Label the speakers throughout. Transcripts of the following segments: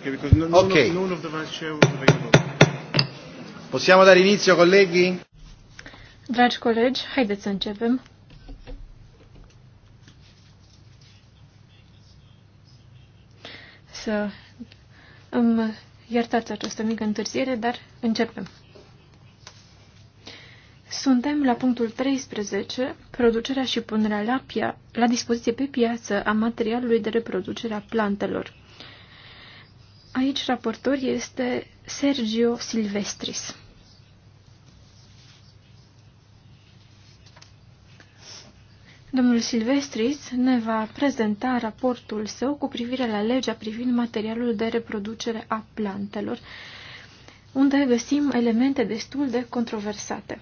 Speaker 1: Okay, because none, okay. none
Speaker 2: of the vice chair was available.
Speaker 1: Possiamo dare inizio, colleghi?
Speaker 3: Dragi colegi, haideți să începem. Să îmi iertați această mică întârziere, dar începem. Suntem la punctul 13, producerea și punerea la, pia la dispoziție pe piață a materialului de reproducere a plantelor. Aici raportor este Sergio Silvestris. Domnul Silvestris ne va prezenta raportul său cu privire la legea privind materialul de reproducere a plantelor, unde găsim elemente destul de controversate.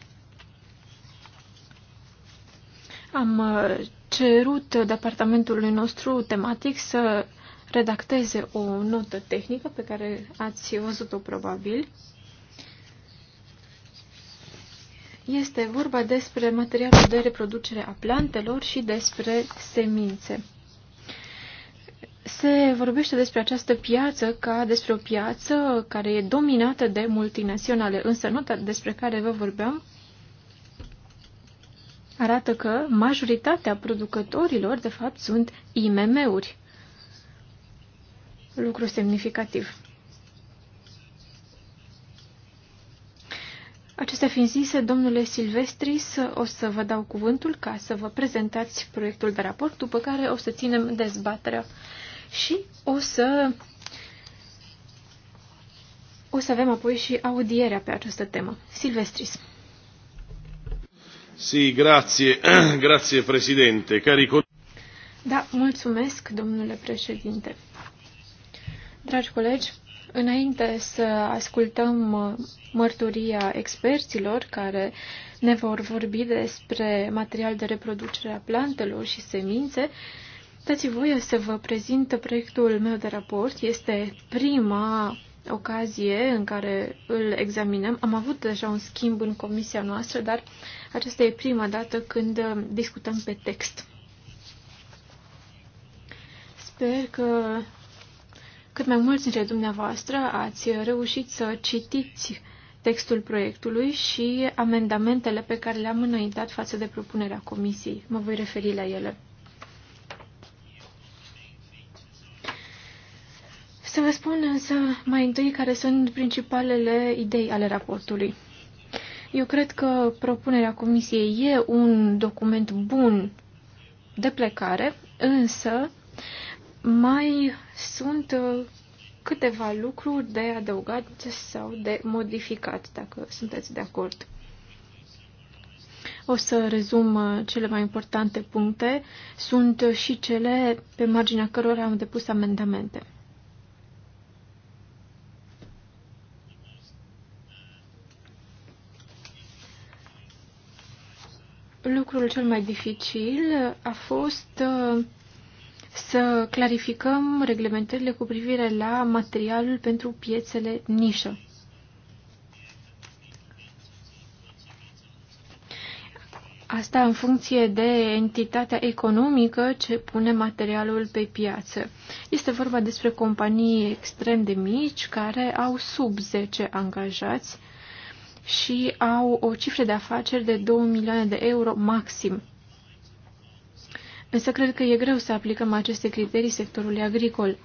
Speaker 3: Am uh, cerut departamentului nostru tematic să redacteze o notă tehnică pe care ați văzut-o probabil. Este vorba despre materialul de reproducere a plantelor și despre semințe. Se vorbește despre această piață ca despre o piață care e dominată de multinaționale, însă nota despre care vă vorbeam arată că majoritatea producătorilor, de fapt, sunt IMM-uri lucru semnificativ. Acestea fiind zise, domnule Silvestris, o să vă dau cuvântul ca să vă prezentați proiectul de raport, după care o să ținem dezbaterea și o să o să avem apoi și audierea pe această temă. Silvestris.
Speaker 1: Sì, grazie, grazie Presidente.
Speaker 2: Cari...
Speaker 3: Da, mulțumesc, domnule președinte. Dragi colegi, înainte să ascultăm mărturia experților care ne vor vorbi despre material de reproducere a plantelor și semințe, dați voie să vă prezint proiectul meu de raport. Este prima ocazie în care îl examinăm. Am avut deja un schimb în comisia noastră, dar aceasta e prima dată când discutăm pe text. Sper că cât mai mulți dintre dumneavoastră ați reușit să citiți textul proiectului și amendamentele pe care le-am înaintat față de propunerea comisiei. Mă voi referi la ele. Să vă spun însă mai întâi care sunt principalele idei ale raportului. Eu cred că propunerea comisiei e un document bun de plecare, însă mai sunt uh, câteva lucruri de adăugat sau de modificat, dacă sunteți de acord. O să rezum uh, cele mai importante puncte. Sunt uh, și cele pe marginea cărora am depus amendamente. Lucrul cel mai dificil a fost să clarificăm reglementările cu privire la materialul pentru piețele nișă. Asta în funcție de entitatea economică ce pune materialul pe piață. Este vorba despre companii extrem de mici care au sub 10 angajați și au o cifră de afaceri de 2 milioane de euro maxim. Însă cred că e greu să aplicăm aceste criterii sectorului agricol.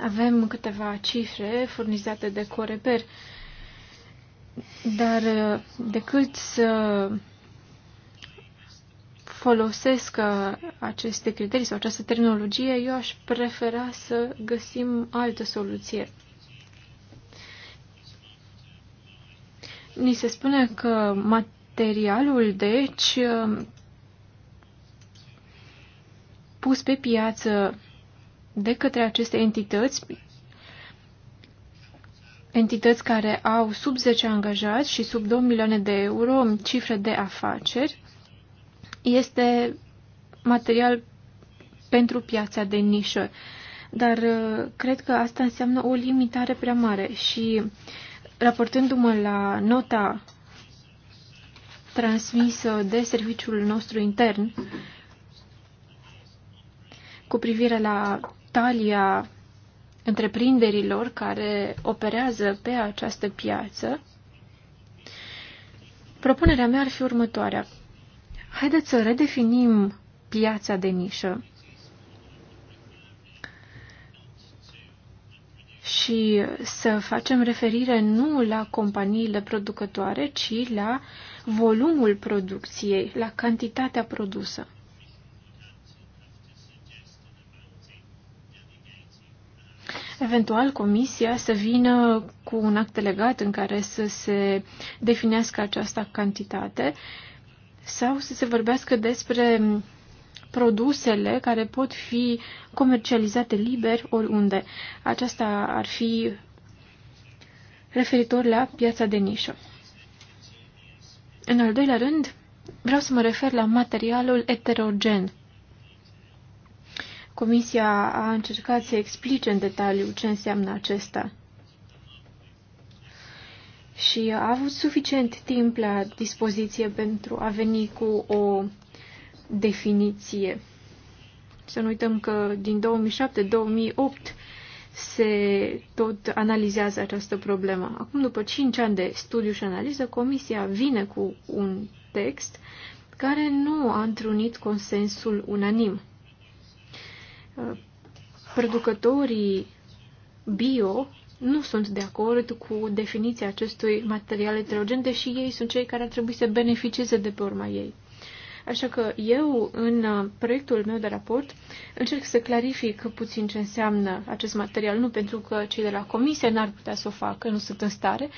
Speaker 3: Avem câteva cifre furnizate de Coreper, dar uh, decât să folosesc uh, aceste criterii sau această terminologie, eu aș prefera să găsim altă soluție. Ni se spune că materialul, deci, uh, pus pe piață de către aceste entități, entități care au sub 10 angajați și sub 2 milioane de euro cifre de afaceri, este material pentru piața de nișă. Dar uh, cred că asta înseamnă o limitare prea mare și raportându-mă la nota transmisă de serviciul nostru intern, cu privire la talia întreprinderilor care operează pe această piață, propunerea mea ar fi următoarea. Haideți să redefinim piața de nișă și să facem referire nu la companiile producătoare, ci la volumul producției, la cantitatea produsă. Eventual, comisia să vină cu un act legat în care să se definească această cantitate sau să se vorbească despre produsele care pot fi comercializate liber oriunde. Aceasta ar fi referitor la piața de nișă. În al doilea rând, vreau să mă refer la materialul eterogen Comisia a încercat să explice în detaliu ce înseamnă acesta. Și a avut suficient timp la dispoziție pentru a veni cu o definiție. Să nu uităm că din 2007-2008 se tot analizează această problemă. Acum, după 5 ani de studiu și analiză, Comisia vine cu un text care nu a întrunit consensul unanim producătorii bio nu sunt de acord cu definiția acestui material eterogen, deși ei sunt cei care ar trebui să beneficieze de pe urma ei. Așa că eu, în uh, proiectul meu de raport, încerc să clarific puțin ce înseamnă acest material, nu pentru că cei de la comisie n-ar putea să o facă, nu sunt în stare,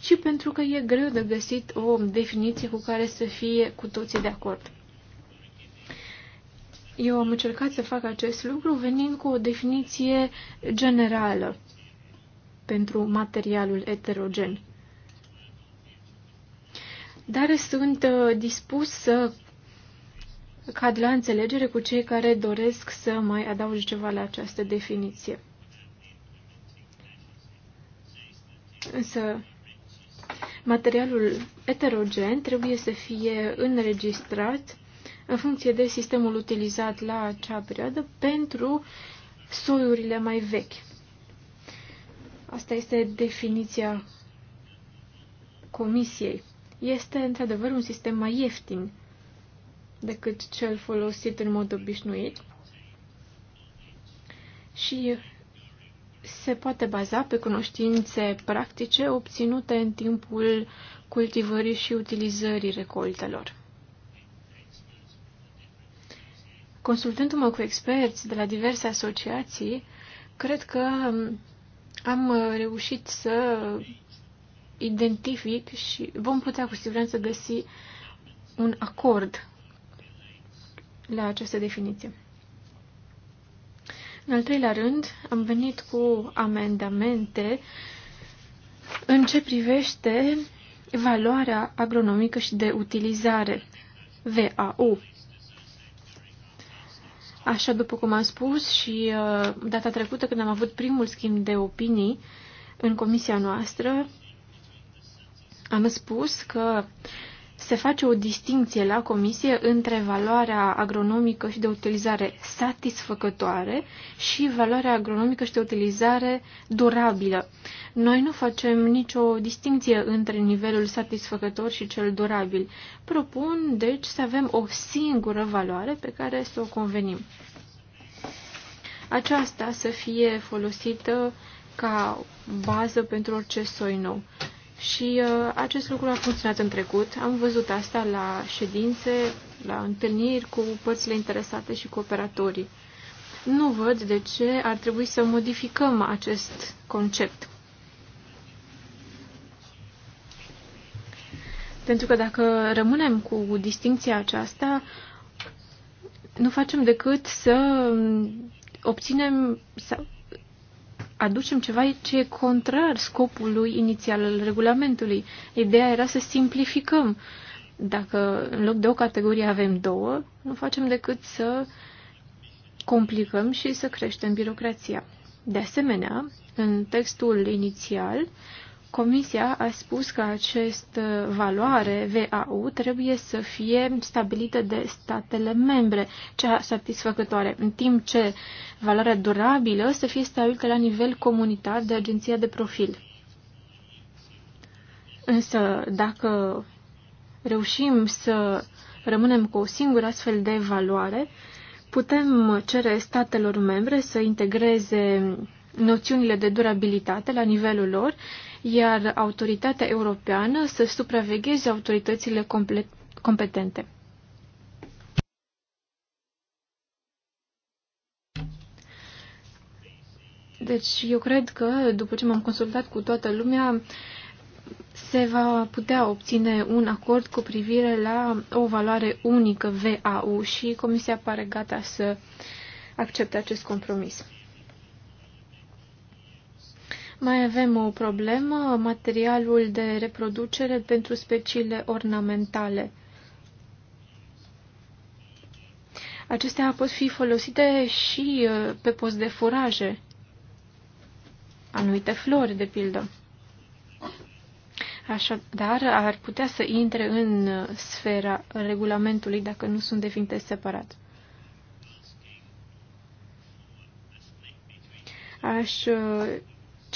Speaker 3: ci pentru că e greu de găsit o definiție cu care să fie cu toții de acord. Eu am încercat să fac acest lucru venind cu o definiție generală pentru materialul eterogen. Dar sunt uh, dispus să cad la înțelegere cu cei care doresc să mai adauge ceva la această definiție. Însă, materialul eterogen trebuie să fie înregistrat în funcție de sistemul utilizat la acea perioadă pentru soiurile mai vechi. Asta este definiția comisiei. Este într-adevăr un sistem mai ieftin decât cel folosit în mod obișnuit și se poate baza pe cunoștințe practice obținute în timpul cultivării și utilizării recoltelor. Consultându-mă cu experți de la diverse asociații, cred că um, am uh, reușit să identific și vom putea cu siguranță găsi un acord la această definiție. În al treilea rând, am venit cu amendamente în ce privește valoarea agronomică și de utilizare, VAU. Așa după cum am spus și uh, data trecută când am avut primul schimb de opinii în comisia noastră, am spus că uh, se face o distinție la comisie între valoarea agronomică și de utilizare satisfăcătoare și valoarea agronomică și de utilizare durabilă. Noi nu facem nicio distinție între nivelul satisfăcător și cel durabil. Propun, deci, să avem o singură valoare pe care să o convenim. Aceasta să fie folosită ca bază pentru orice soi nou. Și uh, acest lucru a funcționat în trecut. Am văzut asta la ședințe, la întâlniri cu părțile interesate și cu operatorii. Nu văd de ce ar trebui să modificăm acest concept. Pentru că dacă rămânem cu distinția aceasta, nu facem decât să obținem, să aducem ceva ce e contrar scopului inițial al regulamentului. Ideea era să simplificăm. Dacă în loc de o categorie avem două, nu facem decât să complicăm și să creștem birocrația. De asemenea, în textul inițial Comisia a spus că acest uh, valoare VAU trebuie să fie stabilită de statele membre, cea satisfăcătoare, în timp ce valoarea durabilă să fie stabilită la nivel comunitar de agenția de profil. Însă, dacă reușim să rămânem cu o singură astfel de valoare, putem cere statelor membre să integreze noțiunile de durabilitate la nivelul lor iar autoritatea europeană să supravegheze autoritățile competente. Deci eu cred că, după ce m-am consultat cu toată lumea, se va putea obține un acord cu privire la o valoare unică VAU și Comisia pare gata să accepte acest compromis. Mai avem o problemă, materialul de reproducere pentru speciile ornamentale. Acestea pot fi folosite și uh, pe post de furaje, anumite flori, de pildă. Așadar, ar putea să intre în uh, sfera regulamentului dacă nu sunt definite separat. Aș uh,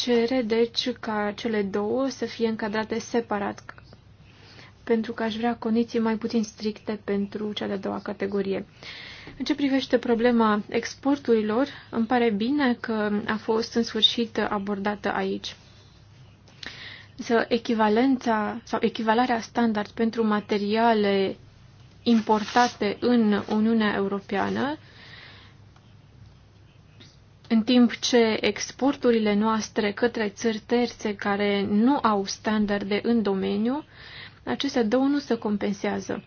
Speaker 3: cere, deci, ca cele două să fie încadrate separat, pentru că aș vrea condiții mai puțin stricte pentru cea de-a doua categorie. În ce privește problema exporturilor, îmi pare bine că a fost în sfârșit abordată aici. Să echivalența sau echivalarea standard pentru materiale importate în Uniunea Europeană în timp ce exporturile noastre către țări terțe care nu au standarde în domeniu, acestea două nu se compensează.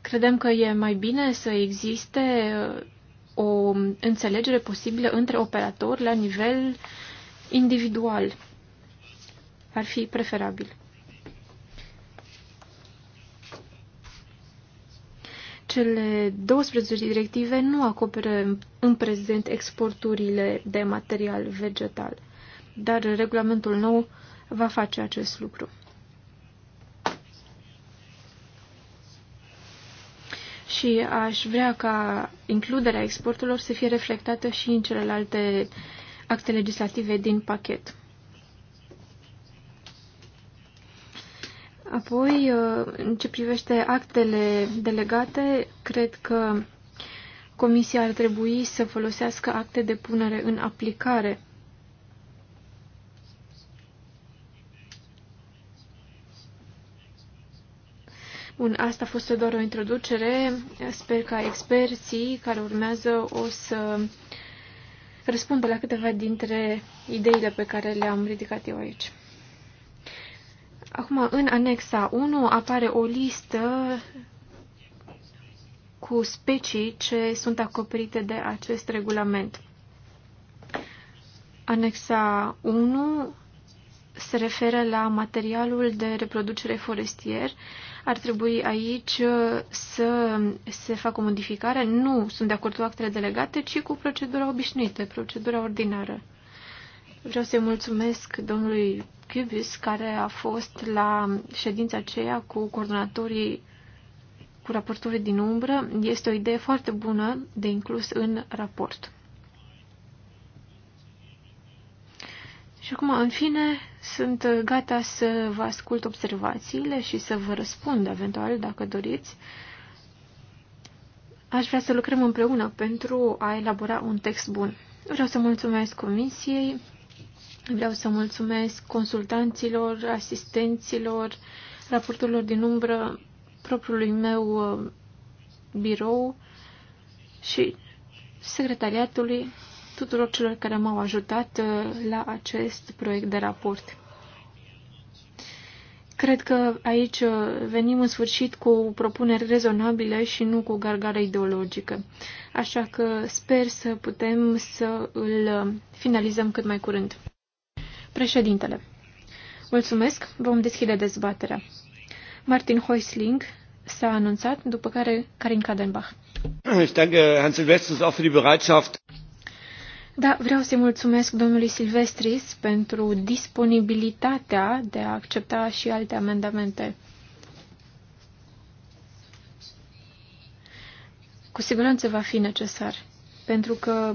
Speaker 3: Credem că e mai bine să existe uh, o înțelegere posibilă între operatori la nivel individual. Ar fi preferabil. Cele 12 directive nu acoperă în prezent exporturile de material vegetal, dar regulamentul nou va face acest lucru. și aș vrea ca includerea exporturilor să fie reflectată și în celelalte acte legislative din pachet. Apoi, uh, în ce privește actele delegate, cred că Comisia ar trebui să folosească acte de punere în aplicare. Bun, asta a fost doar o introducere. Sper ca experții care urmează o să răspundă la câteva dintre ideile pe care le-am ridicat eu aici. Acum, în anexa 1 apare o listă cu specii ce sunt acoperite de acest regulament. Anexa 1 se referă la materialul de reproducere forestier. Ar trebui aici uh, să se facă o modificare. Nu sunt de acord cu actele delegate, ci cu procedura obișnuită, procedura ordinară. Vreau să-i mulțumesc domnului Cubis, care a fost la ședința aceea cu coordonatorii, cu raportorii din umbră, este o idee foarte bună de inclus în raport. Și acum, în fine, sunt gata să vă ascult observațiile și să vă răspund eventual, dacă doriți. Aș vrea să lucrăm împreună pentru a elabora un text bun. Vreau să mulțumesc Comisiei, Vreau să mulțumesc consultanților, asistenților, raporturilor din umbră, propriului meu uh, birou și secretariatului tuturor celor care m-au ajutat uh, la acest proiect de raport. Cred că aici uh, venim în sfârșit cu propuneri rezonabile și nu cu gargară ideologică. Așa că sper să putem să îl finalizăm cât mai curând. Președintele. Mulțumesc, vom deschide dezbaterea. Martin Heusling s-a anunțat, după care Karin Kadenbach. Ich danke Herrn Silvestris auch für die Bereitschaft. Da, vreau să-i mulțumesc domnului Silvestris pentru disponibilitatea de a accepta și alte amendamente. Cu siguranță va fi necesar, pentru că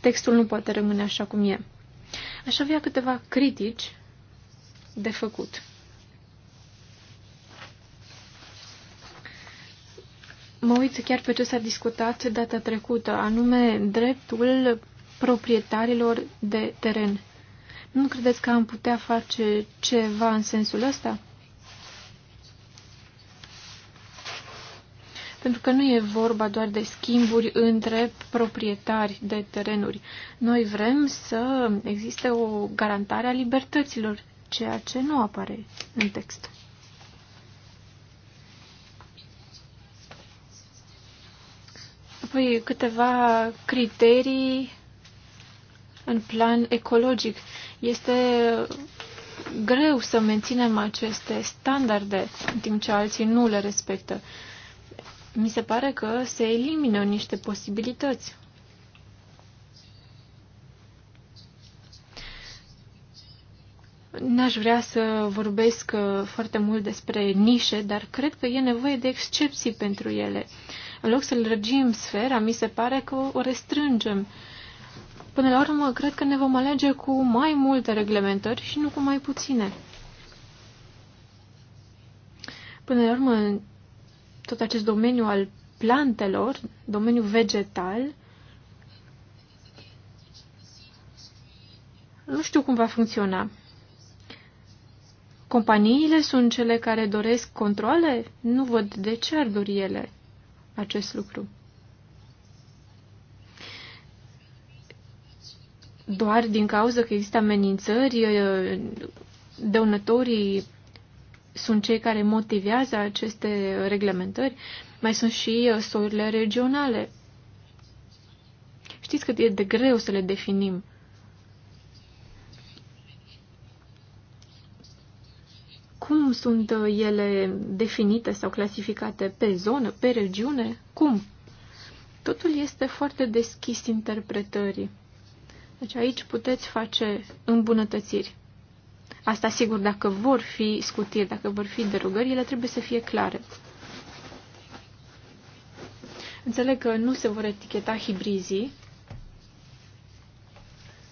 Speaker 3: textul nu poate rămâne așa cum e. Aș avea câteva critici de făcut. Mă uit chiar pe ce s-a discutat data trecută, anume dreptul proprietarilor de teren. Nu credeți că am putea face ceva în sensul ăsta? pentru că nu e vorba doar de schimburi între proprietari de terenuri. Noi vrem să existe o garantare a libertăților, ceea ce nu apare în text. Apoi câteva criterii în plan ecologic. Este greu să menținem aceste standarde în timp ce alții nu le respectă mi se pare că se elimină niște posibilități. N-aș vrea să vorbesc uh, foarte mult despre nișe, dar cred că e nevoie de excepții pentru ele. În loc să răgim sfera, mi se pare că o restrângem. Până la urmă, cred că ne vom alege cu mai multe reglementări și nu cu mai puține. Până la urmă, tot acest domeniu al plantelor, domeniul vegetal, nu știu cum va funcționa. Companiile sunt cele care doresc controle? Nu văd de ce ar dori ele acest lucru. Doar din cauza că există amenințări, dăunătorii sunt cei care motivează aceste reglementări, mai sunt și uh, soiurile regionale. Știți cât e de greu să le definim. Cum sunt uh, ele definite sau clasificate? Pe zonă, pe regiune? Cum? Totul este foarte deschis interpretării. Deci aici puteți face îmbunătățiri. Asta, sigur, dacă vor fi scutiri, dacă vor fi derogări, ele trebuie să fie clare. Înțeleg că nu se vor eticheta hibrizii,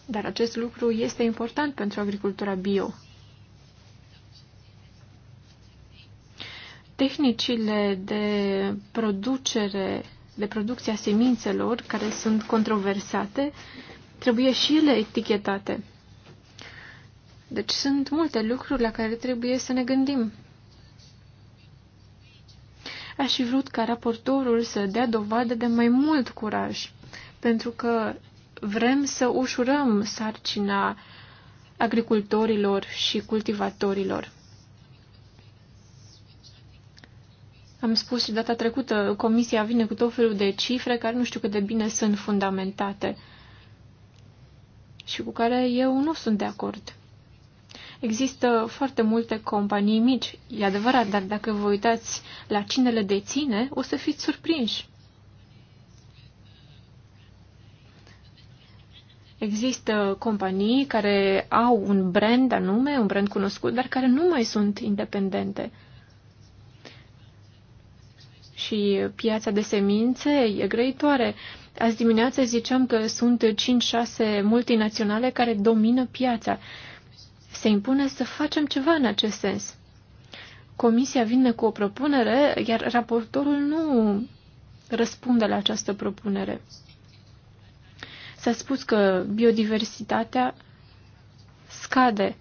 Speaker 3: dar acest lucru este important pentru agricultura bio. Tehnicile de producere, de a semințelor, care sunt controversate, trebuie și ele etichetate. Deci sunt multe lucruri la care trebuie să ne gândim. Aș fi vrut ca raportorul să dea dovadă de mai mult curaj, pentru că vrem să ușurăm sarcina agricultorilor și cultivatorilor. Am spus și data trecută, comisia vine cu tot felul de cifre care nu știu cât de bine sunt fundamentate și cu care eu nu sunt de acord. Există foarte multe companii mici, e adevărat, dar dacă vă uitați la cine le deține, o să fiți surprinși. Există companii care au un brand anume, un brand cunoscut, dar care nu mai sunt independente. Și piața de semințe e grăitoare. Azi dimineață ziceam că sunt 5-6 multinaționale care domină piața se impune să facem ceva în acest sens. Comisia vine cu o propunere, iar raportorul nu răspunde la această propunere. S-a spus că biodiversitatea scade.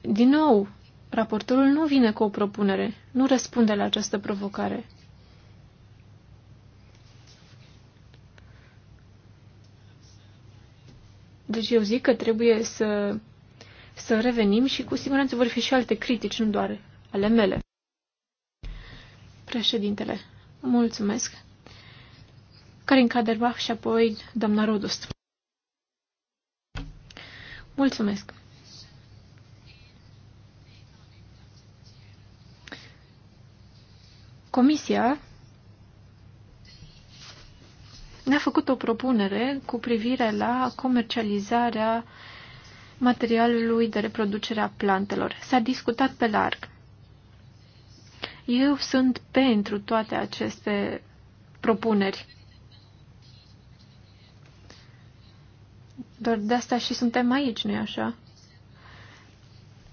Speaker 3: Din nou, raportorul nu vine cu o propunere, nu răspunde la această provocare. Deci eu zic că trebuie să să revenim și cu siguranță vor fi și alte critici, nu doar ale mele. Președintele, mulțumesc. Karin Kaderbach și apoi doamna Rodust. Mulțumesc. Comisia ne-a făcut o propunere cu privire la comercializarea uh, materialului de reproducere a plantelor. S-a discutat pe larg. Eu sunt pentru toate aceste propuneri. Doar de asta și suntem aici, nu-i așa?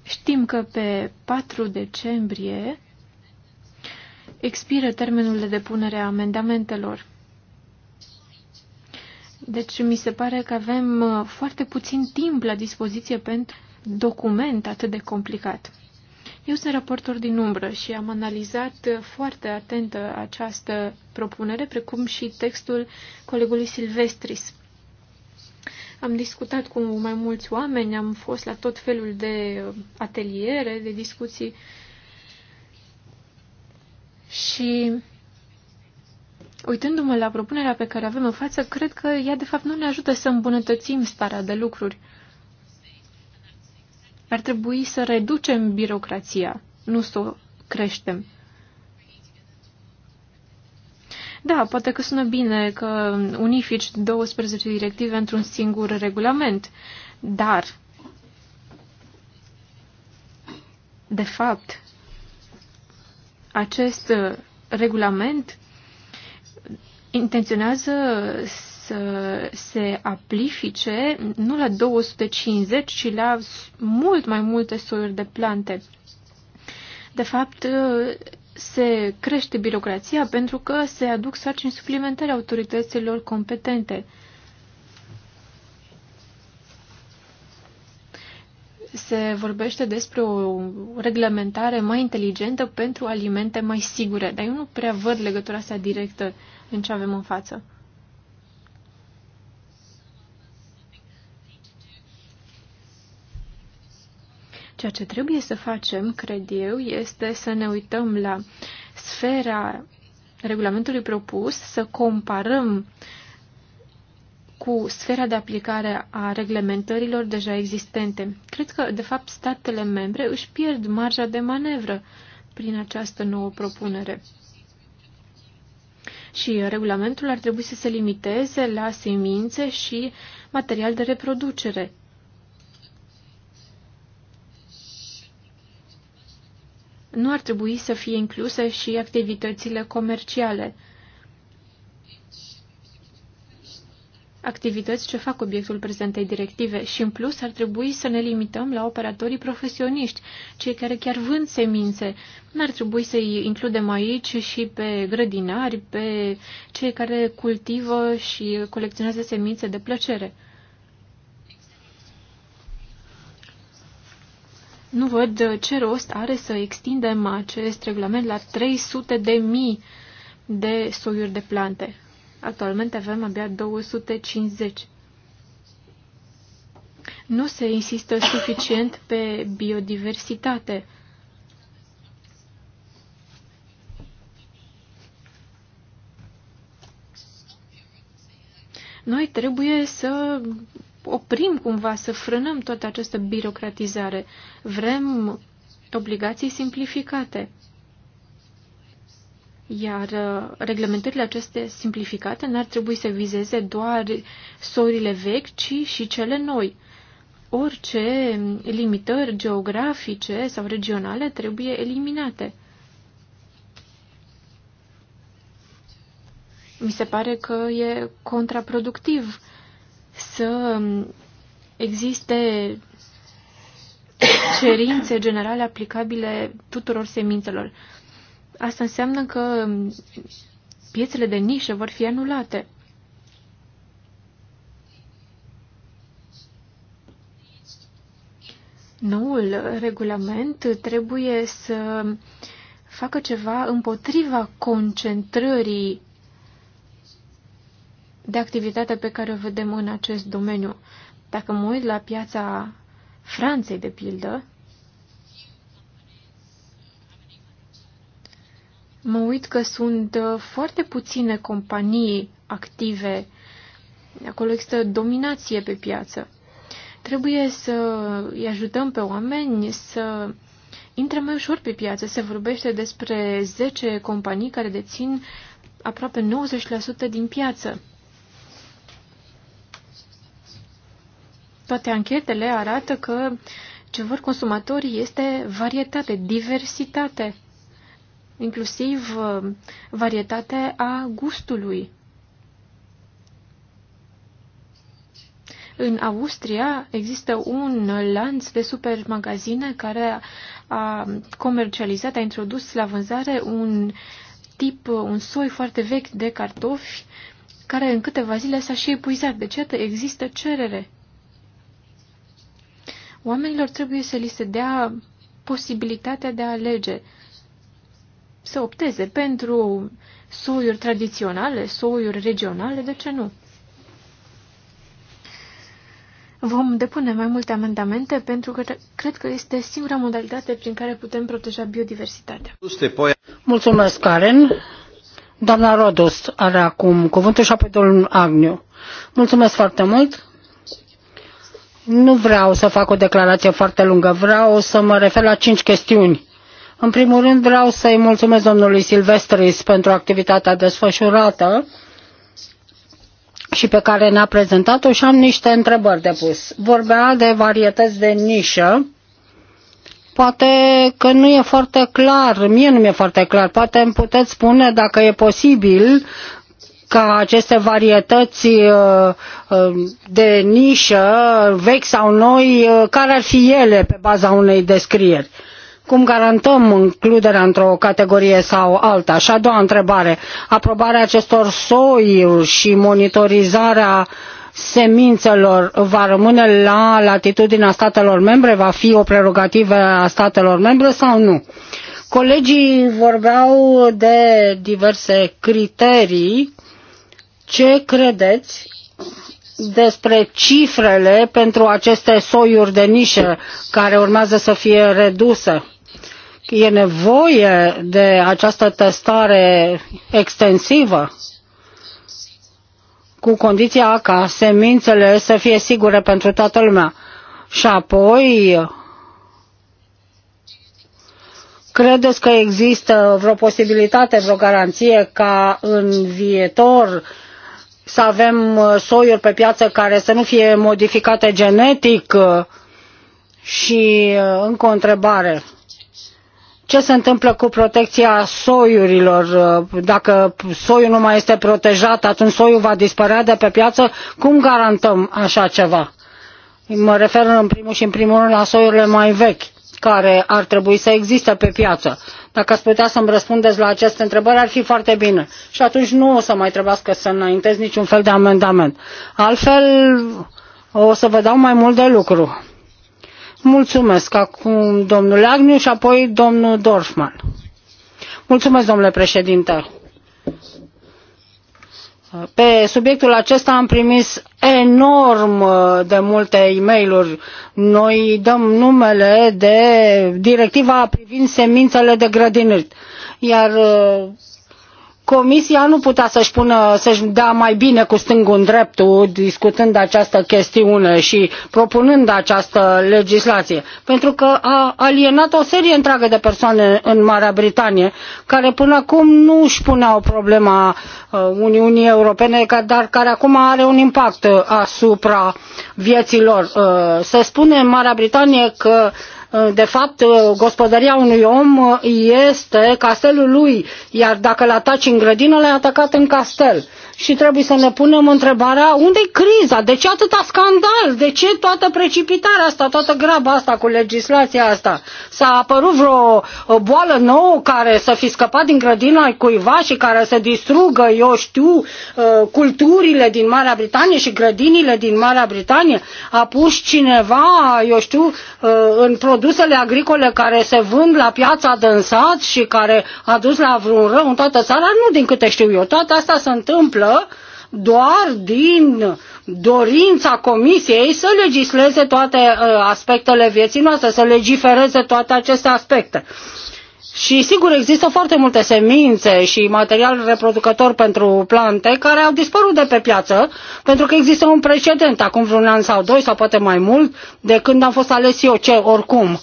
Speaker 3: Știm că pe 4 decembrie expiră termenul de depunere a amendamentelor. Deci mi se pare că avem uh, foarte puțin timp la dispoziție pentru document atât de complicat. Eu sunt raportor din umbră și am analizat uh, foarte atentă această propunere, precum și textul colegului Silvestris. Am discutat cu mai mulți oameni, am fost la tot felul de uh, ateliere, de discuții și uitându-mă la propunerea pe care avem în față, cred că ea de fapt nu ne ajută să îmbunătățim starea de lucruri. Ar trebui să reducem birocrația, nu să o creștem. Da, poate că sună bine că unifici 12 directive într-un singur regulament, dar, de fapt, acest regulament intenționează să se aplifice nu la 250, ci la mult mai multe soiuri de plante. De fapt, se crește birocrația pentru că se aduc sarcini suplimentare autorităților competente. Se vorbește despre o reglementare mai inteligentă pentru alimente mai sigure, dar eu nu prea văd legătura asta directă. Uh, în ce avem în față. Ceea ce trebuie să facem, cred eu, este să ne uităm la sfera regulamentului propus, să comparăm cu sfera de aplicare a reglementărilor deja existente. Cred că, de fapt, statele membre își pierd marja de manevră prin această nouă propunere și regulamentul ar trebui să se limiteze la semințe și material de reproducere. Nu ar trebui să fie incluse și activitățile comerciale. activități ce fac obiectul prezentei directive și, în plus, ar trebui să ne limităm la operatorii profesioniști, cei care chiar vând semințe. N-ar trebui să-i includem aici și pe grădinari, pe cei care cultivă și colecționează semințe de plăcere. Nu văd ce rost are să extindem acest regulament la 300 de mii de soiuri de plante. Actualmente avem abia 250. Nu se insistă suficient pe biodiversitate. Noi trebuie să oprim cumva, să frânăm toată această birocratizare. Vrem obligații simplificate. Iar uh, reglementările acestea simplificate n-ar trebui să vizeze doar sorile vechi, ci și cele noi. Orice limitări geografice sau regionale trebuie eliminate. Mi se pare că e contraproductiv să existe cerințe generale aplicabile tuturor semințelor. Asta înseamnă că um, piețele de nișă vor fi anulate. Noul regulament trebuie să facă ceva împotriva concentrării de activitate pe care o vedem în acest domeniu. Dacă mă uit la piața Franței, de pildă, mă uit că sunt uh, foarte puține companii active. Acolo există dominație pe piață. Trebuie să îi ajutăm pe oameni să intre mai ușor pe piață. Se vorbește despre 10 companii care dețin aproape 90% din piață. Toate anchetele arată că ce vor consumatorii este varietate, diversitate inclusiv uh, varietate a gustului. În Austria există un lanț de supermagazine care a comercializat, a introdus la vânzare un tip, un soi foarte vechi de cartofi care în câteva zile s-a și epuizat. Deci, ce există cerere. Oamenilor trebuie să li se dea posibilitatea de a alege să opteze pentru soiuri tradiționale, soiuri regionale, de ce nu? Vom depune mai multe amendamente pentru că cred că este singura modalitate prin care putem proteja biodiversitatea.
Speaker 4: Mulțumesc, Karen. Doamna Rodos are acum cuvântul și apoi domnul Agniu. Mulțumesc foarte mult. Nu vreau să fac o declarație foarte lungă, vreau să mă refer la cinci chestiuni în primul rând vreau să-i mulțumesc domnului Silvestris pentru activitatea desfășurată și pe care ne-a prezentat-o și am niște întrebări de pus. Vorbea de varietăți de nișă. Poate că nu e foarte clar, mie nu mi-e foarte clar, poate îmi puteți spune dacă e posibil ca aceste varietăți uh, uh, de nișă, vechi sau noi, uh, care ar fi ele pe baza unei descrieri cum garantăm includerea într-o categorie sau alta? Și a doua întrebare, aprobarea acestor soiuri și monitorizarea semințelor va rămâne la latitudinea statelor membre, va fi o prerogativă a statelor membre sau nu? Colegii vorbeau de diverse criterii. Ce credeți despre cifrele pentru aceste soiuri de nișă care urmează să fie reduse? e nevoie de această testare extensivă cu condiția ca semințele să fie sigure pentru toată lumea. Și apoi, credeți că există vreo posibilitate, vreo garanție ca în viitor să avem soiuri pe piață care să nu fie modificate genetic? Și încă o întrebare ce se întâmplă cu protecția soiurilor? Dacă soiul nu mai este protejat, atunci soiul va dispărea de pe piață. Cum garantăm așa ceva? Mă refer în primul și în primul rând la soiurile mai vechi care ar trebui să existe pe piață. Dacă ați putea să-mi răspundeți la aceste întrebări, ar fi foarte bine. Și atunci nu o să mai trebuiască să înaintez niciun fel de amendament. Altfel, o să vă dau mai mult de lucru. Mulțumesc. Acum domnul Agniu și apoi domnul Dorfman. Mulțumesc, domnule președinte. Pe subiectul acesta am primit enorm de multe e mail -uri. Noi dăm numele de directiva privind semințele de grădinărit. Iar Comisia nu putea să-și pună, să-și dea mai bine cu stângul în dreptul discutând această chestiune și propunând această legislație, pentru că a alienat o serie întreagă de persoane în Marea Britanie care până acum nu își puneau problema uh, Uniunii Europene, dar care acum are un impact uh, asupra vieților. Uh, Se spune în Marea Britanie că Eh, de fapt, eh, gospodăria unui om eh, este castelul lui, iar dacă l ataci în grădină, l-ai atacat în castel și trebuie să ne punem întrebarea unde e criza, de ce atâta scandal, de ce toată precipitarea asta, toată graba asta cu legislația asta. S-a apărut vreo o boală nouă care să fi scăpat din grădina cuiva și care să distrugă, eu știu, uh, culturile din Marea Britanie și grădinile din Marea Britanie. A pus cineva, eu știu, uh, în produsele agricole care se vând la piața dânsat și care a dus la vreun rău în toată țara, nu din câte știu eu. Toate astea se întâmplă doar din dorința Comisiei să legisleze toate uh, aspectele vieții noastre, să legifereze toate aceste aspecte. Și sigur există foarte multe semințe și material reproducător pentru plante care au dispărut de pe piață pentru că există un precedent acum vreun an sau doi sau poate mai mult de când am fost ales eu ce oricum.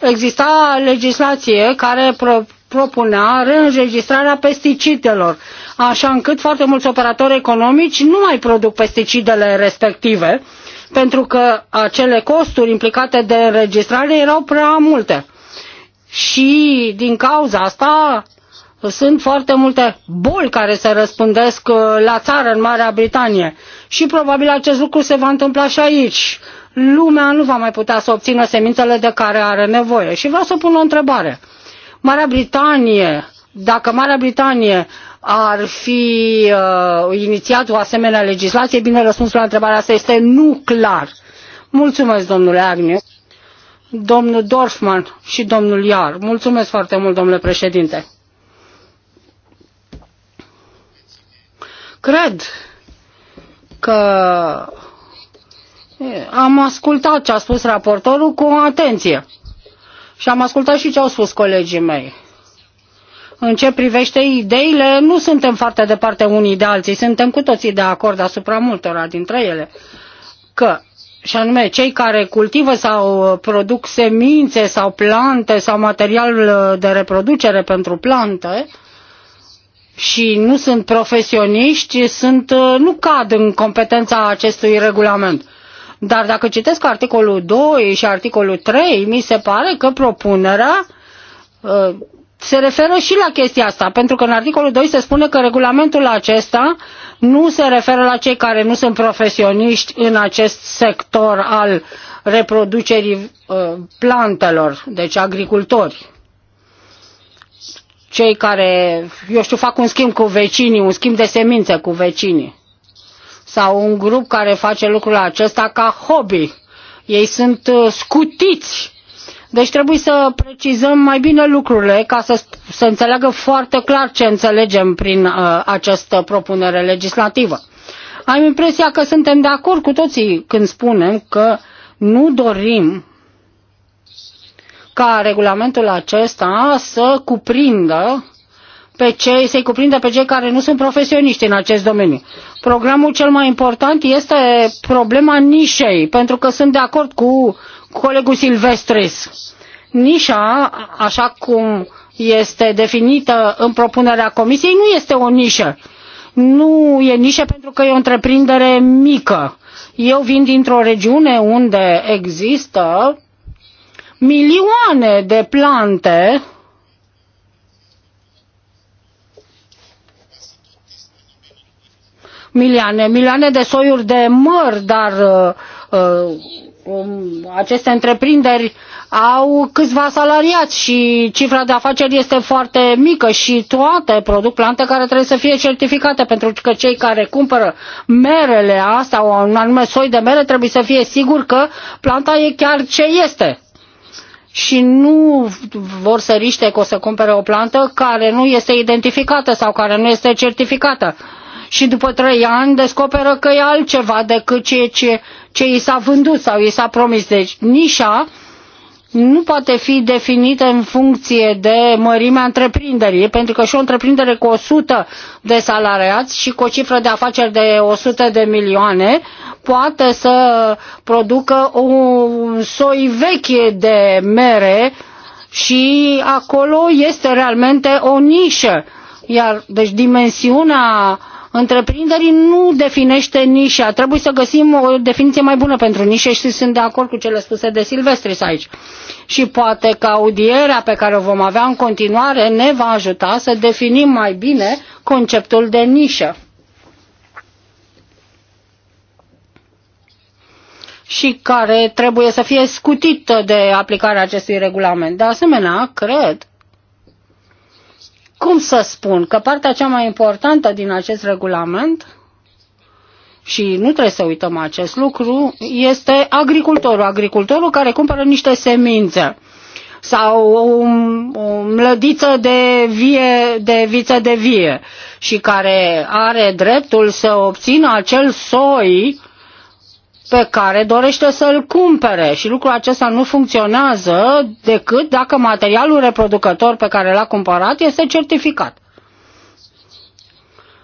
Speaker 4: Exista legislație care propunea reînregistrarea pesticidelor, așa încât foarte mulți operatori economici nu mai produc pesticidele respective, pentru că acele costuri implicate de înregistrare erau prea multe. Și din cauza asta sunt foarte multe boli care se răspândesc uh, la țară în Marea Britanie și probabil acest lucru se va întâmpla și aici. Lumea nu va mai putea să obțină semințele de care are nevoie. Și vreau să pun o întrebare. Marea Britanie, dacă Marea Britanie ar fi uh, inițiat o asemenea legislație, bine, răspunsul la întrebarea asta este nu clar. Mulțumesc, domnule Agnew, domnul Dorfman și domnul Iar. Mulțumesc foarte mult, domnule președinte. Cred că am ascultat ce a spus raportorul cu atenție. Și am ascultat și ce au spus colegii mei. În ce privește ideile, nu suntem foarte departe unii de alții, suntem cu toții de acord asupra multora dintre ele. Că, și anume, cei care cultivă sau produc semințe sau plante sau material de reproducere pentru plante, și nu sunt profesioniști, sunt, nu cad în competența acestui regulament. Dar dacă citesc articolul 2 și articolul 3, mi se pare că propunerea uh, se referă și la chestia asta, pentru că în articolul 2 se spune că regulamentul acesta nu se referă la cei care nu sunt profesioniști în acest sector al reproducerii uh, plantelor, deci agricultori. Cei care, eu știu, fac un schimb cu vecinii, un schimb de semințe cu vecinii sau un grup care face lucrul acesta ca hobby. Ei sunt uh, scutiți. Deci trebuie să precizăm mai bine lucrurile ca să, să înțeleagă foarte clar ce înțelegem prin uh, această propunere legislativă. Am impresia că suntem de acord cu toții când spunem că nu dorim ca regulamentul acesta să cuprindă pe cei, să-i cuprindă pe cei care nu sunt profesioniști în acest domeniu. Programul cel mai important este problema nișei, pentru că sunt de acord cu colegul Silvestris. Nișa, așa cum este definită în propunerea comisiei, nu este o nișă. Nu e nișă pentru că e o întreprindere mică. Eu vin dintr-o regiune unde există milioane de plante milioane, milioane de soiuri de măr, dar uh, uh um, aceste întreprinderi au câțiva salariați și cifra de afaceri este foarte mică și toate produc plante care trebuie să fie certificate pentru că cei care cumpără merele astea, un anume soi de mere, trebuie să fie sigur că planta e chiar ce este și nu vor să riște că o să cumpere o plantă care nu este identificată sau care nu este certificată și după trei ani descoperă că e altceva decât ceea ce, ce i s-a vândut sau i s-a promis. Deci nișa nu poate fi definită în funcție de mărimea întreprinderii, pentru că și o întreprindere cu 100 de salariați și cu o cifră de afaceri de 100 de milioane poate să producă un soi veche de mere și acolo este realmente o nișă. Iar, deci, dimensiunea întreprinderii nu definește nișa. Trebuie să găsim o definiție mai bună pentru nișe și sunt de acord cu cele spuse de Silvestris aici. Și poate că audierea pe care o vom avea în continuare ne va ajuta să definim mai bine conceptul de nișă. și care trebuie să fie scutită de aplicarea acestui regulament. De asemenea, cred cum să spun că partea cea mai importantă din acest regulament și nu trebuie să uităm acest lucru, este agricultorul. Agricultorul care cumpără niște semințe sau o, o mlădiță de, vie, de viță de vie și care are dreptul să obțină acel soi pe care dorește să-l cumpere și lucrul acesta nu funcționează decât dacă materialul reproducător pe care l-a cumpărat este certificat.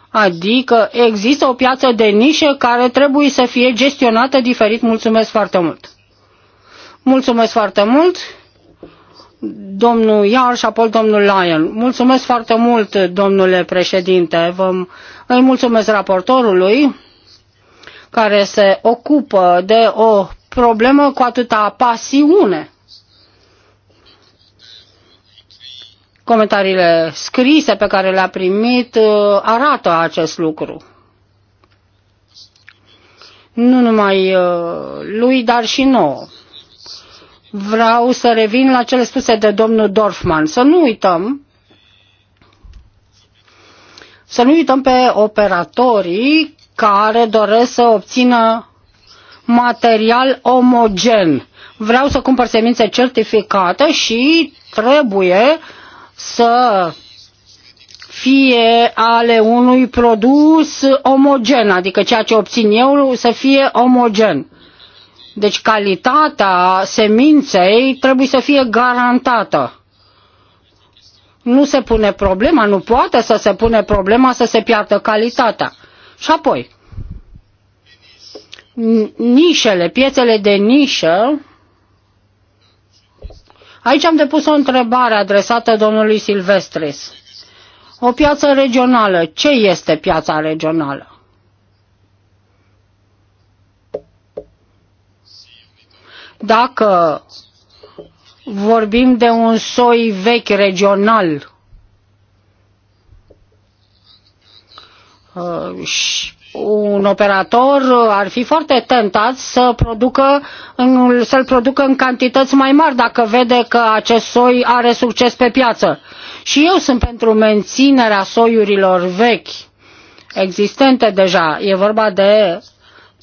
Speaker 4: Adică există o piață de nișă care trebuie să fie gestionată diferit. Mulțumesc foarte mult! Mulțumesc foarte mult! domnul Iar și apoi domnul Lyon. Mulțumesc foarte mult, domnule președinte. Vă, îi mulțumesc raportorului care se ocupă de o problemă cu atâta pasiune. Comentariile scrise pe care le-a primit uh, arată acest lucru. Nu numai uh, lui, dar și nouă. Vreau să revin la cele spuse de domnul Dorfman. Să nu uităm să nu uităm pe operatorii care doresc să obțină material omogen. Vreau să cumpăr semințe certificate și trebuie să fie ale unui produs omogen, adică ceea ce obțin eu să fie omogen. Deci calitatea seminței trebuie să fie garantată. Nu se pune problema, nu poate să se pune problema să se piardă calitatea. Și apoi, nișele, piețele de nișă, aici am depus o întrebare adresată domnului Silvestris. O piață regională, ce este piața regională? Dacă vorbim de un soi vechi regional, Uh, un operator ar fi foarte tentat să producă, să-l producă în cantități mai mari dacă vede că acest soi are succes pe piață. Și eu sunt pentru menținerea soiurilor vechi, existente deja. E vorba de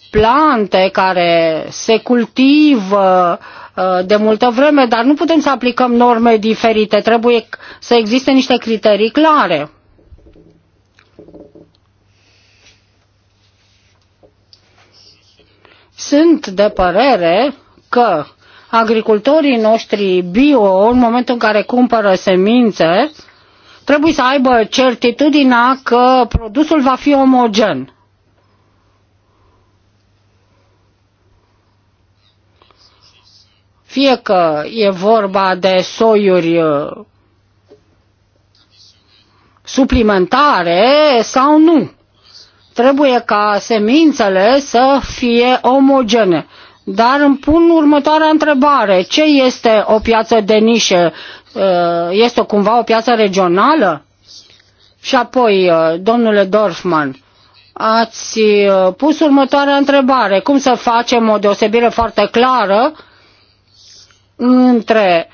Speaker 4: plante care se cultivă uh, de multă vreme, dar nu putem să aplicăm norme diferite. Trebuie să existe niște criterii clare Sunt de părere că agricultorii noștri bio, în momentul în care cumpără semințe, trebuie să aibă certitudinea că produsul va fi omogen. Fie că e vorba de soiuri uh, suplimentare sau nu. Trebuie ca semințele să fie omogene. Dar îmi pun următoarea întrebare. Ce este o piață de nișe? Uh, este cumva o piață regională? Și apoi, uh, domnule Dorfman, ați uh, pus următoarea întrebare. Cum să facem o deosebire foarte clară între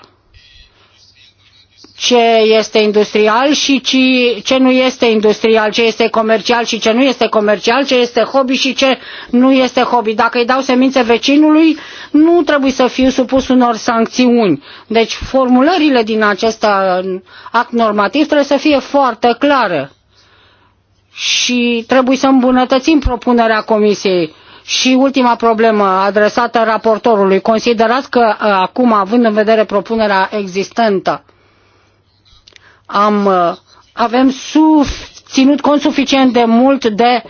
Speaker 4: ce este industrial și ce nu este industrial, ce este comercial și ce nu este comercial, ce este hobby și ce nu este hobby. Dacă îi dau semințe vecinului, nu trebuie să fiu supus unor sancțiuni. Deci formulările din acest act normativ trebuie să fie foarte clare și trebuie să îmbunătățim propunerea Comisiei. Și ultima problemă adresată raportorului. Considerați că uh, acum, având în vedere propunerea existentă, am, uh, avem suf, ținut cont suficient de mult de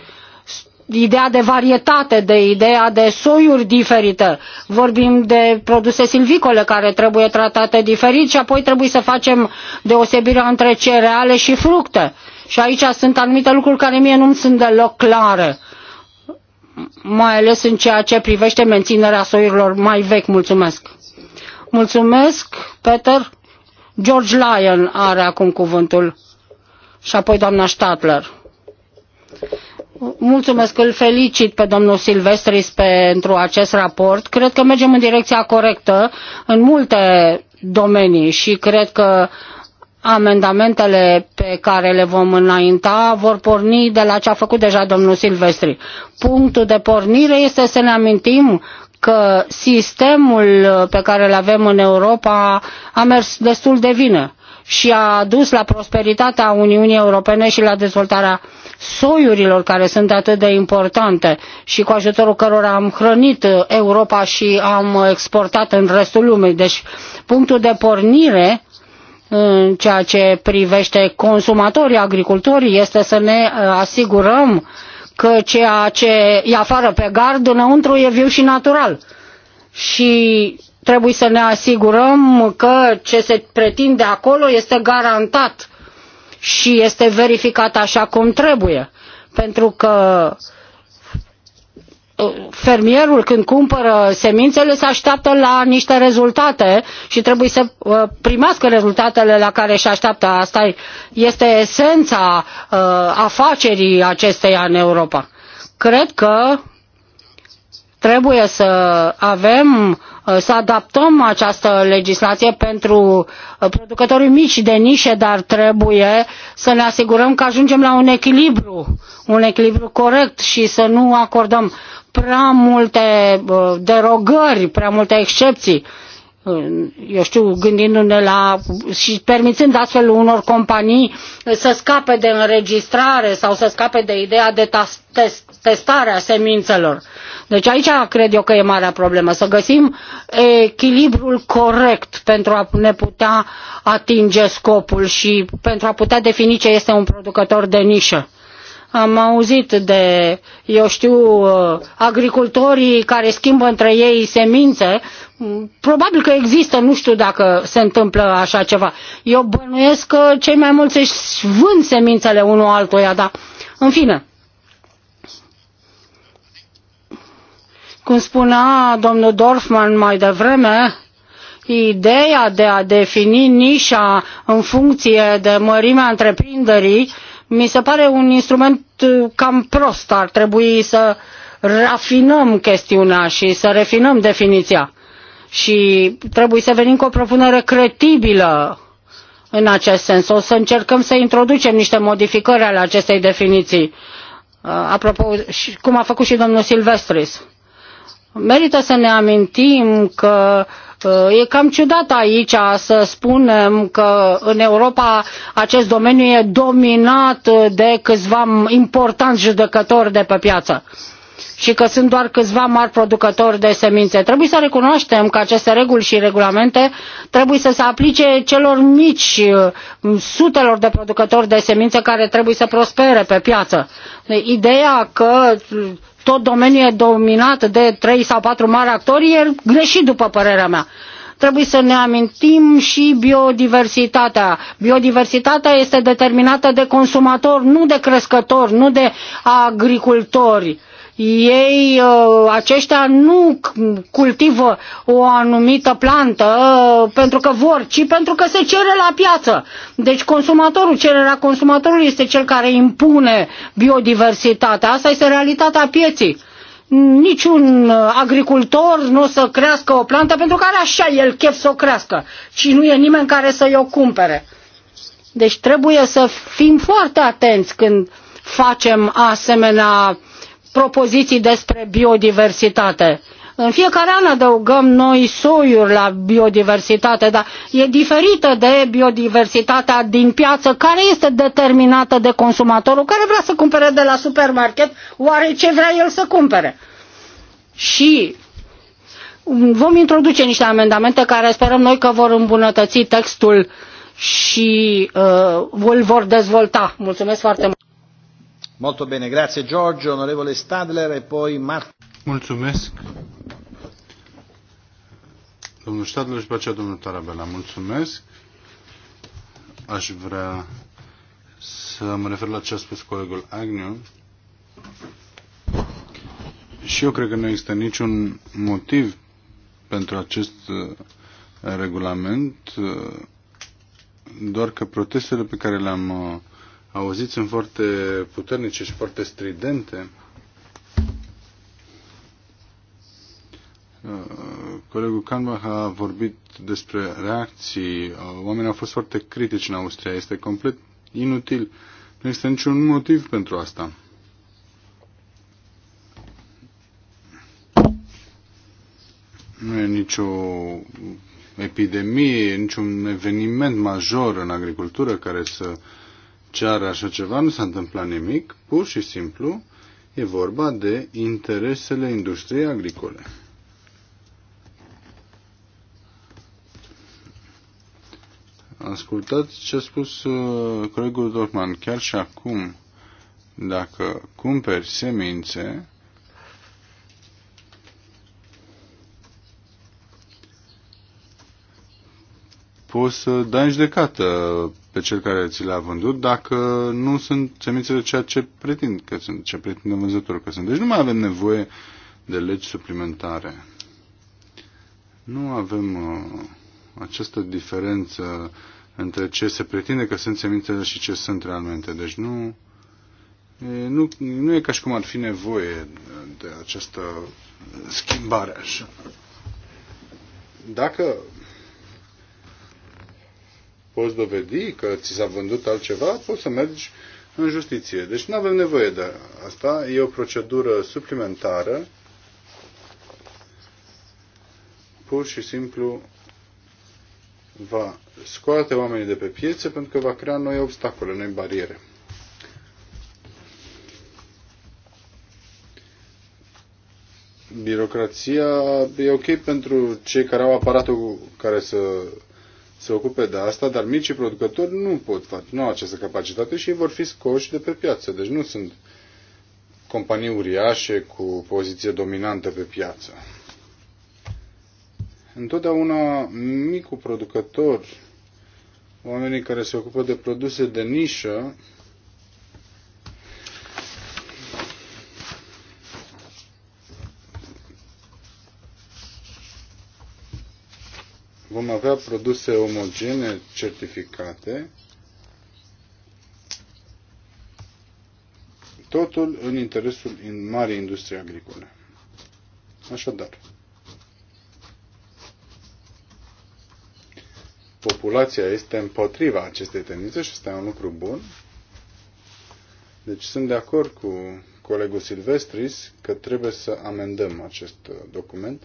Speaker 4: ideea de varietate, de ideea de soiuri diferite. Vorbim de produse silvicole care trebuie tratate diferit și apoi trebuie să facem deosebirea între cereale și fructe. Și aici sunt anumite lucruri care mie nu sunt deloc clare, mai ales în ceea ce privește menținerea soiurilor mai vechi. Mulțumesc! Mulțumesc, Peter! George Lyon are acum cuvântul și apoi doamna Stadler. Mulțumesc, îl felicit pe domnul Silvestris pentru acest raport. Cred că mergem în direcția corectă în multe domenii și cred că amendamentele pe care le vom înainta vor porni de la ce a făcut deja domnul Silvestri. Punctul de pornire este să ne amintim că sistemul uh, pe care îl avem în Europa a mers destul de vină și a dus la prosperitatea Uniunii Europene și la dezvoltarea soiurilor care sunt atât de importante și cu ajutorul cărora am hrănit uh, Europa și am exportat în restul lumii. Deci punctul de pornire uh, în ceea ce privește consumatorii, agricultorii, este să ne asigurăm că ceea ce e afară pe gard, înăuntru e viu și natural. Și trebuie să ne asigurăm că ce se pretinde acolo este garantat și este verificat așa cum trebuie. Pentru că uh, fermierul când cumpără semințele se așteaptă la niște rezultate și trebuie să uh, primească rezultatele la care se așteaptă. Asta este esența uh, afacerii acesteia în Europa. Cred că trebuie să avem Uh, să adaptăm această legislație pentru uh, producătorii mici de nișe, dar trebuie să ne asigurăm că ajungem la un echilibru, un echilibru corect și să nu acordăm prea multe uh, derogări, prea multe excepții eu știu, gândindu-ne la și permițând astfel unor companii să scape de înregistrare sau să scape de ideea de testare a semințelor. Deci aici cred eu că e marea problemă, să găsim echilibrul corect pentru a ne putea atinge scopul și pentru a putea defini ce este un producător de nișă. Am auzit de, eu știu, uh, agricultorii care schimbă între ei semințe. Probabil că există, nu știu dacă se întâmplă așa ceva. Eu bănuiesc că cei mai mulți își vând semințele unul altuia, dar în fine. Cum spunea domnul Dorfman mai devreme, ideea de a defini nișa în funcție de mărimea întreprinderii mi se pare un instrument uh, cam prost, ar trebui să rafinăm chestiunea și să refinăm definiția. Și trebuie să venim cu o propunere credibilă în acest sens. O să încercăm să introducem niște modificări ale acestei definiții. Uh, apropo, cum a făcut și domnul Silvestris. Merită să ne amintim că uh, Uh, e cam ciudat aici să spunem că în Europa acest domeniu e dominat de câțiva importanți judecători de pe piață și că sunt doar câțiva mari producători de semințe. Trebuie să recunoaștem că aceste reguli și regulamente trebuie să se aplice celor mici, uh, sutelor de producători de semințe care trebuie să prospere pe piață. Ideea că tot domeniul e dominat de trei sau patru mari actori, e greșit după părerea mea. Trebuie să ne amintim și biodiversitatea. Biodiversitatea este determinată de consumatori, nu de crescători, nu de agricultori ei, uh, aceștia nu cultivă o anumită plantă uh, pentru că vor, ci pentru că se cere la piață. Deci consumatorul, cererea consumatorului este cel care impune biodiversitatea. Asta este realitatea pieții. Niciun uh, agricultor nu o să crească o plantă pentru că are așa el chef să o crească, ci nu e nimeni care să-i o cumpere. Deci trebuie să fim foarte atenți când facem asemenea propoziții despre biodiversitate. În fiecare an adăugăm noi soiuri la biodiversitate, dar e diferită de biodiversitatea din piață, care este determinată de consumatorul care vrea să cumpere de la supermarket, oare ce vrea el să cumpere. Și vom introduce niște amendamente care sperăm noi că vor îmbunătăți textul și uh, îl vor dezvolta. Mulțumesc foarte mult!
Speaker 1: Molto bene, grazie Giorgio, onorevole Stadler e poi Mulțumesc. Domnul Stadler și pe aceea domnul Tarabella. Mulțumesc. Aș vrea să mă refer la ce a spus colegul Agnew. Și eu cred că nu există niciun motiv pentru acest uh, regulament, uh, doar că protestele pe care le-am uh, auziți sunt foarte puternice și foarte stridente. Uh, colegul Canva a vorbit despre reacții. Uh, oamenii au fost foarte critici în Austria. Este complet inutil. Nu există niciun motiv pentru asta. Nu e nicio epidemie, niciun eveniment major în agricultură care să ceară așa ceva, nu s-a întâmplat nimic, pur și simplu e vorba de interesele industriei agricole. Ascultați ce a spus uh, colegul Dorman. Chiar și acum, dacă cumperi semințe, poți să dai în judecată pe cel care ți l-a vândut dacă nu sunt semințele ceea ce pretind că sunt, ce pretinde vânzătorul că sunt. Deci nu mai avem nevoie de legi suplimentare. Nu avem uh, această diferență între ce se pretinde că sunt semințele și ce sunt realmente. Deci nu, e, nu, nu e ca și cum ar fi nevoie de această schimbare așa. Dacă poți dovedi că ți s-a vândut altceva, poți să mergi în justiție. Deci nu avem nevoie de asta. E o procedură suplimentară. Pur și simplu va scoate oamenii de pe piețe pentru că va crea noi obstacole, noi bariere. Birocrația e ok pentru cei care au aparatul care să se ocupe de asta, dar micii producători nu pot face, nu au această capacitate și ei vor fi scoși de pe piață. Deci nu sunt companii uriașe cu poziție dominantă pe piață. Întotdeauna micul producător, oamenii care se ocupă de produse de nișă, vom avea produse omogene certificate, totul în interesul în mare industrie agricole. Așadar, populația este împotriva acestei tendințe și este un lucru bun. Deci sunt de acord cu colegul Silvestris că trebuie să amendăm acest document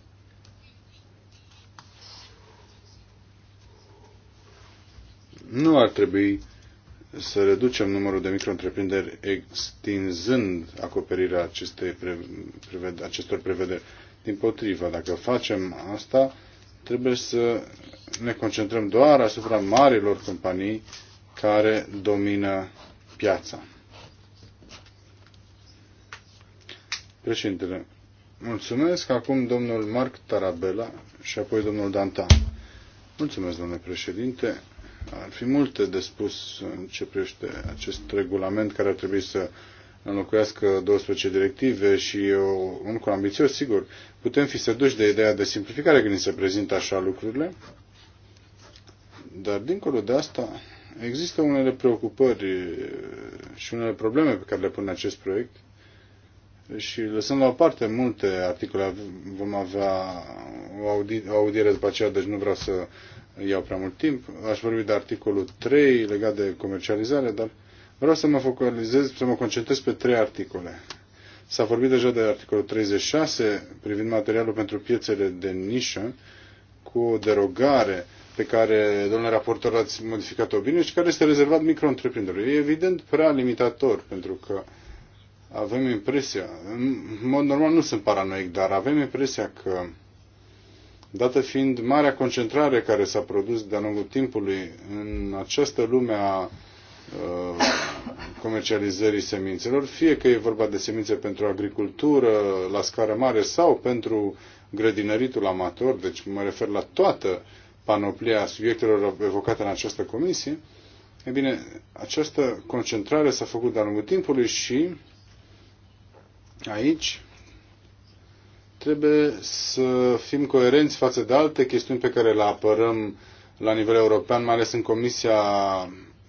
Speaker 1: Nu ar trebui să reducem numărul de micro-întreprinderi extinzând acoperirea acestei preved- acestor prevederi. Din potrivă, dacă facem asta, trebuie să ne concentrăm doar asupra marilor companii care domină piața. Președintele, mulțumesc. Acum domnul Marc Tarabella și apoi domnul Dantan. Mulțumesc, domnule președinte. Ar fi multe de spus în ce privește acest regulament care ar trebui să înlocuiască 12 directive și eu, un cu ambițios, sigur. Putem fi seduși de ideea de simplificare când se prezintă așa lucrurile, dar dincolo de asta există unele preocupări și unele probleme pe care le pune acest proiect și lăsând la o parte multe articole, vom avea o audiere după aceea, deci nu vreau să iau prea mult timp. Aș vorbi de articolul 3 legat de comercializare, dar vreau să mă focalizez, să mă concentrez pe trei articole. S-a vorbit deja de articolul 36 privind materialul pentru piețele de nișă cu o derogare pe care, domnule raportor, ați modificat-o bine și care este rezervat micro E evident prea limitator, pentru că avem impresia, în mod normal nu sunt paranoic, dar avem impresia că dată fiind marea concentrare care s-a produs de-a lungul timpului în această lume a uh, comercializării semințelor, fie că e vorba de semințe pentru agricultură la scară mare sau pentru grădinăritul amator, deci mă refer la toată panoplia subiectelor evocate în această comisie, e bine, această concentrare s-a făcut de-a lungul timpului și aici trebuie să fim coerenți față de alte chestiuni pe care le apărăm la nivel european, mai ales în Comisia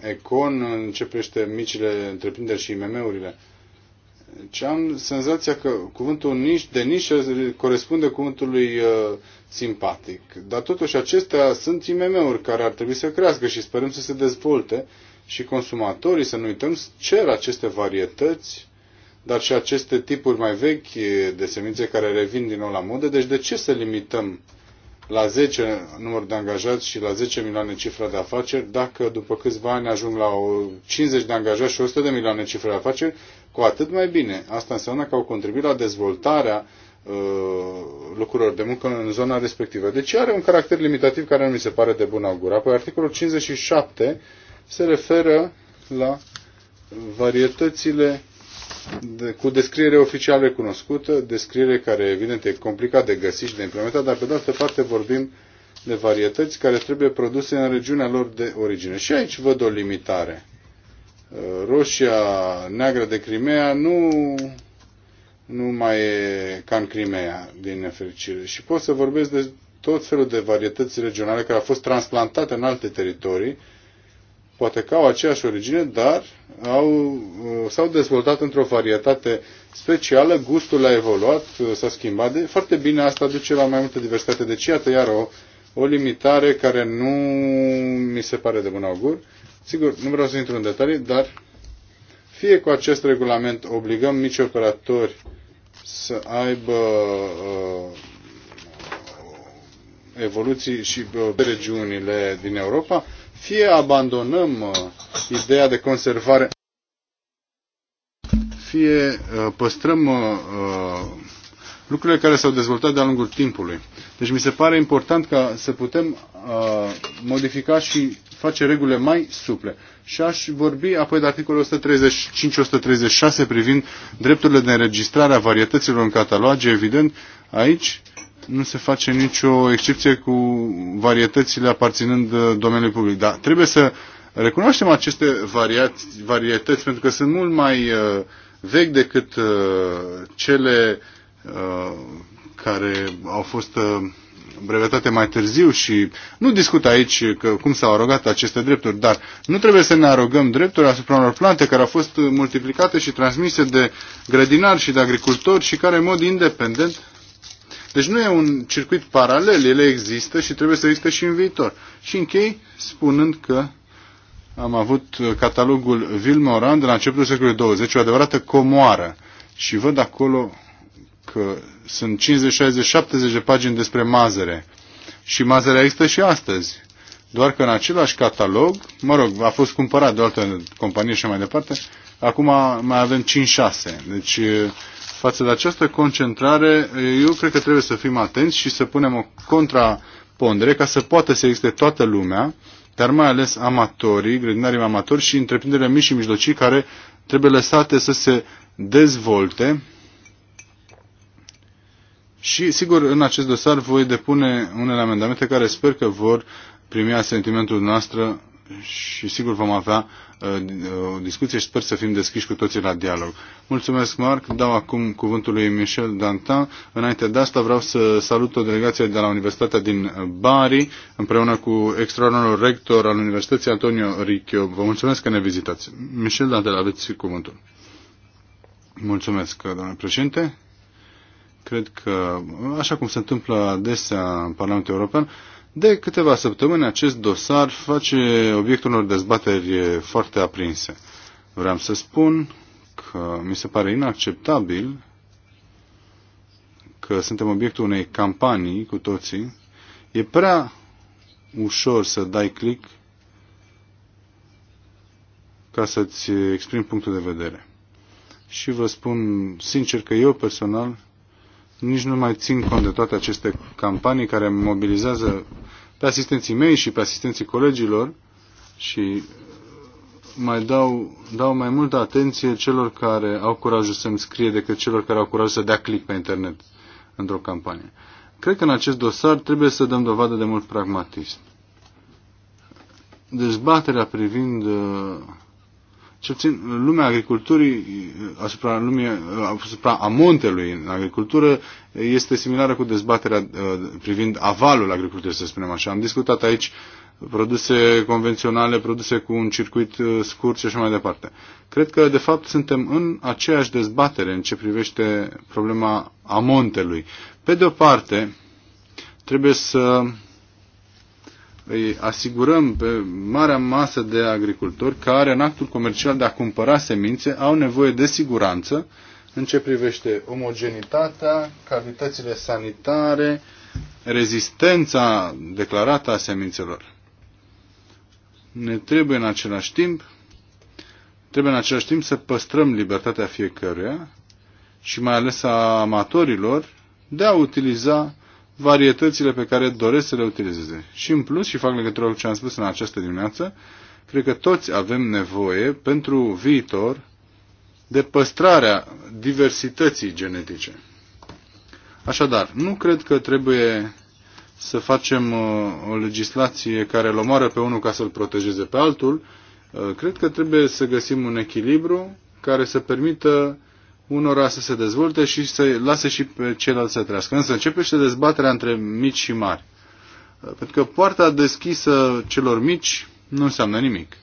Speaker 1: Econ, începește micile întreprinderi și IMM-urile. Ce am senzația că cuvântul niș, de nișă corespunde cuvântului uh, simpatic. Dar totuși acestea sunt IMM-uri care ar trebui să crească și sperăm să se dezvolte și consumatorii, să nu uităm, cer aceste varietăți dar și aceste tipuri mai vechi de semințe care revin din nou la modă. Deci de ce să limităm la 10 număr de angajați și la 10 milioane cifra de afaceri, dacă după câțiva ani ajung la 50 de angajați și 100 de milioane cifra de afaceri, cu atât mai bine. Asta înseamnă că au contribuit la dezvoltarea uh, lucrurilor de muncă în zona respectivă. Deci are un caracter limitativ care nu mi se pare de bun augur. Apoi articolul 57 se referă la varietățile cu descriere oficială cunoscută, descriere care evident e complicat de găsit și de implementat, dar pe de altă parte vorbim de varietăți care trebuie produse în regiunea lor de origine. Și aici văd o limitare. Uh, Roșia neagră de Crimea nu, nu mai e ca în Crimea, din nefericire. Și pot să vorbesc de tot felul de varietăți regionale care au fost transplantate în alte teritorii, poate că au aceeași origine, dar au, uh, s-au dezvoltat într-o varietate specială, gustul a evoluat, uh, s-a schimbat. De, foarte bine, asta duce la mai multă diversitate. Deci, iată, iar o, o limitare care nu mi se pare de bun augur. Sigur, nu vreau să intru în detalii, dar fie cu acest regulament obligăm mici operatori să aibă uh, evoluții și uh, regiunile din Europa, fie abandonăm uh, ideea de conservare, fie uh, păstrăm uh, lucrurile care s-au dezvoltat de-a lungul timpului. Deci mi se pare important ca să putem uh, modifica și face regulile mai suple. Și aș vorbi apoi de articolul 135-136 privind drepturile de înregistrare a varietăților în cataloge. Evident, aici nu se face nicio excepție cu varietățile aparținând uh, domeniului public. Dar trebuie să recunoaștem aceste varietăți pentru că sunt mult mai uh, vechi decât uh, cele care au fost brevetate mai târziu și nu discut aici că cum s-au arogat aceste drepturi, dar nu trebuie să ne arogăm drepturi asupra unor plante care au fost multiplicate și transmise de grădinari și de agricultori și care în mod independent deci nu e un circuit paralel, ele există și trebuie să existe și în viitor. Și închei spunând că am avut catalogul Vilmoran de la începutul secolului 20, o adevărată comoară. Și văd acolo că sunt 50, 60, 70 de pagini despre mazăre. Și mazărea există și astăzi. Doar că în același catalog, mă rog, a fost cumpărat de o altă companie și mai departe, acum mai avem 5-6. Deci Față de această concentrare, eu cred că trebuie să fim atenți și să punem o contrapondere ca să poată să existe toată lumea, dar mai ales amatorii, grădinarii amatori și întreprinderile mici și mijlocii care trebuie lăsate să se dezvolte. Și, sigur, în acest dosar voi depune unele amendamente care sper că vor primi sentimentul noastră și sigur vom avea Uh, discuție și sper să fim deschiși cu toții la dialog. Mulțumesc, Marc. Dau acum cuvântul lui Michel Dantin. Înainte de asta vreau să salut o delegație de la Universitatea din Bari, împreună cu extraordinarul rector al Universității Antonio Riccio. Vă mulțumesc că ne vizitați. Michel Dantin, aveți cuvântul. Mulțumesc, domnule președinte. Cred că, așa cum se întâmplă adesea în Parlamentul European, de câteva săptămâni acest dosar face obiectul unor dezbateri foarte aprinse. Vreau să spun că mi se pare inacceptabil că suntem obiectul unei campanii cu toții. E prea ușor să dai click ca să-ți exprim punctul de vedere. Și vă spun sincer că eu personal nici nu mai țin cont de toate aceste campanii care mobilizează pe asistenții mei și pe asistenții colegilor și mai dau, dau mai multă atenție celor care au curajul să-mi scrie decât celor care au curajul să dea click pe internet într-o campanie. Cred că în acest dosar trebuie să dăm dovadă de mult pragmatism. Dezbaterea privind uh, cel puțin lumea agriculturii, asupra, lumii, asupra amontelui în agricultură, este similară cu dezbaterea uh, privind avalul agriculturii, să spunem așa. Am discutat aici produse convenționale, produse cu un circuit uh, scurt și așa mai departe. Cred că, de fapt, suntem în aceeași dezbatere în ce privește problema amontelui. Pe de o parte, trebuie să îi asigurăm pe marea masă de agricultori care în actul comercial de a cumpăra semințe au nevoie de siguranță în ce privește omogenitatea, calitățile sanitare, rezistența declarată a semințelor. Ne trebuie în același timp trebuie în același timp să păstrăm libertatea fiecăruia și mai ales a amatorilor de a utiliza varietățile pe care doresc să le utilizeze. Și în plus, și fac legătură cu ce am spus în această dimineață, cred că toți avem nevoie pentru viitor de păstrarea diversității genetice. Așadar, nu cred că trebuie să facem uh, o legislație care îl omoară pe unul ca să-l protejeze pe altul. Uh, cred că trebuie să găsim un echilibru care să permită unora să se dezvolte și să lase și pe ceilalți să trăiască. Însă începe și dezbaterea între mici și mari. Pentru că poarta deschisă celor mici nu înseamnă nimic.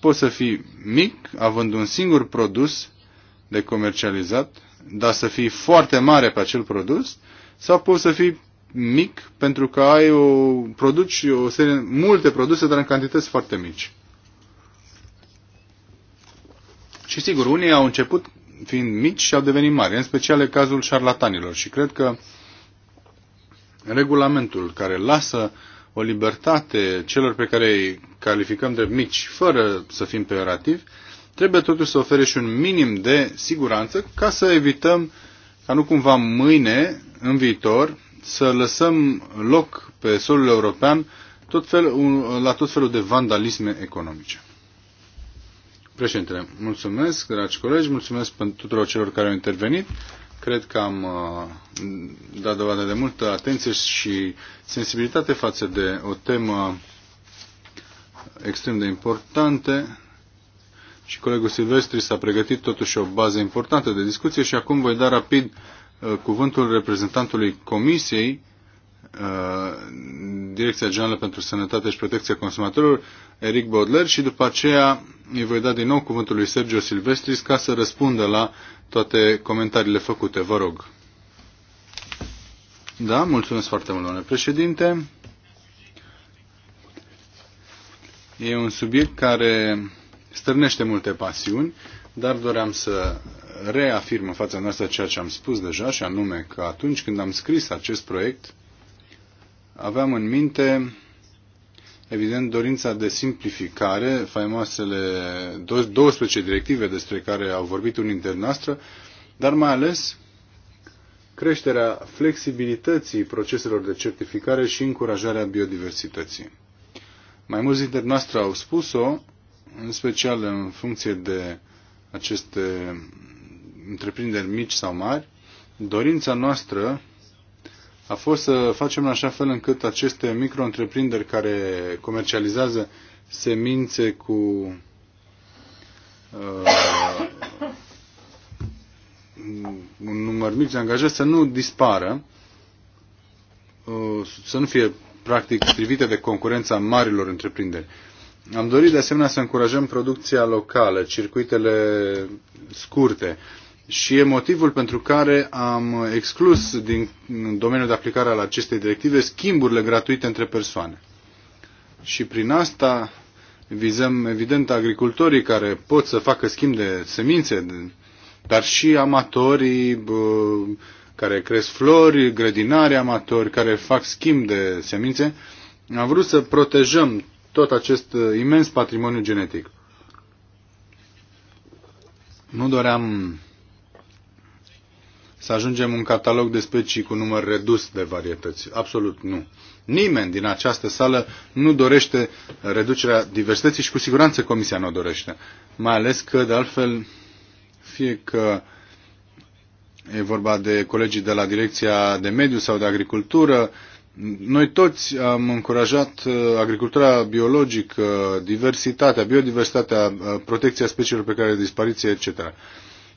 Speaker 1: Poți să fii mic, având un singur produs de comercializat, dar să fii foarte mare pe acel produs, sau poți să fii mic pentru că ai o, produci o serie, multe produse, dar în cantități foarte mici. Și sigur, unii au început fiind mici și au devenit mari. În special e cazul șarlatanilor și cred că regulamentul care lasă o libertate celor pe care îi calificăm de mici, fără să fim peorativi, trebuie totuși să ofere și un minim de siguranță ca să evităm ca nu cumva mâine, în viitor, să lăsăm loc pe solul european tot fel, la tot felul de vandalisme economice. Președintele, mulțumesc, dragi colegi, mulțumesc pentru tuturor celor care au intervenit. Cred că am uh, dat dovadă de multă atenție și sensibilitate față de o temă extrem de importantă și colegul Silvestri s-a pregătit totuși o bază importantă de discuție și acum voi da rapid uh, cuvântul reprezentantului Comisiei Uh, Direcția Generală pentru Sănătate și Protecția Consumatorilor, Eric Bodler și după aceea îi voi da din nou cuvântul lui Sergio Silvestris ca să răspundă la toate comentariile făcute. Vă rog. Da, mulțumesc foarte mult, domnule președinte. E un subiect care stârnește multe pasiuni, dar doream să reafirm în fața noastră ceea ce am spus deja, și anume că atunci când am scris acest proiect, aveam în minte, evident, dorința de simplificare, faimoasele 12 directive despre care au vorbit unii dintre noastre, dar mai ales creșterea flexibilității proceselor de certificare și încurajarea biodiversității. Mai mulți dintre noastre au spus-o, în special în funcție de aceste întreprinderi mici sau mari, dorința noastră a fost să facem în așa fel încât aceste micro-întreprinderi care comercializează semințe cu uh, un număr mic de angajați să nu dispară, uh, să nu fie practic privite de concurența marilor întreprinderi. Am dorit de asemenea să încurajăm producția locală, circuitele scurte. Uh, și e motivul pentru care am exclus din domeniul de aplicare al acestei directive schimburile gratuite între persoane. Și prin asta vizăm evident agricultorii care pot să facă schimb de semințe, dar și amatorii care cresc flori, grădinari amatori care fac schimb de semințe. Am vrut să protejăm tot acest uh, imens patrimoniu genetic. Nu doream să ajungem un catalog de specii cu număr redus de varietăți. Absolut nu. Nimeni din această sală nu dorește reducerea diversității și cu siguranță Comisia nu o dorește. Mai ales că, de altfel, fie că e vorba de colegii de la Direcția de Mediu sau de Agricultură, noi toți am încurajat uh, agricultura biologică, diversitatea, biodiversitatea, uh, protecția speciilor pe care dispariție, etc.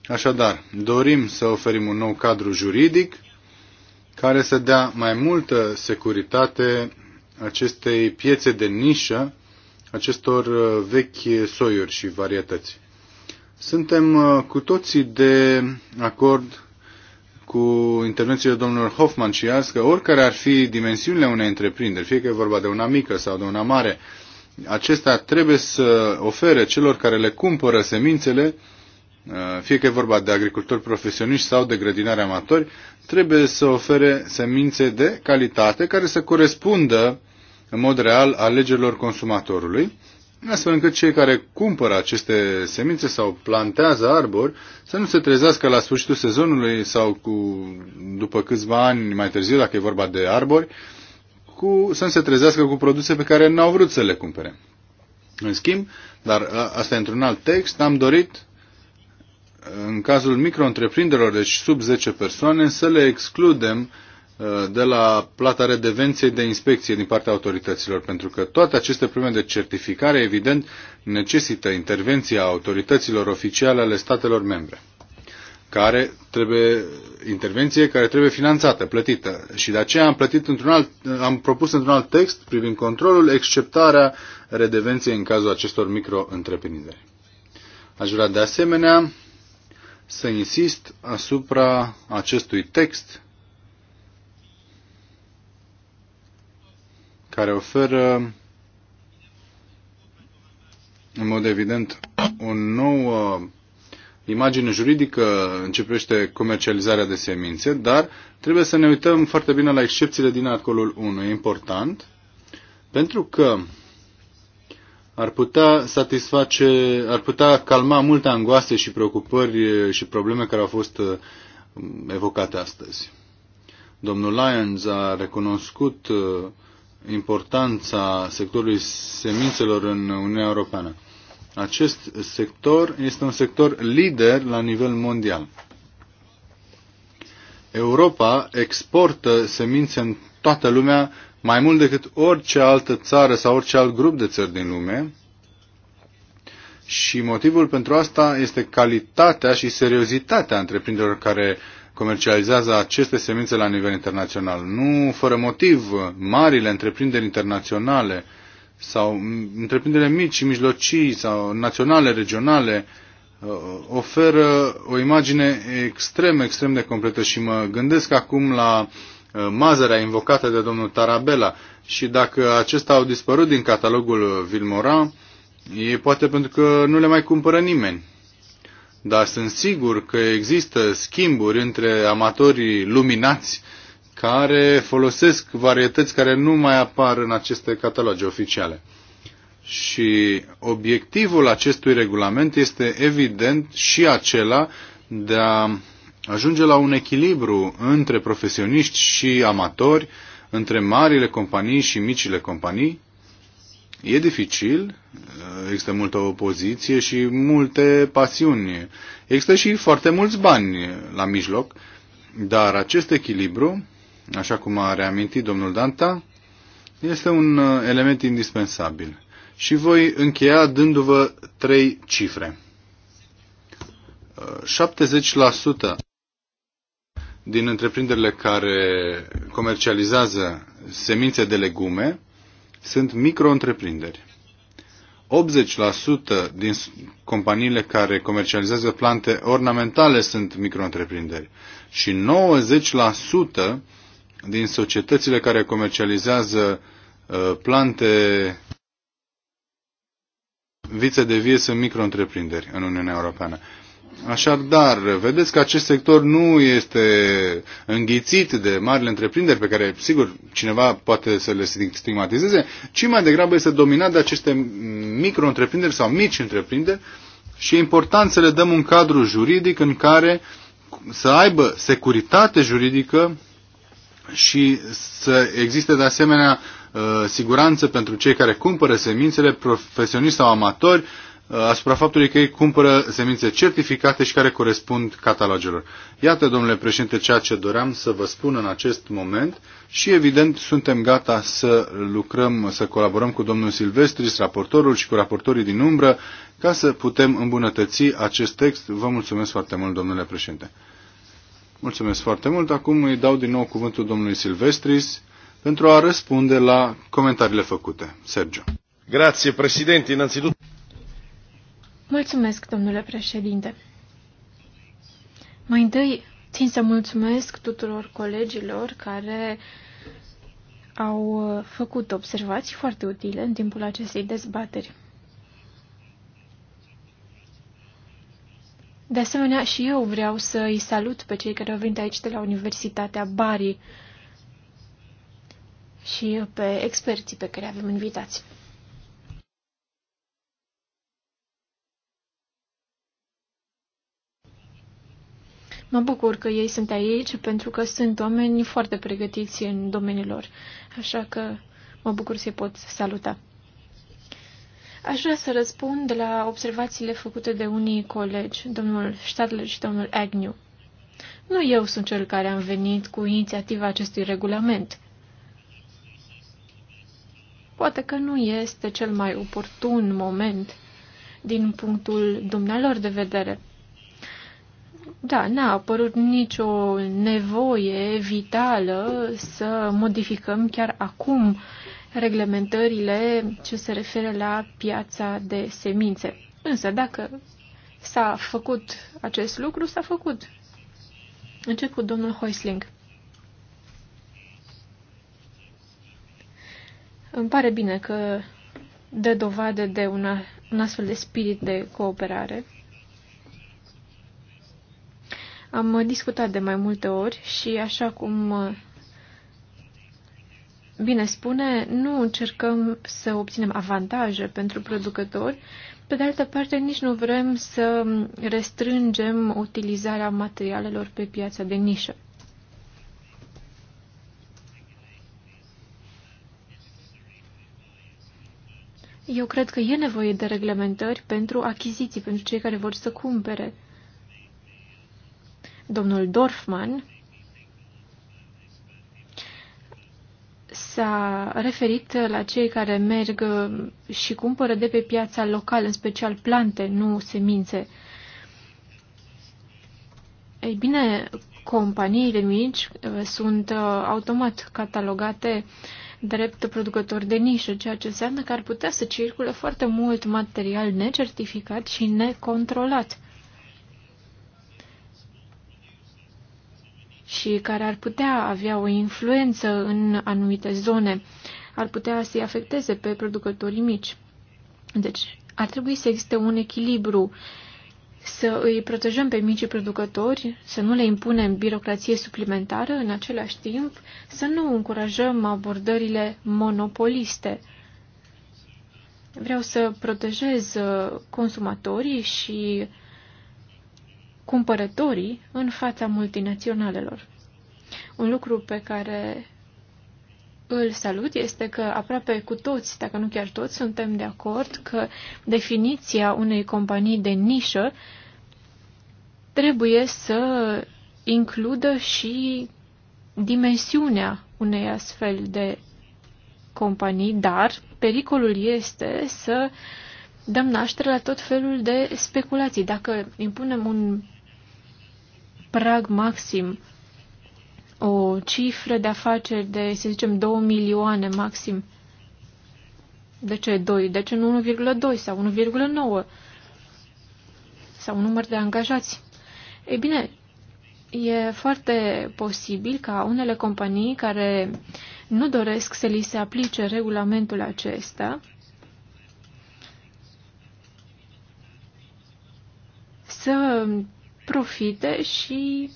Speaker 1: Așadar, dorim să oferim un nou cadru juridic care să dea mai multă securitate acestei piețe de nișă, acestor uh, vechi soiuri și varietăți. Suntem uh, cu toții de acord cu intervențiile domnului Hoffman și azi că oricare ar fi dimensiunile unei întreprinderi, fie că e vorba de una mică sau de una mare, acesta trebuie să ofere celor care le cumpără semințele Uh, fie că e vorba de agricultori profesioniști sau de grădinari amatori, trebuie să ofere semințe de calitate care să corespundă în mod real alegerilor consumatorului, astfel încât cei care cumpără aceste semințe sau plantează arbori să nu se trezească la sfârșitul sezonului sau cu, după câțiva ani mai târziu, dacă e vorba de arbori, cu, să nu se trezească cu produse pe care n-au vrut să le cumpere. În schimb, dar asta e într-un alt text, am dorit în cazul micro-întreprinderilor, deci sub 10 persoane, să le excludem uh, de la plata redevenței de inspecție din partea autorităților, pentru că toate aceste probleme de certificare, evident, necesită intervenția autorităților oficiale ale statelor membre, care trebuie, intervenție care trebuie finanțată, plătită. Și de aceea am, plătit într-un alt, am propus într-un alt text privind controlul, exceptarea redevenței în cazul acestor micro-întreprinderi. Aș vrea de asemenea să insist asupra acestui text care oferă în mod evident o nouă imagine juridică începește comercializarea de semințe, dar trebuie să ne uităm foarte bine la excepțiile din articolul 1. E important pentru că ar putea satisface, ar putea calma multe angoase și preocupări și probleme care au fost evocate astăzi. Domnul Lyons a recunoscut importanța sectorului semințelor în Uniunea Europeană. Acest sector este un sector lider la nivel mondial. Europa exportă semințe în toată lumea, mai mult decât orice altă țară sau orice alt grup de țări din lume. Și motivul pentru asta este calitatea și seriozitatea întreprinderilor care comercializează aceste semințe la nivel internațional. Nu fără motiv, marile întreprinderi internaționale sau întreprinderile mici și mijlocii sau naționale, regionale, uh, oferă o imagine extrem, extrem de completă și mă gândesc acum la Uh, mazărea invocată de domnul Tarabella și dacă acestea au dispărut din catalogul Vilmora, e poate pentru că nu le mai cumpără nimeni. Dar sunt sigur că există schimburi între amatorii luminați care folosesc varietăți care nu mai apar în aceste cataloge oficiale. Și obiectivul acestui regulament este evident și acela de a ajunge la un echilibru între profesioniști și amatori, între marile companii și micile companii. E dificil, există multă opoziție și multe pasiuni. Există și foarte mulți bani la mijloc, dar acest echilibru, așa cum a reamintit domnul Danta, este un element indispensabil. Și voi încheia dându-vă trei cifre. 70% din întreprinderile care comercializează semințe de legume sunt micro-întreprinderi. 80% din companiile care comercializează plante ornamentale sunt micro-întreprinderi și 90% din societățile care comercializează uh, plante vițe de vie sunt micro-întreprinderi în Uniunea Europeană. Așadar, vedeți că acest sector nu este înghițit de marile întreprinderi pe care, sigur, cineva poate să le stigmatizeze, ci mai degrabă este dominat de aceste micro-întreprinderi sau mici întreprinderi și e important să le dăm un cadru juridic în care să aibă securitate juridică și să existe de asemenea uh, siguranță pentru cei care cumpără semințele, profesioniști sau amatori, Uh, asupra faptului că ei cumpără semințe certificate și care corespund catalogelor. Iată, domnule președinte, ceea ce doream să vă spun în acest moment și, evident, suntem gata să lucrăm, să colaborăm cu domnul Silvestris, raportorul și cu raportorii din umbră, ca să putem îmbunătăți acest text. Vă mulțumesc foarte mult, domnule președinte. Mulțumesc foarte mult. Acum îi dau din nou cuvântul domnului Silvestris pentru a răspunde la comentariile făcute. Sergio. Grazie, președinte. Innanzitutto...
Speaker 3: Mulțumesc, domnule președinte. Mai întâi, țin să mulțumesc tuturor colegilor care au făcut observații foarte utile în timpul acestei dezbateri. De asemenea, și eu vreau să îi salut pe cei care au venit aici de la Universitatea Bari și pe experții pe care avem invitați. Mă bucur că ei sunt aici pentru că sunt oameni foarte pregătiți în domeniul lor, așa că mă bucur să-i pot saluta. Aș vrea să răspund la observațiile făcute de unii colegi, domnul Stadler și domnul Agnew. Nu eu sunt cel care am venit cu inițiativa acestui regulament. Poate că nu este cel mai oportun moment din punctul dumnealor de vedere. Da, n-a apărut nicio nevoie vitală să modificăm chiar acum reglementările ce se referă la piața de semințe. Însă, dacă s-a făcut acest lucru, s-a făcut. Încep cu domnul Hoisling. Îmi pare bine că dă dovadă de una, un astfel de spirit de cooperare. Am discutat de mai multe ori și, așa cum uh, bine spune, nu încercăm să obținem avantaje pentru producători, pe de altă parte nici nu vrem să restrângem utilizarea materialelor pe piața de nișă. Eu cred că e nevoie de reglementări pentru achiziții, pentru cei care vor să cumpere domnul Dorfman s-a referit la cei care merg și cumpără de pe piața locală, în special plante, nu semințe. Ei bine, companiile mici uh, sunt uh, automat catalogate drept producători de nișă, ceea ce înseamnă că ar putea să circule foarte mult material necertificat și necontrolat. și care ar putea avea o influență în anumite zone, ar putea să-i afecteze pe producătorii mici. Deci ar trebui să existe un echilibru să îi protejăm pe micii producători, să nu le impunem birocrație suplimentară, în același timp să nu încurajăm abordările monopoliste. Vreau să protejez uh, consumatorii și cumpărătorii în fața multinaționalelor. Un lucru pe care îl salut este că aproape cu toți, dacă nu chiar toți, suntem de acord că definiția unei companii de nișă trebuie să includă și dimensiunea unei astfel de companii, dar pericolul este să dăm naștere la tot felul de speculații. Dacă impunem un prag maxim, o cifră de afaceri de, să zicem, 2 milioane maxim. De ce 2? De ce nu 1,2 sau 1,9? Sau un număr de angajați? Ei bine, e foarte posibil ca unele companii care nu doresc să li se aplice regulamentul acesta să profite și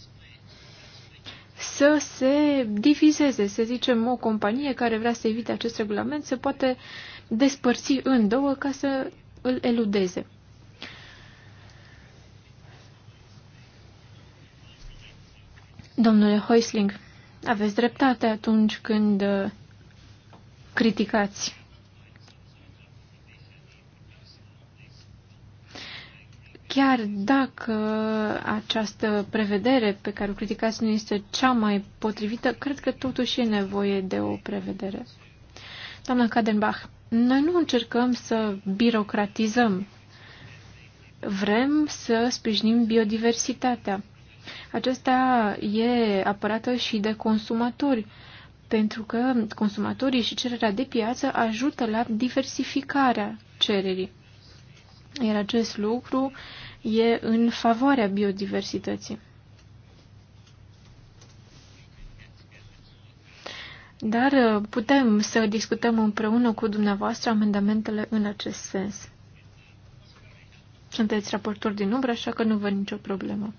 Speaker 3: să se divizeze, să zicem, o companie care vrea să evite acest regulament se poate despărți în două ca să îl eludeze. Domnule Hoisling, aveți dreptate atunci când criticați chiar dacă această prevedere pe care o criticați nu este cea mai potrivită, cred că totuși e nevoie de o prevedere. Doamna Kadenbach, noi nu încercăm să birocratizăm. Vrem să sprijinim biodiversitatea. Acesta e apărată și de consumatori, pentru că consumatorii și cererea de piață ajută la diversificarea cererii. Iar acest lucru e în favoarea biodiversității. Dar uh, putem să discutăm împreună cu dumneavoastră amendamentele în acest sens. Sunteți raportori din umbră, așa că nu văd nicio problemă.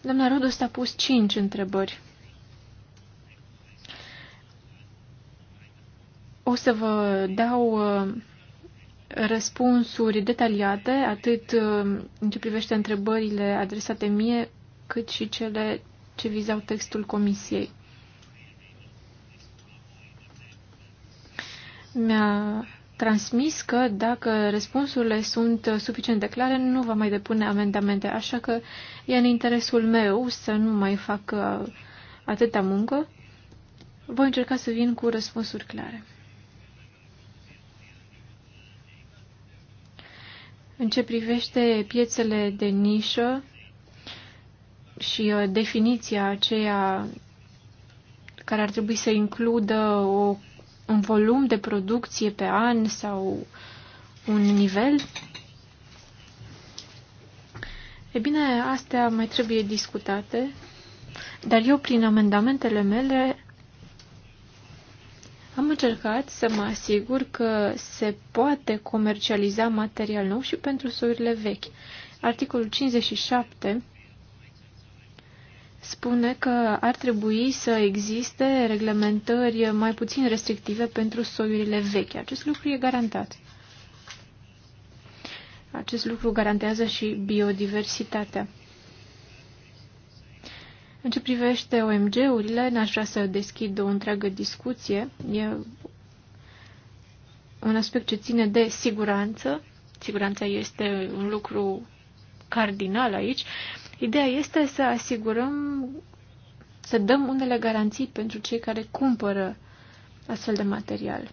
Speaker 3: Doamna Rodos a pus cinci întrebări. O să vă dau uh, răspunsuri detaliate, atât uh, în ce privește întrebările adresate mie, cât și cele ce vizau textul comisiei. Mi-a transmis că dacă răspunsurile sunt suficient de clare, nu va mai depune amendamente, așa că e în interesul meu să nu mai fac uh, atâta muncă. Voi încerca să vin cu răspunsuri clare. În ce privește piețele de nișă și uh, definiția aceea care ar trebui să includă o, un volum de producție pe an sau un nivel? E bine, astea mai trebuie discutate, dar eu prin amendamentele mele am încercat să mă asigur că se poate comercializa material nou și pentru soiurile vechi. Articolul 57 spune că ar trebui să existe reglementări mai puțin restrictive pentru soiurile vechi. Acest lucru e garantat. Acest lucru garantează și biodiversitatea. În ce privește OMG-urile, n-aș vrea să deschid o întreagă discuție. E un aspect ce ține de siguranță. Siguranța este un lucru cardinal aici. Ideea este să asigurăm, să dăm unele garanții pentru cei care cumpără astfel de material.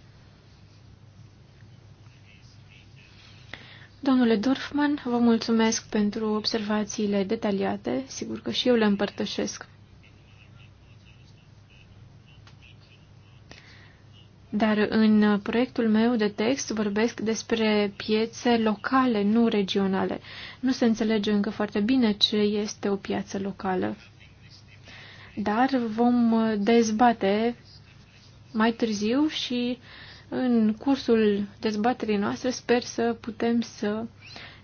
Speaker 3: Domnule Dorfman, vă mulțumesc pentru observațiile detaliate. Sigur că și eu le împărtășesc. Dar în proiectul meu de text vorbesc despre piețe locale, nu regionale. Nu se înțelege încă foarte bine ce este o piață locală. Dar vom dezbate mai târziu și uh, în cursul dezbaterii noastre sper să putem să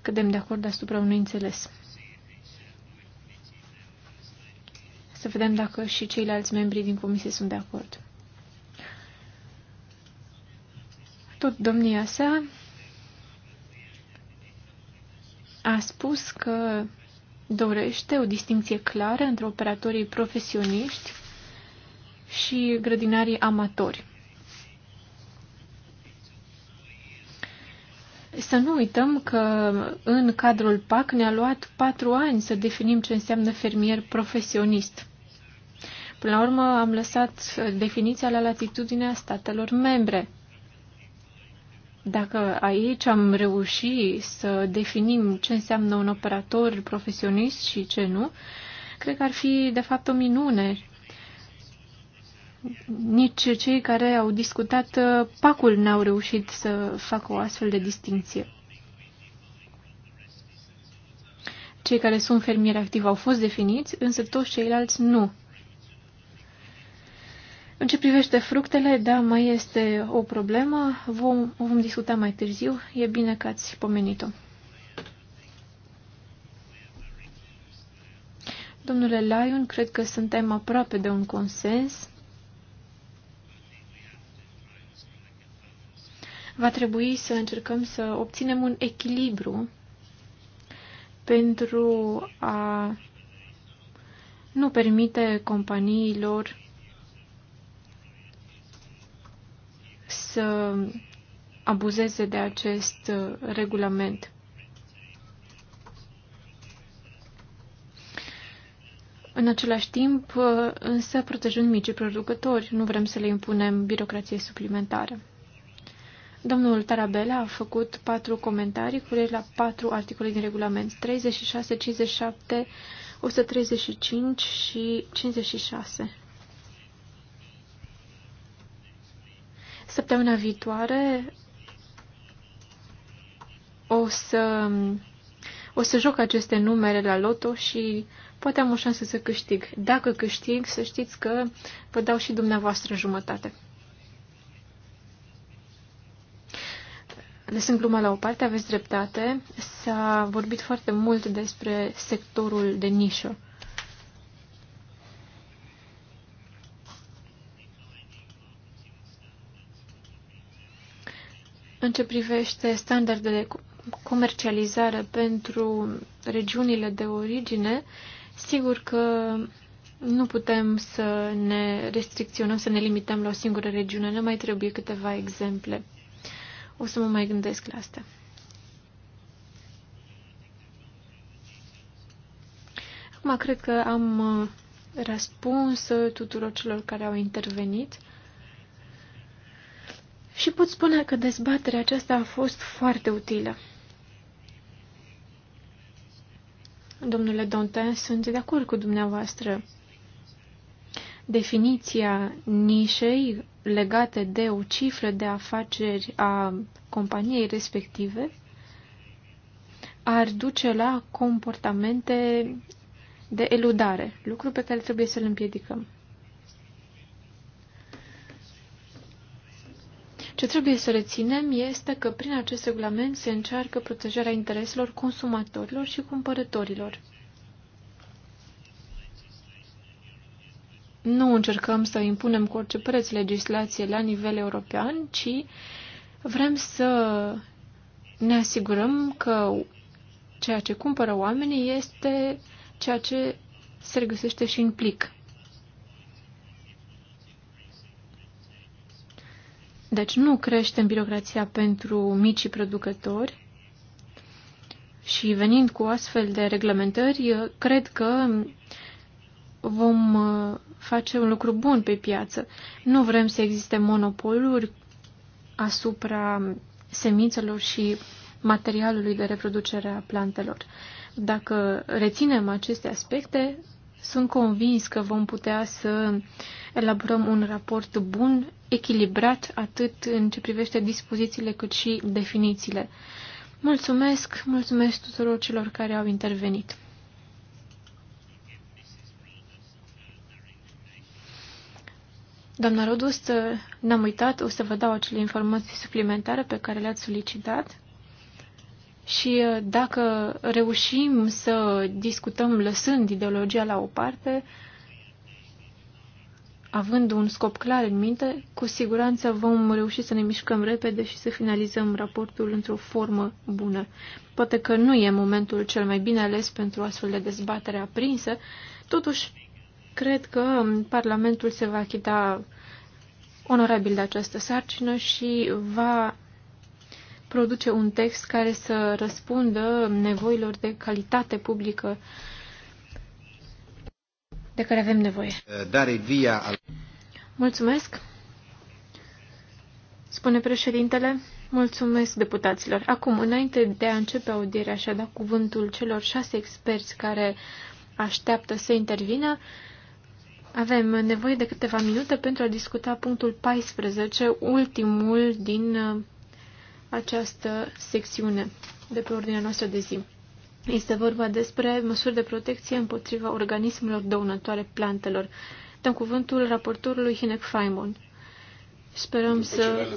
Speaker 3: cădem de acord asupra unui înțeles. Să vedem dacă și ceilalți membri din comisie sunt de acord. Tot domnia sa a spus că dorește o distinție clară între operatorii profesioniști și grădinarii amatori. Să nu uităm că în cadrul PAC ne-a luat patru ani să definim ce înseamnă fermier profesionist. Până la urmă am lăsat definiția la latitudinea statelor membre. Dacă aici am reușit să definim ce înseamnă un operator profesionist și ce nu, cred că ar fi de fapt o minune nici cei care au discutat uh, pacul n-au reușit să facă o astfel de distinție. Cei care sunt fermieri activi au fost definiți, însă toți ceilalți nu. În ce privește fructele, da, mai este o problemă, vom, o vom discuta mai târziu, e bine că ați pomenit-o. Domnule Lyon, cred că suntem aproape de un consens. va trebui să încercăm să obținem un echilibru pentru a nu permite companiilor să abuzeze de acest regulament. În același timp, însă, protejând micii producători, nu vrem să le impunem birocrație suplimentară. Domnul Tarabella a făcut patru comentarii cu la patru articole din regulament 36, 57, 135 și 56. Săptămâna viitoare o să, o să joc aceste numere la loto și poate am o șansă să câștig. Dacă câștig, să știți că vă dau și dumneavoastră jumătate. lăsând gluma la o parte, aveți dreptate. S-a vorbit foarte mult despre sectorul de nișă. În ce privește standardele comercializare pentru regiunile de origine, sigur că nu putem să ne restricționăm, să ne limităm la o singură regiune. Ne mai trebuie câteva exemple. O să mă mai gândesc la asta. Acum cred că am uh, răspuns uh, tuturor celor care au intervenit. Și pot spune că dezbaterea aceasta a fost foarte utilă. Domnule Dantin, sunt de acord cu dumneavoastră definiția nișei legate de o cifră de afaceri a companiei respective ar duce la comportamente de eludare, lucru pe care trebuie să-l împiedicăm. Ce trebuie să reținem este că prin acest regulament se încearcă protejarea intereselor consumatorilor și cumpărătorilor. Nu încercăm să impunem cu orice preț legislație la nivel european, ci vrem să ne asigurăm că ceea ce cumpără oamenii este ceea ce se regăsește și în plic. Deci nu creștem birocrația pentru micii producători și venind cu astfel de reglementări, cred că vom uh, face un lucru bun pe piață. Nu vrem să existe monopoluri asupra semințelor și materialului de reproducere a plantelor. Dacă reținem aceste aspecte, sunt convins că vom putea să elaborăm un raport bun, echilibrat, atât în ce privește dispozițiile cât și definițiile. Mulțumesc, mulțumesc tuturor celor care au intervenit. Doamna Rodust, n-am uitat, o să vă dau acele informații suplimentare pe care le-ați solicitat. Și uh, dacă reușim să discutăm lăsând ideologia la o parte, având un scop clar în minte, cu siguranță vom reuși să ne mișcăm repede și să finalizăm raportul într-o formă bună. Poate că nu e momentul cel mai bine ales pentru astfel de dezbatere aprinsă, totuși Cred că Parlamentul se va achita onorabil de această sarcină și va produce un text care să răspundă nevoilor de calitate publică de care avem nevoie.
Speaker 2: Dare via al...
Speaker 3: Mulțumesc, spune președintele. Mulțumesc deputaților. Acum, înainte de a începe audierea și a da cuvântul celor șase experți care așteaptă să intervină, avem nevoie de câteva minute pentru a discuta punctul 14, ultimul din uh, această secțiune de pe ordinea noastră de zi. Este vorba despre măsuri de protecție împotriva organismelor dăunătoare plantelor. Dăm cuvântul raportorului Hinek Faimon. Sperăm să...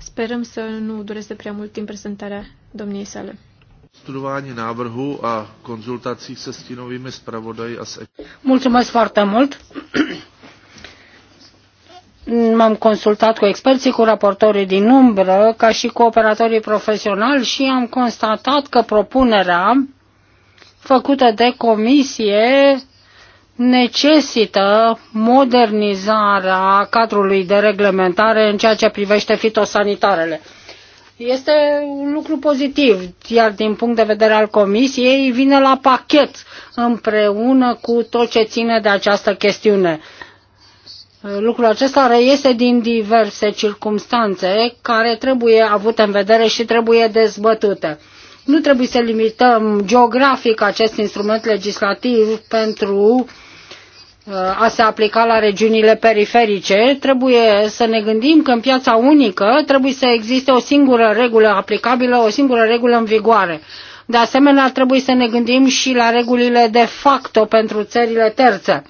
Speaker 3: Sperăm să nu dureze prea mult timp prezentarea domniei sale.
Speaker 1: Studování návrhu a konzultací se stínovými zpravodaji
Speaker 3: a se... Mulțumesc foarte mult!
Speaker 4: M-am consultat cu experții, cu raportorii din umbră, ca și cu operatorii profesionali și am constatat că propunerea făcută de comisie necesită modernizarea cadrului de reglementare în ceea ce privește fitosanitarele. Este un lucru pozitiv, iar din punct de vedere al Comisiei vine la pachet împreună cu tot ce ține de această chestiune. Lucrul acesta reiese din diverse circumstanțe care trebuie avute în vedere și trebuie dezbătute. Nu trebuie să limităm geografic acest instrument legislativ pentru uh, a se aplica la regiunile periferice, trebuie să ne gândim că în piața unică trebuie să existe o singură regulă aplicabilă, o singură regulă în vigoare. De asemenea, trebuie să ne gândim și la regulile de facto pentru țările terțe.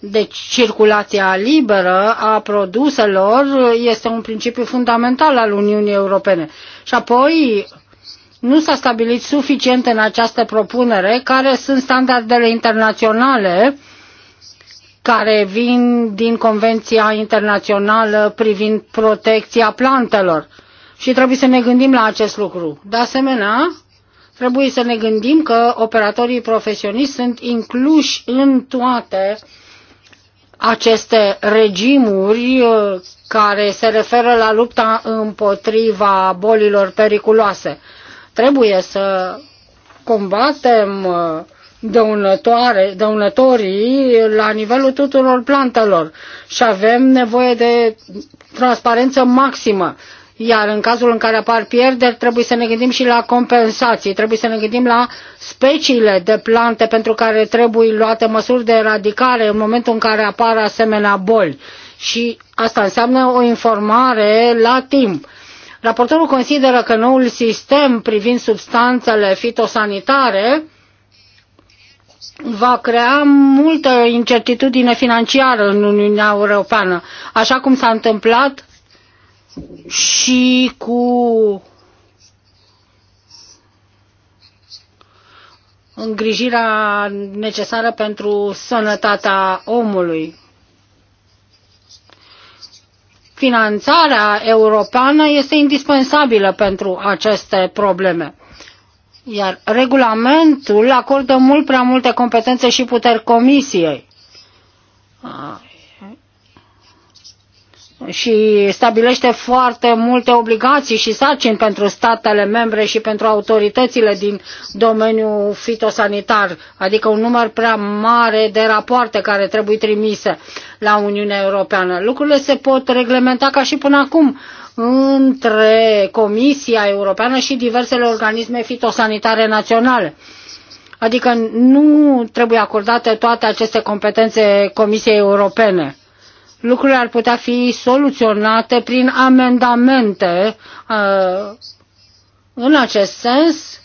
Speaker 4: Deci, circulația liberă a produselor este un principiu fundamental al Uniunii Europene. Și apoi, nu s-a stabilit suficient în această propunere care sunt standardele internaționale care vin din Convenția Internațională privind protecția plantelor. Și trebuie să ne gândim la acest lucru. De asemenea, trebuie să ne gândim că operatorii profesioniști sunt incluși în toate aceste regimuri uh, care se referă la lupta împotriva bolilor periculoase. Trebuie să combatem uh, dăunătoare, dăunătorii la nivelul tuturor plantelor și avem nevoie de transparență maximă. Iar în cazul în care apar pierderi, trebuie să ne gândim și la compensații, trebuie să ne gândim la speciile de plante pentru care trebuie luate măsuri de eradicare în momentul în care apar asemenea boli. Și asta înseamnă o informare la timp Raportorul consideră că noul sistem privind substanțele fitosanitare va crea multă incertitudine financiară în Uniunea Europeană, așa cum s-a întâmplat și cu îngrijirea necesară pentru sănătatea omului. Finanțarea europeană este indispensabilă pentru aceste probleme. Iar regulamentul acordă mult prea multe competențe și puteri comisiei și stabilește foarte multe obligații și sarcini pentru statele membre și pentru autoritățile din domeniul fitosanitar, adică un număr prea mare de rapoarte care trebuie trimise la Uniunea Europeană. Lucrurile se pot reglementa ca și până acum între Comisia Europeană și diversele organisme fitosanitare naționale. Adică nu trebuie acordate toate aceste competențe Comisiei Europene lucrurile ar putea fi soluționate prin amendamente. Uh, în acest sens,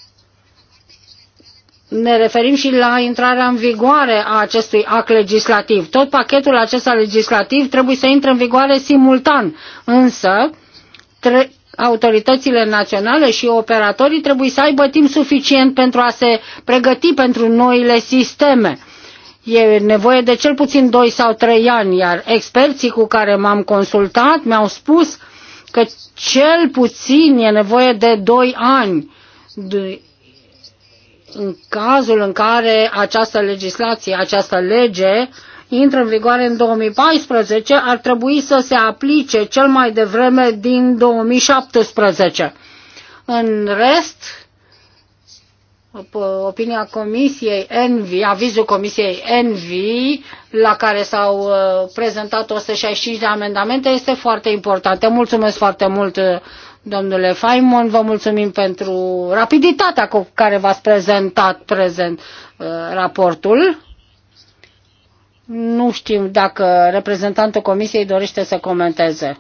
Speaker 4: ne referim și la intrarea în vigoare a acestui act legislativ. Tot pachetul acesta legislativ trebuie să intre în vigoare simultan, însă autoritățile naționale și operatorii trebuie să aibă timp suficient pentru a se pregăti pentru noile sisteme E nevoie de cel puțin 2 sau 3 ani, iar experții cu care m-am consultat mi-au spus că cel puțin e nevoie de 2 ani de, în cazul în care această legislație, această lege intră în vigoare în 2014, ar trebui să se aplice cel mai devreme din 2017. În rest, opinia Comisiei Envi, avizul Comisiei Envi, la care s-au uh, prezentat 165 de amendamente, este foarte importantă. Mulțumesc foarte mult, uh, domnule Faimon, vă mulțumim pentru rapiditatea cu care v-ați prezentat prezent uh, raportul. Nu știm dacă reprezentantul Comisiei dorește să comenteze.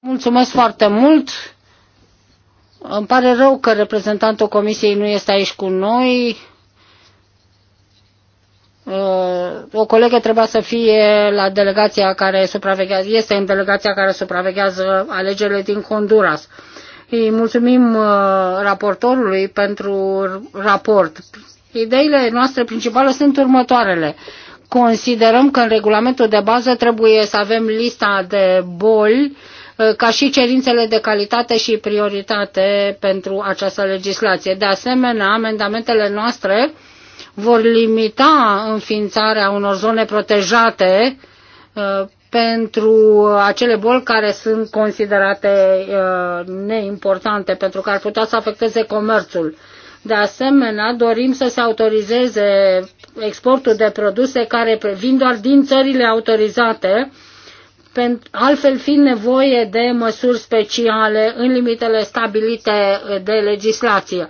Speaker 4: Mulțumesc foarte mult. Îmi pare rău că reprezentantul Comisiei nu este aici cu noi. Uh, o colegă trebuia să fie la delegația care supraveghează, este în delegația care supraveghează alegerile din Honduras. Îi mulțumim uh, raportorului pentru raport. Ideile noastre principale sunt următoarele. Considerăm că în regulamentul de bază trebuie să avem lista de boli Uh, ca și cerințele de calitate și prioritate pentru această legislație. De asemenea, amendamentele noastre vor limita înființarea unor zone protejate uh, pentru acele boli care sunt considerate uh, neimportante, pentru că ar putea să afecteze comerțul. De asemenea, dorim să se autorizeze exportul de produse care vin doar din țările autorizate altfel fiind nevoie de măsuri speciale în limitele stabilite de legislație.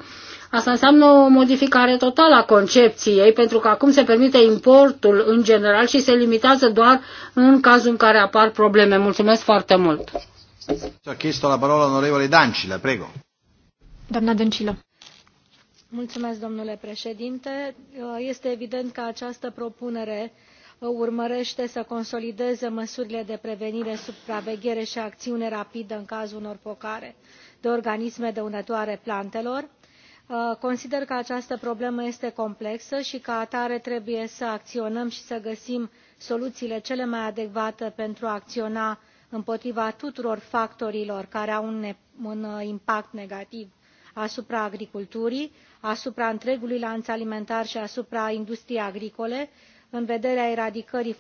Speaker 4: Asta înseamnă o modificare totală a concepției, pentru că acum se permite importul în general și se limitează doar în cazul în care apar probleme. Mulțumesc foarte mult!
Speaker 1: A chiesto la parola onorevole Dancila, prego.
Speaker 3: Doamna Dăncilă.
Speaker 5: Mulțumesc, domnule președinte. Este evident că această propunere urmărește să consolideze măsurile de prevenire supraveghere și acțiune rapidă în cazul unor focare de organisme dăunătoare plantelor. Uh, consider că această problemă este complexă și ca atare trebuie să acționăm și să găsim soluțiile cele mai adecvate pentru a acționa împotriva tuturor factorilor care au un, un uh, impact negativ asupra agriculturii asupra întregului lanț alimentar și asupra industriei agricole și în vederea eradicării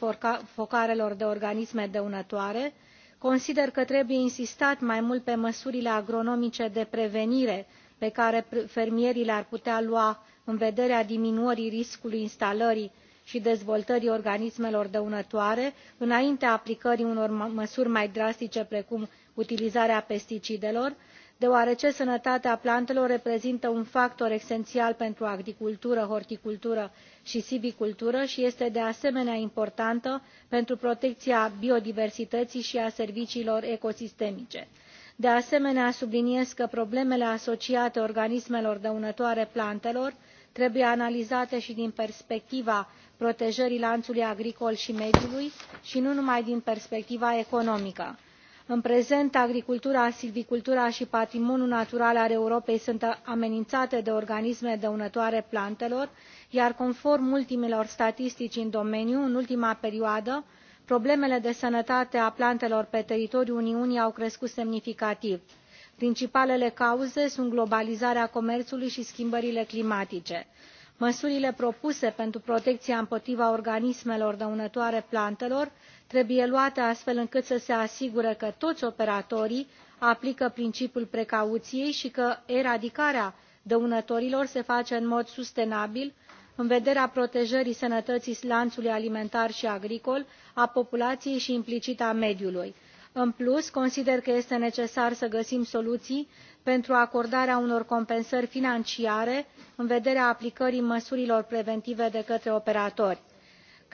Speaker 5: focarelor de organisme dăunătoare consider că trebuie insistat mai mult pe măsurile agronomice de prevenire pe care fermierii le ar putea lua în vederea diminuării riscului instalării și dezvoltării organismelor dăunătoare înaintea aplicării unor măsuri mai drastice precum utilizarea pesticidelor și deoarece sănătatea plantelor reprezintă un factor esențial pentru agricultură horticultură și silvicultură și este de asemenea importantă pentru protecția biodiversității și a serviciilor ecosistemice. de asemenea subliniez că problemele asociate organismelor dăunătoare plantelor trebuie analizate și din perspectiva protejării lanțului agricol și mediului și nu numai din perspectiva economică în prezent agricultura silvicultura și patrimoniul natural al europei sunt amenințate de organisme dăunătoare plantelor iar conform ultimelor statistici în domeniu în ultima perioadă problemele de sănătate a plantelor pe teritoriul uniunii au crescut semnificativ. principalele cauze sunt globalizarea comerțului și schimbările climatice. măsurile propuse pentru protecția împotriva organismelor dăunătoare plantelor trebuie luate astfel încât să se asigure că toți operatorii aplică principiul precauției și că eradicarea dăunătorilor se face în mod sustenabil în vederea protejării sănătății lanțului alimentar și agricol a populației și implicit a mediului. în plus consider că este necesar să găsim soluții pentru acordarea unor compensări financiare în vederea aplicării măsurilor preventive de către operatori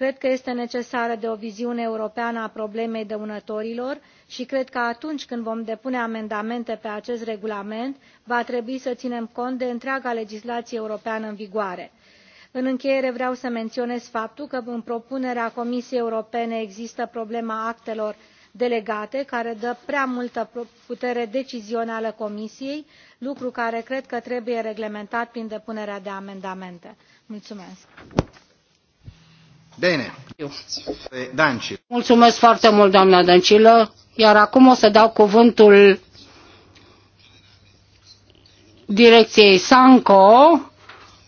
Speaker 5: cred că este necesară o viziune europeană a problemei dăunătorilor și cred că atunci când vom depune amendamente pe acest regulament va trebui să ținem cont de întreaga legislație europeană în vigoare. în încheiere vreau să menționez faptul că în propunerea comisiei europene există problema actelor delegate care dă prea multă putere decizională comisiei lucru care cred că trebuie reglementat prin depunerea de amendamente. mulțumesc.
Speaker 1: Bine. Danci.
Speaker 4: Mulțumesc foarte mult, doamna Dăncilă. Iar acum o să dau cuvântul direcției Sanco,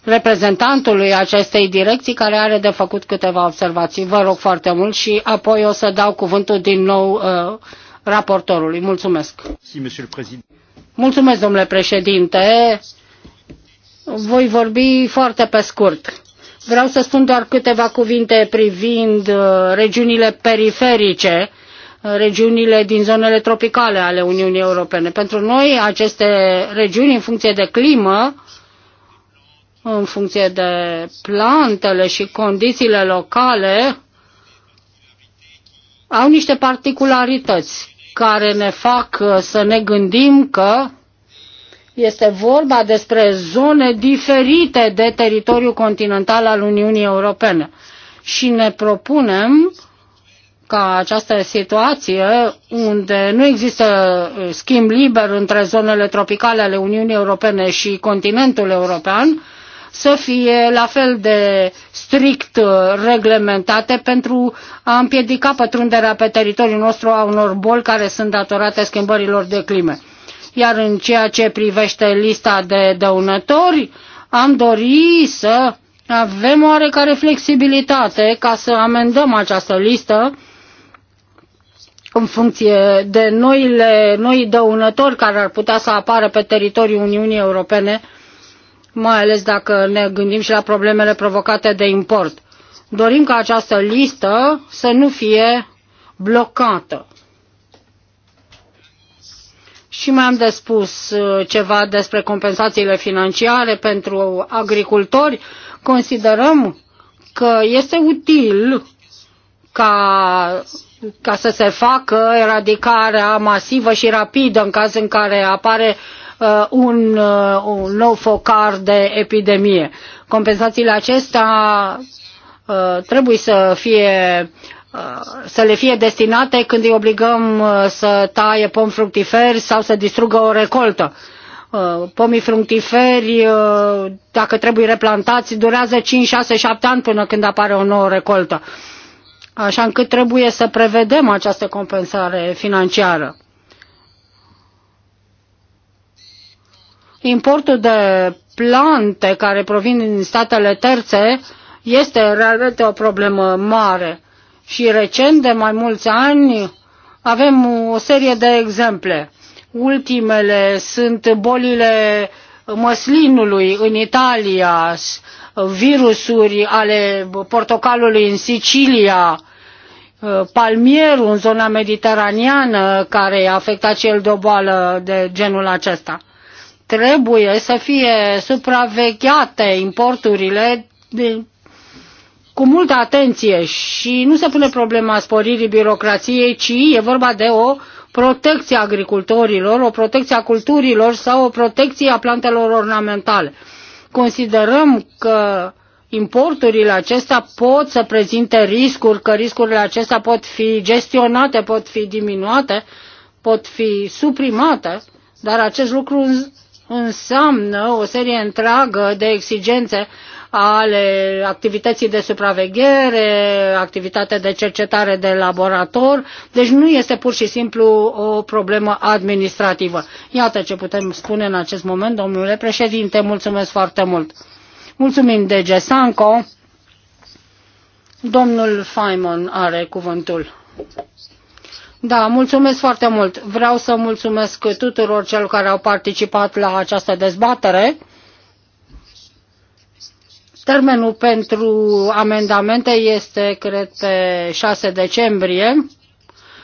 Speaker 4: reprezentantului acestei direcții, care are de făcut câteva observații. Vă rog foarte mult și apoi o să dau cuvântul din nou uh, raportorului. Mulțumesc. Mulțumesc, domnule președinte. Voi vorbi foarte pe scurt. Vreau să spun doar câteva cuvinte privind uh, regiunile periferice, uh, regiunile din zonele tropicale ale Uniunii Europene. Pentru noi, aceste regiuni, în funcție de climă, în funcție de plantele și condițiile locale, au niște particularități care ne fac uh, să ne gândim că este vorba despre zone diferite de teritoriul continental al Uniunii Europene. Și ne propunem ca această situație unde nu există schimb liber între zonele tropicale ale Uniunii Europene și continentul european să fie la fel de strict reglementate pentru a împiedica pătrunderea pe teritoriul nostru a unor boli care sunt datorate schimbărilor de climă. Iar în ceea ce privește lista de dăunători, am dori să avem oarecare flexibilitate ca să amendăm această listă în funcție de noile, noi dăunători care ar putea să apară pe teritoriul Uniunii Europene, mai ales dacă ne gândim și la problemele provocate de import. Dorim ca această listă să nu fie blocată. Și mai am de spus uh, ceva despre compensațiile financiare pentru agricultori. Considerăm că este util ca, ca să se facă eradicarea masivă și rapidă în caz în care apare uh, un, uh, un nou focar de epidemie. Compensațiile acestea uh, trebuie să fie Uh, să le fie destinate când îi obligăm uh, să taie pom fructiferi sau să distrugă o recoltă. Uh, pomii fructiferi, dacă trebuie replantați, durează 5, 6, 7 ani până când apare o nouă recoltă. Așa încât trebuie să prevedem această compensare financiară. Importul de plante care provin din statele terțe este realmente o problemă mare și recent, de mai mulți ani, avem o serie de exemple. Ultimele sunt bolile măslinului în Italia, virusuri ale portocalului în Sicilia, uh, palmierul în zona mediteraneană care e afectat cel de o boală de genul acesta. Trebuie să fie supravegheate importurile de cu multă atenție și nu se pune problema sporirii birocrației, ci e vorba de o protecție a agricultorilor, o protecție a culturilor sau o protecție a plantelor ornamentale. Considerăm că importurile acestea pot să prezinte riscuri, că riscurile acestea pot fi gestionate, pot fi diminuate, pot fi suprimate, dar acest lucru înseamnă o serie întreagă de exigențe ale activității de supraveghere, activitatea de cercetare de laborator, deci nu este pur și simplu o problemă administrativă. Iată ce putem spune în acest moment, domnule președinte, mulțumesc foarte mult. Mulțumim de Gesanco. Domnul Faimon are cuvântul. Da, mulțumesc foarte mult. Vreau să mulțumesc tuturor celor care au participat la această dezbatere. Termenul pentru amendamente este, cred, pe 6 decembrie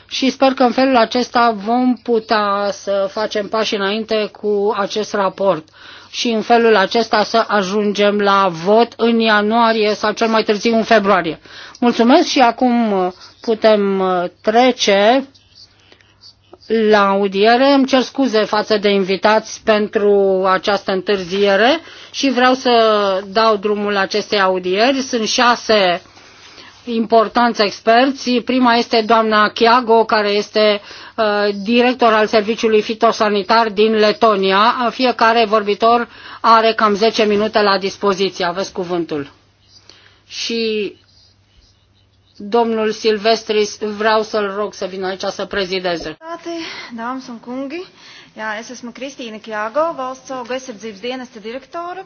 Speaker 4: și sper că în felul acesta vom putea să facem pași înainte cu acest raport și în felul acesta să ajungem la vot în ianuarie sau cel mai târziu în februarie. Mulțumesc și acum putem trece la audiere. Îmi cer scuze față de invitați pentru această întârziere și vreau să dau drumul acestei audieri. Sunt șase importanți experți. Prima este doamna Chiago, care este uh, director al Serviciului Fitosanitar din Letonia. Fiecare vorbitor are cam 10 minute la dispoziție. Aveți cuvântul. Și Domnul Silvestris, vreau să-l rog să vină aici să prezideze.
Speaker 3: Dāmas un kungi, jā, es esmu Kristīna Kjāgo, valsts auga dienesta direktora.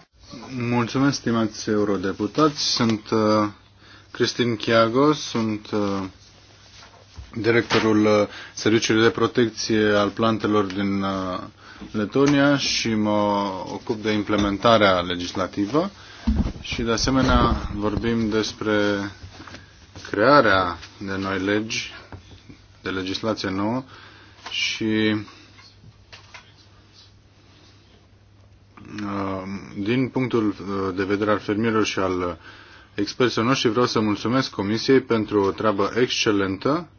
Speaker 1: Mulțumesc, stimați eurodeputați. Sunt uh, Cristin Chiago, sunt uh, directorul uh, Serviciului de Protecție al Plantelor din uh, Letonia și mă ocup de implementarea legislativă și de asemenea vorbim despre crearea de noi legi, de legislație nouă și uh, din punctul uh, de vedere al fermierilor și al uh, experților noștri vreau să mulțumesc Comisiei pentru o treabă excelentă,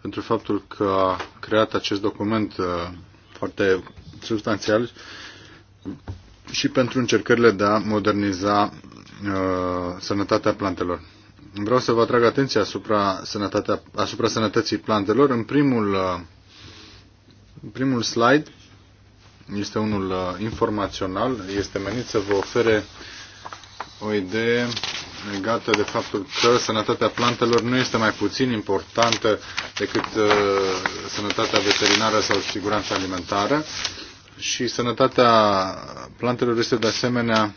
Speaker 1: pentru faptul că a creat acest document foarte substanțial și pentru încercările de a moderniza sănătatea plantelor vreau să vă atrag atenția asupra, sănătatea, asupra sănătății plantelor. În primul, uh, în primul slide este unul uh, informațional, este menit să vă ofere o idee legată de faptul că sănătatea plantelor nu este mai puțin importantă decât uh, sănătatea veterinară sau siguranța alimentară și sănătatea plantelor este de asemenea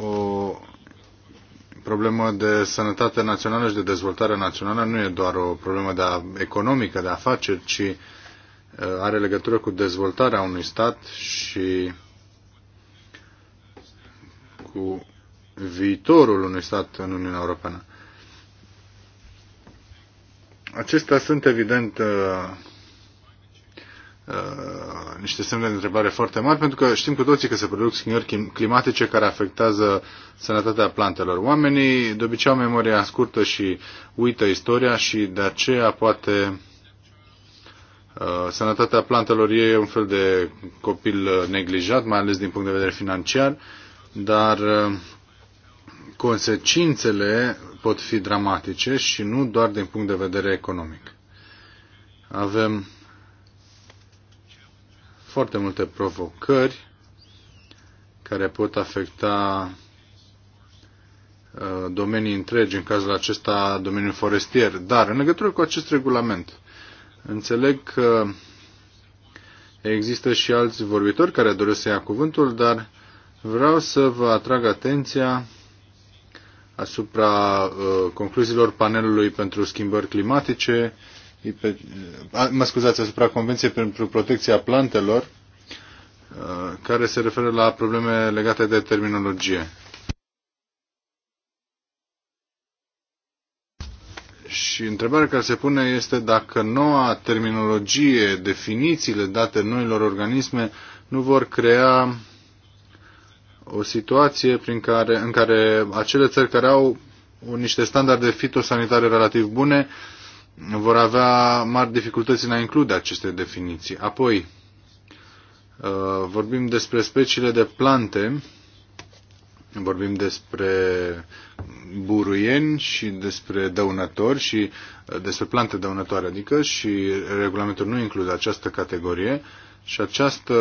Speaker 1: o problemă de sănătate națională și de dezvoltare națională nu e doar o problemă de a, economică, de afaceri, ci uh, are legătură cu dezvoltarea unui stat și cu viitorul unui stat în Uniunea Europeană. Acestea sunt evident uh, Uh, niște semne de întrebare foarte mari, pentru că știm cu toții că se produc schimbări climatice care afectează sănătatea plantelor. Oamenii de obicei au memoria scurtă și uită istoria și de aceea poate uh, sănătatea plantelor e un fel de copil uh, neglijat, mai ales din punct de vedere financiar, dar consecințele pot fi dramatice și nu doar din punct de vedere economic. Avem foarte multe provocări care pot afecta uh, domenii întregi, în cazul acesta domeniul forestier. Dar în legătură cu acest regulament, înțeleg că există și alți vorbitori care doresc să ia cuvântul, dar vreau să vă atrag atenția asupra uh, concluziilor panelului pentru schimbări climatice mă scuzați, asupra Convenției pentru Protecția Plantelor, care se referă la probleme legate de terminologie. Și întrebarea care se pune este dacă noua terminologie, definițiile date noilor organisme nu vor crea o situație prin care, în care acele țări care au niște standarde fitosanitare relativ bune vor avea mari dificultăți în a include aceste definiții. Apoi, uh, vorbim despre speciile de plante, vorbim despre buruieni și despre dăunători și uh, despre plante dăunătoare, adică și regulamentul nu include această categorie și această,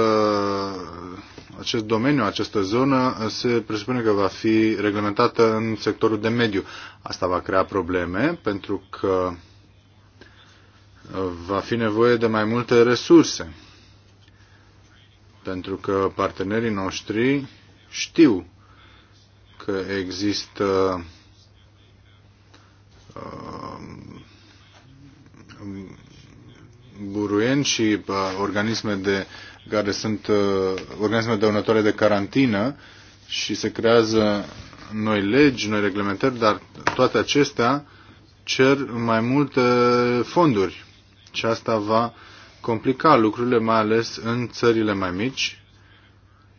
Speaker 1: acest domeniu, această zonă uh, se presupune că va fi reglementată în sectorul de mediu. Asta va crea probleme pentru că va fi nevoie de mai multe resurse. Pentru că partenerii noștri știu că există um, buruieni și uh, organisme de care sunt uh, organisme dăunătoare de carantină și se creează noi legi, noi reglementări, dar toate acestea cer mai multe fonduri și asta va complica lucrurile, mai ales în țările mai mici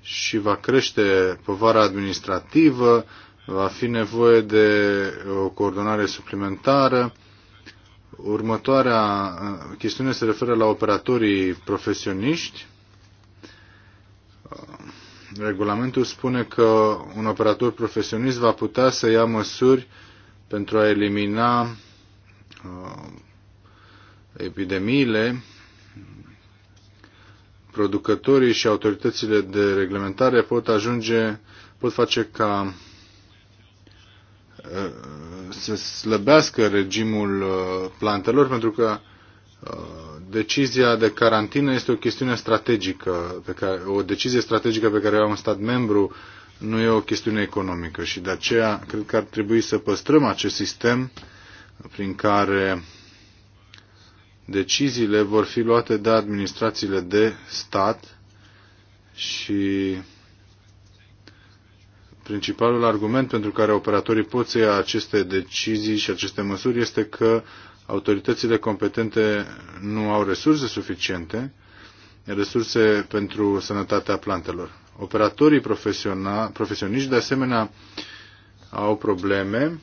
Speaker 1: și va crește povara administrativă, va fi nevoie de o coordonare suplimentară. Următoarea uh, chestiune se referă la operatorii profesioniști. Uh, regulamentul spune că un operator profesionist va putea să ia măsuri pentru a elimina uh, epidemiile, producătorii și autoritățile de reglementare pot ajunge, pot face ca uh, să slăbească regimul uh, plantelor pentru că uh, decizia de carantină este o chestiune strategică, pe care, o decizie strategică pe care o un stat membru, nu e o chestiune economică și de aceea cred că ar trebui să păstrăm acest sistem prin care deciziile vor fi luate de administrațiile de stat și principalul argument pentru care operatorii pot să ia aceste decizii și aceste măsuri este că autoritățile competente nu au resurse suficiente, resurse pentru sănătatea plantelor. Operatorii profesioniști, de asemenea, au probleme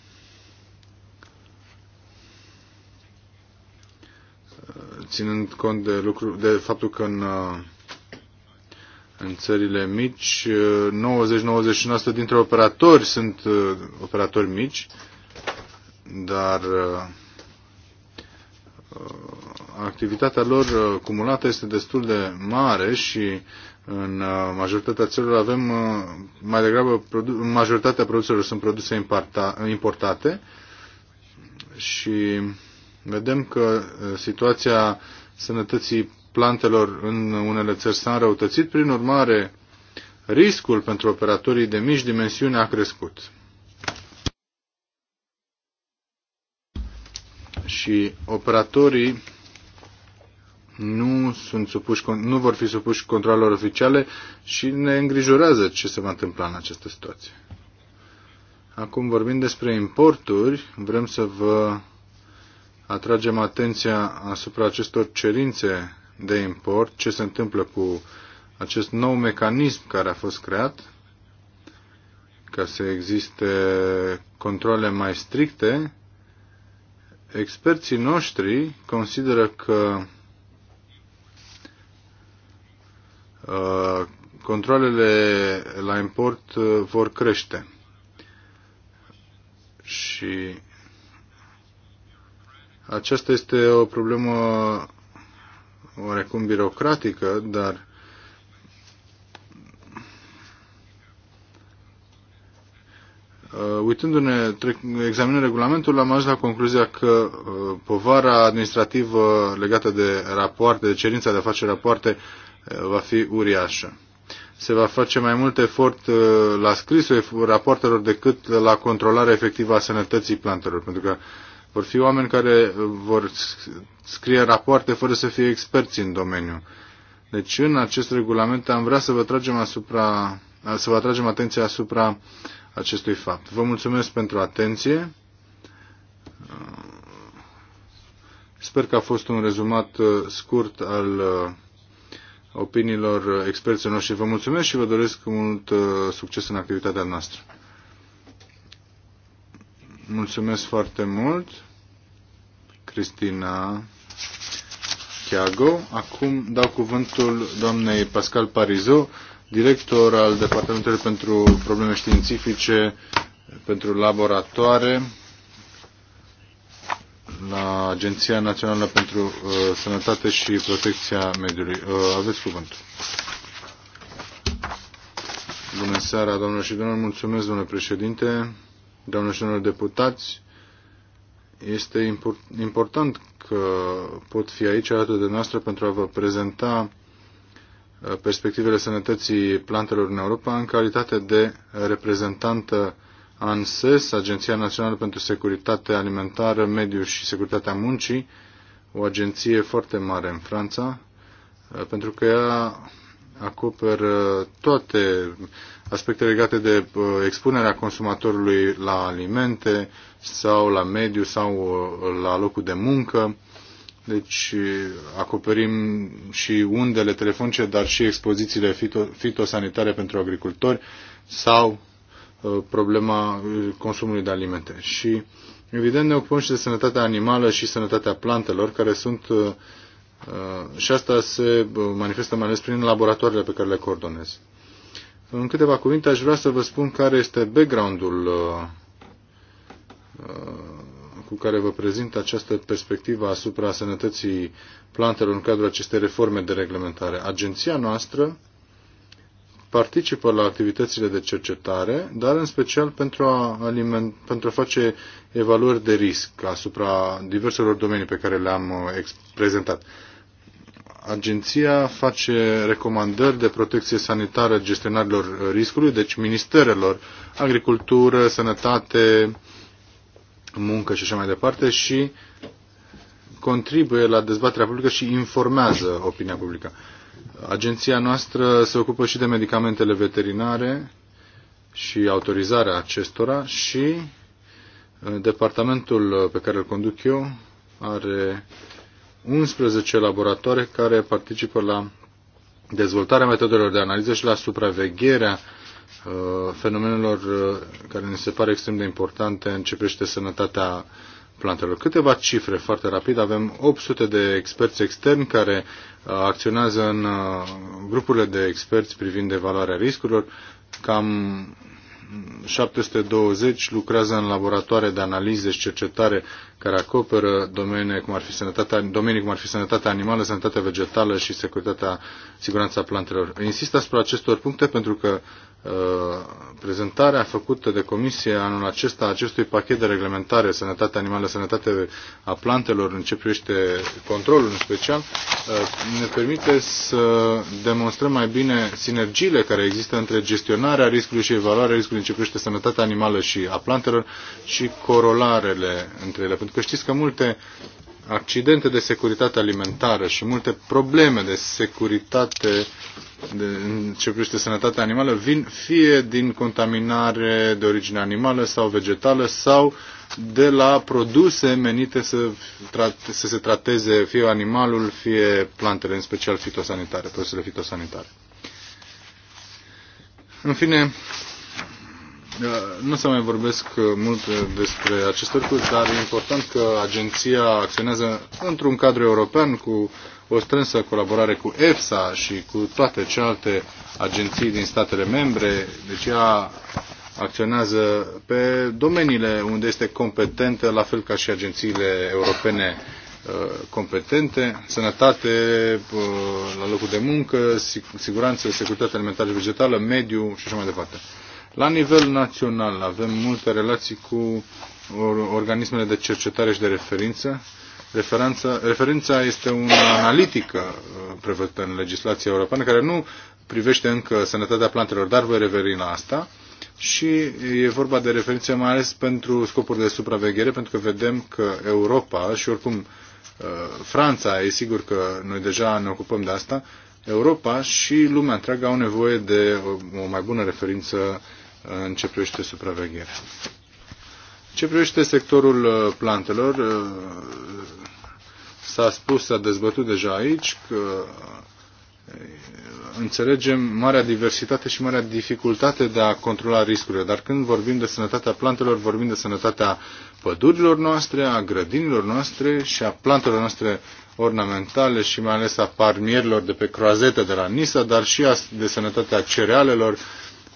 Speaker 1: ținând cont de, lucru, de faptul că în, uh, în țările mici, 90-91% uh, dintre operatori sunt uh, operatori mici, dar activitatea lor cumulată este destul de mare și în majoritatea țărilor avem mai degrabă majoritatea produselor sunt produse importate și Vedem că uh, situația sănătății plantelor în unele țări s-a înrăutățit, prin urmare, riscul pentru operatorii de mici dimensiuni a crescut. Și operatorii nu, sunt supuși, nu vor fi supuși controlelor oficiale și ne îngrijorează ce se va întâmpla în această situație. Acum vorbim despre importuri, vrem să vă atragem atenția asupra acestor cerințe de import, ce se întâmplă cu acest nou mecanism care a fost creat, ca să existe controle mai stricte, experții noștri consideră că uh, controlele la import uh, vor crește. Și aceasta este o problemă oarecum birocratică, dar uh, uitându-ne, examinând regulamentul, am ajuns la concluzia că uh, povara administrativă legată de rapoarte, de cerința de a face rapoarte, uh, va fi uriașă. Se va face mai mult efort la scrisul rapoartelor decât la controlarea efectivă a sănătății plantelor, pentru că vor fi oameni care vor scrie rapoarte fără să fie experți în domeniu. Deci în acest regulament am vrea să vă tragem, asupra, să vă atragem atenția asupra acestui fapt. Vă mulțumesc pentru atenție. Sper că a fost un rezumat uh, scurt al uh, opiniilor uh, experților noștri. Vă mulțumesc și vă doresc mult succes în activitatea noastră. Mulțumesc foarte mult, Cristina Chiago. Acum dau cuvântul doamnei Pascal Parizou, director al Departamentului pentru Probleme Științifice pentru Laboratoare la Agenția Națională pentru uh, Sănătate și Protecția Mediului. Uh, aveți cuvântul. Bună seara, domnule și domnule. Mulțumesc, domnule președinte doamnelor și domnilor deputați, este important că pot fi aici alături de noastră pentru a vă prezenta uh, perspectivele sănătății plantelor în Europa în calitate de reprezentantă ANSES, Agenția Națională pentru Securitate Alimentară, Mediu și Securitatea Muncii, o agenție foarte mare în Franța, uh, pentru că ea acoperă toate aspecte legate de uh, expunerea consumatorului la alimente sau la mediu sau uh, la locul de muncă. Deci uh, acoperim și undele telefonice, dar și expozițiile fitosanitare pentru agricultori sau problema consumului de alimente. Și evident ne ocupăm și de sănătatea animală și sănătatea plantelor, care sunt Uh, și asta se uh, manifestă mai ales prin laboratoarele pe care le coordonez. În câteva cuvinte aș vrea să vă spun care este background-ul uh, cu care vă prezint această perspectivă asupra sănătății plantelor în cadrul acestei reforme de reglementare. Agenția noastră participă la activitățile de cercetare, dar în special pentru a, aliment, pentru a face evaluări de risc asupra diverselor domenii pe care le-am prezentat agenția face recomandări de protecție sanitară gestionarilor riscului, deci ministerelor, agricultură, sănătate, muncă și așa mai departe și contribuie la dezbaterea publică și informează opinia publică. Agenția noastră se ocupă și de medicamentele veterinare și autorizarea acestora și uh, departamentul pe care îl conduc eu are 11 laboratoare care participă la dezvoltarea metodelor de analiză și la supravegherea uh, fenomenelor uh, care ne se pare extrem de importante în ce privește sănătatea plantelor. Câteva cifre foarte rapid. Avem 800 de experți externi care uh, acționează în grupurile de experți privind evaluarea riscurilor. Cam 720 lucrează în laboratoare de analize și cercetare care acoperă domenii cum ar fi sănătatea, domenii cum ar fi sănătatea animală, sănătatea vegetală și securitatea, siguranța plantelor. Insist asupra acestor puncte pentru că Uh, prezentarea făcută de Comisie anul acesta acestui pachet de reglementare sănătate animală, sănătate a plantelor în ce privește controlul în special, uh, ne permite să demonstrăm mai bine sinergiile care există între gestionarea riscului și evaluarea riscului în ce privește sănătatea animală și a plantelor și corolarele între ele. Pentru că știți că multe accidente de securitate alimentară și multe probleme de securitate de, în ce privește sănătatea animală vin fie din contaminare de origine animală sau vegetală sau de la produse menite să, trate, să se trateze fie animalul, fie plantele, în special fitosanitare, produsele fitosanitare. În fine, Uh, nu să mai vorbesc uh, mult uh, despre acest lucru, dar e important că agenția acționează într-un cadru european cu o strânsă colaborare cu EFSA și cu toate celelalte agenții din statele membre. Deci ea acționează pe domeniile unde este competentă, la fel ca și agențiile europene competente, sănătate la locul de muncă, siguranță, securitate alimentară și vegetală, mediu și așa mai departe. La nivel național avem multe relații cu organismele de cercetare și de referință. Referanța, referința este una analitică uh, prevăzută în legislația europeană, care nu privește încă sănătatea plantelor, dar voi reveni la asta. Și e vorba de referințe mai ales pentru scopuri de supraveghere, pentru că vedem că Europa și oricum uh, Franța, e sigur că noi deja ne ocupăm de asta, Europa și lumea întreagă au nevoie de o mai bună referință în ce privește supravegherea. Ce privește sectorul uh, plantelor, uh, s-a spus, s-a dezbătut deja aici că uh, înțelegem marea diversitate și marea dificultate de a controla riscurile, dar când vorbim de sănătatea plantelor, vorbim de sănătatea pădurilor noastre, a grădinilor noastre și a plantelor noastre ornamentale și mai ales a parmierilor de pe croazete de la Nisa, dar și a, de sănătatea cerealelor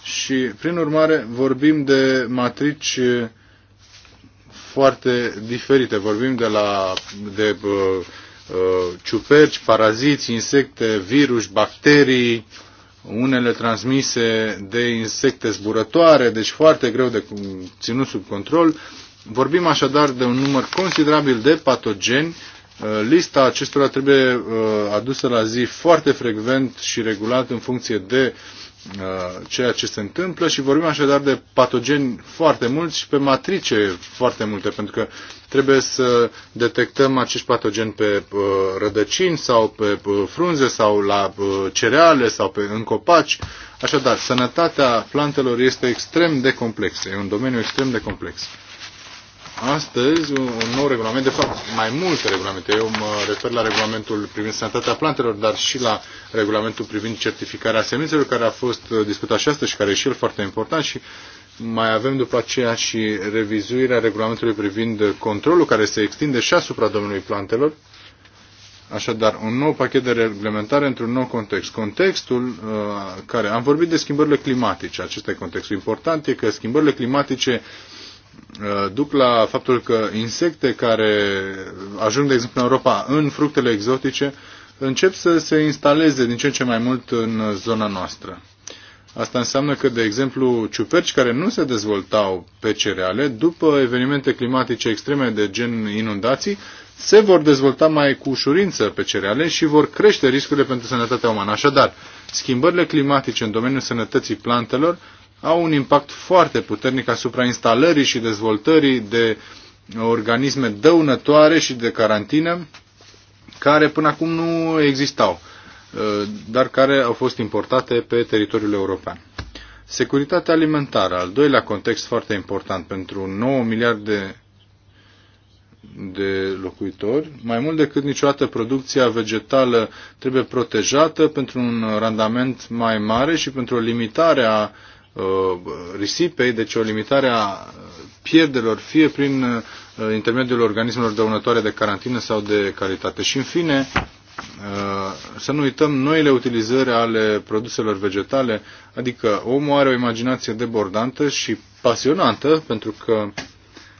Speaker 1: și, prin urmare, vorbim de matrici foarte diferite. Vorbim de la de, uh, uh, ciuperci, paraziți, insecte, virus, bacterii, unele transmise de insecte zburătoare, deci foarte greu de ținut sub control. Vorbim așadar de un număr considerabil de patogeni. Uh, lista acestora trebuie uh, adusă la zi foarte frecvent și regulat în funcție de uh, Uh, ceea ce se întâmplă și vorbim așadar de patogeni foarte mulți și pe matrice foarte multe, pentru că trebuie să detectăm acești patogeni pe uh, rădăcini sau pe uh, frunze sau la cereale sau pe în copaci. Așadar, sănătatea plantelor este extrem de complexă, e un domeniu extrem de complex astăzi un, un nou regulament, de fapt mai multe regulamente. Eu mă refer la regulamentul privind sănătatea plantelor, dar și la regulamentul privind certificarea semințelor, care a fost discutat și astăzi și care e și el foarte important și mai avem după aceea și revizuirea regulamentului privind controlul, care se extinde și asupra domeniului plantelor. Așadar, un nou pachet de reglementare într-un nou context. Contextul uh, care... Am vorbit de schimbările climatice. Acesta e contextul important. E că schimbările climatice uh, Uh, duc la faptul că insecte care ajung, de exemplu, în Europa, în fructele exotice, încep să se instaleze din ce în ce mai mult în zona noastră. Asta înseamnă că, de exemplu, ciuperci care nu se dezvoltau pe cereale, după evenimente climatice extreme de gen inundații, se vor dezvolta mai cu ușurință pe cereale și vor crește riscurile pentru sănătatea umană. Așadar, schimbările climatice în domeniul sănătății plantelor au un impact foarte puternic asupra instalării și dezvoltării de organisme dăunătoare și de carantină care până acum nu existau, uh, dar care au fost importate pe teritoriul european. Securitatea alimentară, al doilea context foarte important pentru 9 miliarde de locuitori, mai mult decât niciodată producția vegetală trebuie protejată pentru un randament mai mare și pentru o limitare a uh, Uh, risipei, deci o limitare a pierderilor, fie prin uh, intermediul organismelor dăunătoare de carantină sau de calitate. Și, în fine, uh, să nu uităm noile utilizări ale produselor vegetale, adică omul are o imaginație debordantă și pasionantă, pentru că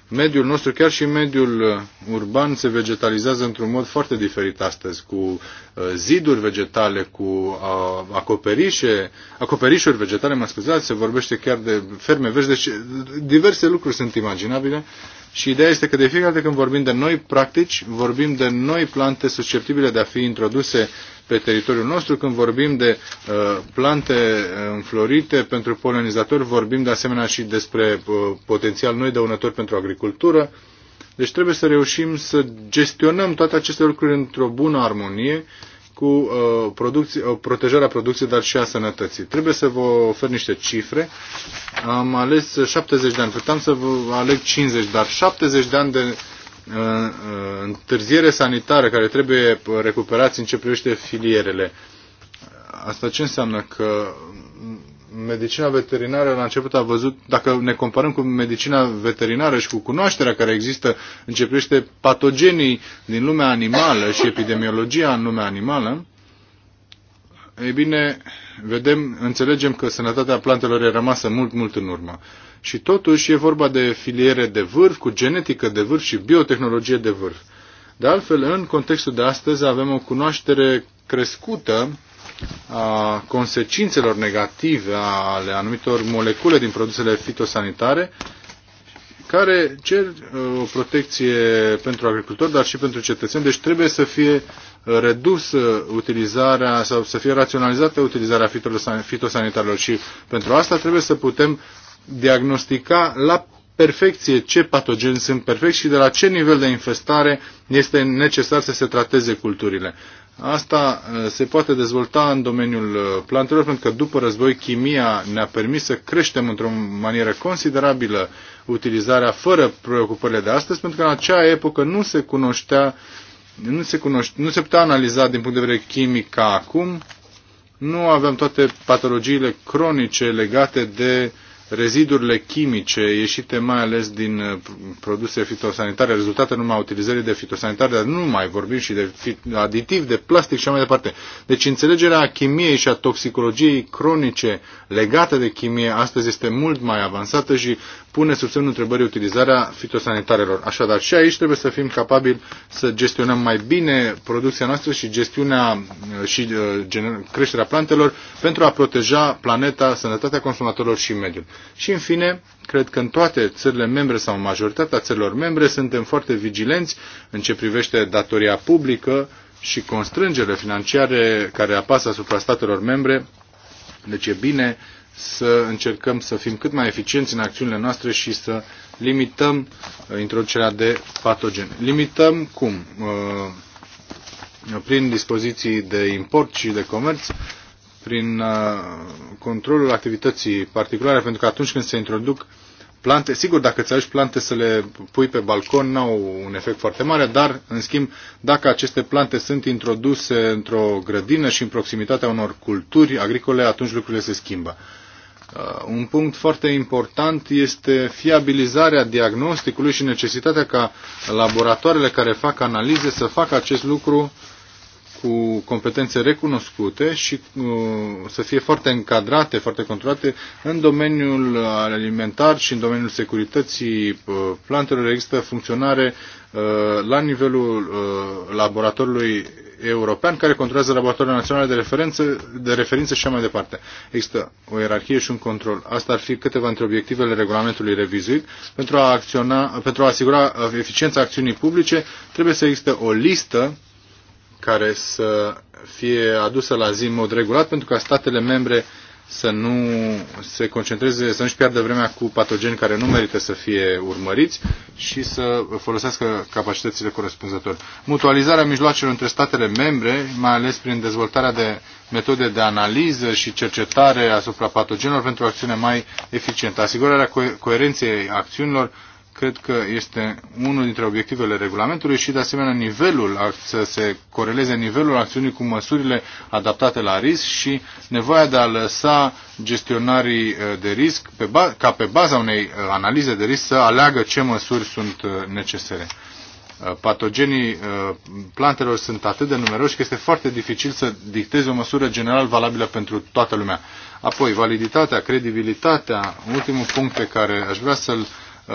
Speaker 1: mediul nostru, chiar și mediul uh, urban, se vegetalizează într-un mod foarte diferit astăzi, cu uh, ziduri vegetale, cu uh, acoperișe, acoperișuri vegetale, mă scuzați, se vorbește chiar de ferme vești, deci diverse lucruri sunt imaginabile și ideea este că de fiecare dată când vorbim de noi practici, vorbim de noi plante susceptibile de a fi introduse pe teritoriul nostru, când vorbim de uh, plante uh, înflorite pentru polenizatori, vorbim de asemenea și despre uh, potențial noi dăunători pentru agricultură. Deci trebuie să reușim să gestionăm toate aceste lucruri într-o bună armonie cu uh, producție, uh, protejarea producției, dar și a sănătății. Trebuie să vă ofer niște cifre. Am ales 70 de ani, puteam să vă aleg 50, dar 70 de ani de uh, întârziere sanitară care trebuie recuperați în ce privește filierele. Asta ce înseamnă? Că medicina veterinară la început a văzut, dacă ne comparăm cu medicina veterinară și cu cunoașterea care există, începește patogenii din lumea animală și epidemiologia în lumea animală, ei bine, vedem, înțelegem că sănătatea plantelor e rămasă mult, mult în urmă. Și totuși e vorba de filiere de vârf, cu genetică de vârf și biotehnologie de vârf. De altfel, în contextul de astăzi avem o cunoaștere crescută a consecințelor negative ale anumitor molecule din produsele fitosanitare care cer uh, o protecție pentru agricultori, dar și pentru cetățeni. Deci trebuie să fie uh, redusă utilizarea sau să fie raționalizată utilizarea fitosanitarilor și pentru asta trebuie să putem diagnostica la perfecție ce patogeni sunt perfect și de la ce nivel de infestare este necesar să se trateze culturile. Asta uh, se poate dezvolta în domeniul uh, plantelor, pentru că după război chimia ne-a permis să creștem într-o manieră considerabilă utilizarea fără preocupările de astăzi, pentru că în acea epocă nu se cunoștea, nu se, cunoște, nu se putea analiza din punct de vedere chimic ca acum, nu aveam toate patologiile cronice legate de rezidurile chimice ieșite mai ales din uh, produse fitosanitare, rezultate numai utilizării de fitosanitare, dar nu mai vorbim și de aditiv, de plastic și mai departe. Deci înțelegerea chimiei și a toxicologiei cronice legate de chimie astăzi este mult mai avansată și pune sub semnul întrebării utilizarea fitosanitarelor. Așadar, și aici trebuie să fim capabili să gestionăm mai bine producția noastră și gestiunea uh, și uh, creșterea plantelor pentru a proteja planeta, sănătatea consumatorilor și mediul. Și, în fine, cred că în toate țările membre sau în majoritatea țărilor membre suntem foarte vigilenți în ce privește datoria publică și constrângerile financiare care apasă asupra statelor membre. Deci e bine să încercăm să fim cât mai eficienți în acțiunile noastre și să limităm uh, introducerea de patogene. Limităm cum? Uh, prin dispoziții de import și de comerț, prin uh, controlul activității particulare, pentru că atunci când se introduc plante, sigur, dacă îți alegi plante să le pui pe balcon, n-au un efect foarte mare, dar, în schimb, dacă aceste plante sunt introduse într-o grădină și în proximitatea unor culturi agricole, atunci lucrurile se schimbă. Uh, un punct foarte important este fiabilizarea diagnosticului și necesitatea ca laboratoarele care fac analize să facă acest lucru cu competențe recunoscute și uh, să fie foarte încadrate, foarte controlate în domeniul alimentar și în domeniul securității uh, plantelor. Există funcționare la nivelul laboratorului european care controlează laboratoarele naționale de referință, de referință și așa mai departe. Există o ierarhie și un control. Asta ar fi câteva dintre obiectivele regulamentului revizuit. Pentru a, acționa, pentru a asigura eficiența acțiunii publice trebuie să existe o listă care să fie adusă la zi în mod regulat pentru ca statele membre să nu se concentreze, să nu-și piardă vremea cu patogeni care nu merită să fie urmăriți și să folosească capacitățile corespunzător. Mutualizarea mijloacelor între statele membre, mai ales prin dezvoltarea de metode de analiză și cercetare asupra patogenilor pentru o acțiune mai eficientă. Asigurarea co- coerenței acțiunilor cred că este unul dintre obiectivele regulamentului și, de asemenea, nivelul, să se coreleze nivelul acțiunii cu măsurile adaptate la risc și nevoia de a lăsa gestionarii eh, de risc pe ca pe baza unei eh, analize de risc să aleagă ce măsuri sunt eh, necesare. Patogenii plantelor sunt atât de numeroși că este foarte dificil să dictezi o măsură general valabilă pentru toată lumea. Apoi, validitatea, credibilitatea, ultimul punct pe care aș vrea să-l uh, Uh,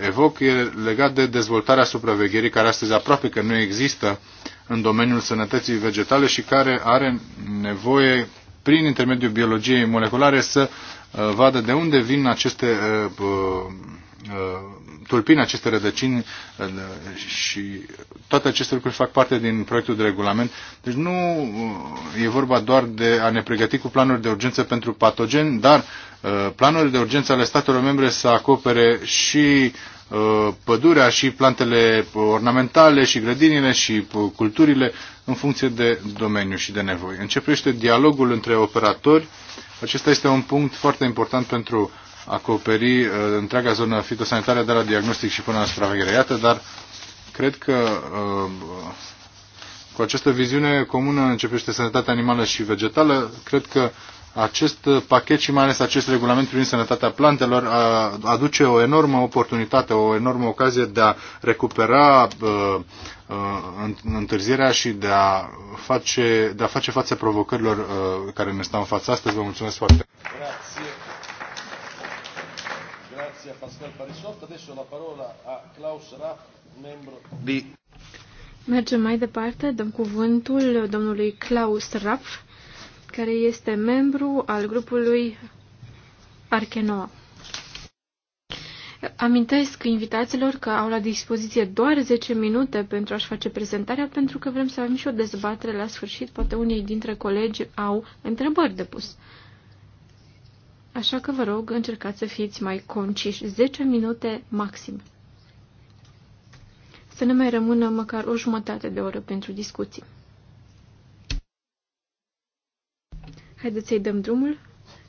Speaker 1: evoc e legat de dezvoltarea supravegherii care astăzi aproape că nu există în domeniul sănătății vegetale și care are nevoie prin intermediul biologiei moleculare să uh, vadă de unde vin aceste uh, tulpini aceste rădăcini și toate aceste lucruri fac parte din proiectul de regulament. Deci nu uh, e vorba doar de a ne pregăti cu planuri de urgență pentru patogeni, dar uh, planurile de urgență ale statelor membre să acopere și uh, pădurea și plantele ornamentale și grădinile și culturile în funcție de domeniu și de nevoi. Începește dialogul între operatori. Acesta este un punct foarte important pentru acoperi uh, întreaga zonă fitosanitară de la diagnostic și până la supraveghere. Iată, dar cred că uh, cu această viziune comună începește sănătatea animală și vegetală. Cred că acest pachet și mai ales acest regulament privind sănătatea plantelor uh, aduce o enormă oportunitate, o enormă ocazie de a recupera uh, uh, întârzierea și de a face, de a face față provocărilor care ne stau în față astăzi. Vă mulțumesc foarte
Speaker 2: mult!
Speaker 1: grazie a Pascal Parisotto. Adesso la parola a Klaus Raff,
Speaker 2: membro di...
Speaker 3: Mergem mai departe, dăm cuvântul domnului Klaus Raff, care este membru al grupului Archenoa. Amintesc invitaților că au la dispoziție doar 10 minute pentru a-și face prezentarea, pentru că vrem să avem și o dezbatere la sfârșit. Poate unii dintre colegi au întrebări de pus. Așa că vă rog, încercați să fiți mai conciși, 10 minute maxim. Să ne mai rămână măcar o jumătate de oră pentru discuții. Haideți să-i dăm drumul.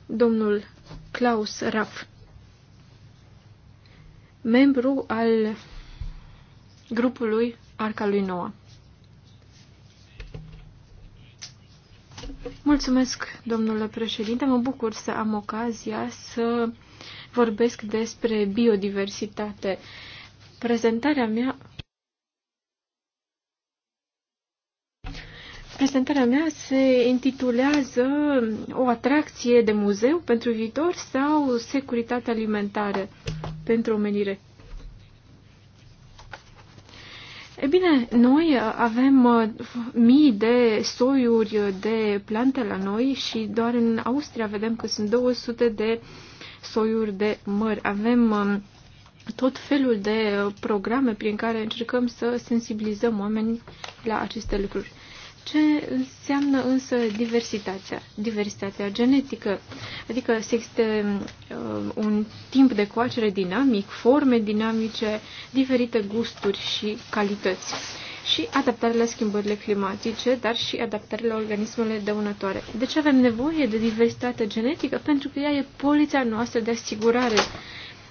Speaker 3: Domnul Klaus Raff, membru al grupului Arca lui Noa. Mulțumesc, domnule președinte. Mă bucur să am ocazia să vorbesc despre biodiversitate. Prezentarea mea Prezentarea mea se intitulează O atracție de muzeu pentru viitor sau securitate alimentară pentru omenire. E bine, noi uh, avem uh, mii de soiuri uh, de plante la noi și doar în Austria vedem că sunt 200 de soiuri de măr. Avem um, tot felul de programe prin care încercăm să sensibilizăm oamenii la aceste lucruri. Ce înseamnă însă diversitatea? Diversitatea genetică, adică se există uh, un timp de coacere dinamic, forme dinamice, diferite gusturi și calități și adaptare la schimbările climatice, dar și adaptare la organismele dăunătoare. ce avem nevoie de diversitate genetică pentru că ea e poliția noastră de asigurare.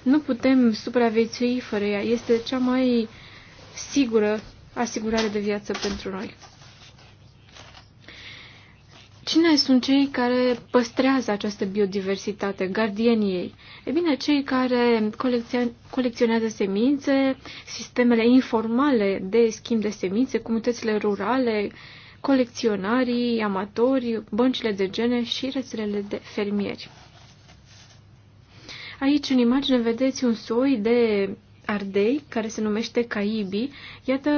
Speaker 3: Nu putem supraviețui fără ea. Este cea mai sigură asigurare de viață pentru noi. Cine sunt cei care păstrează această biodiversitate, gardienii ei? E bine, cei care colecționează semințe, sistemele informale de schimb de semințe, comunitățile rurale, colecționarii, amatori, băncile de gene și rețelele de fermieri. Aici, în imagine, vedeți un soi de ardei, care se numește caibi. Iată,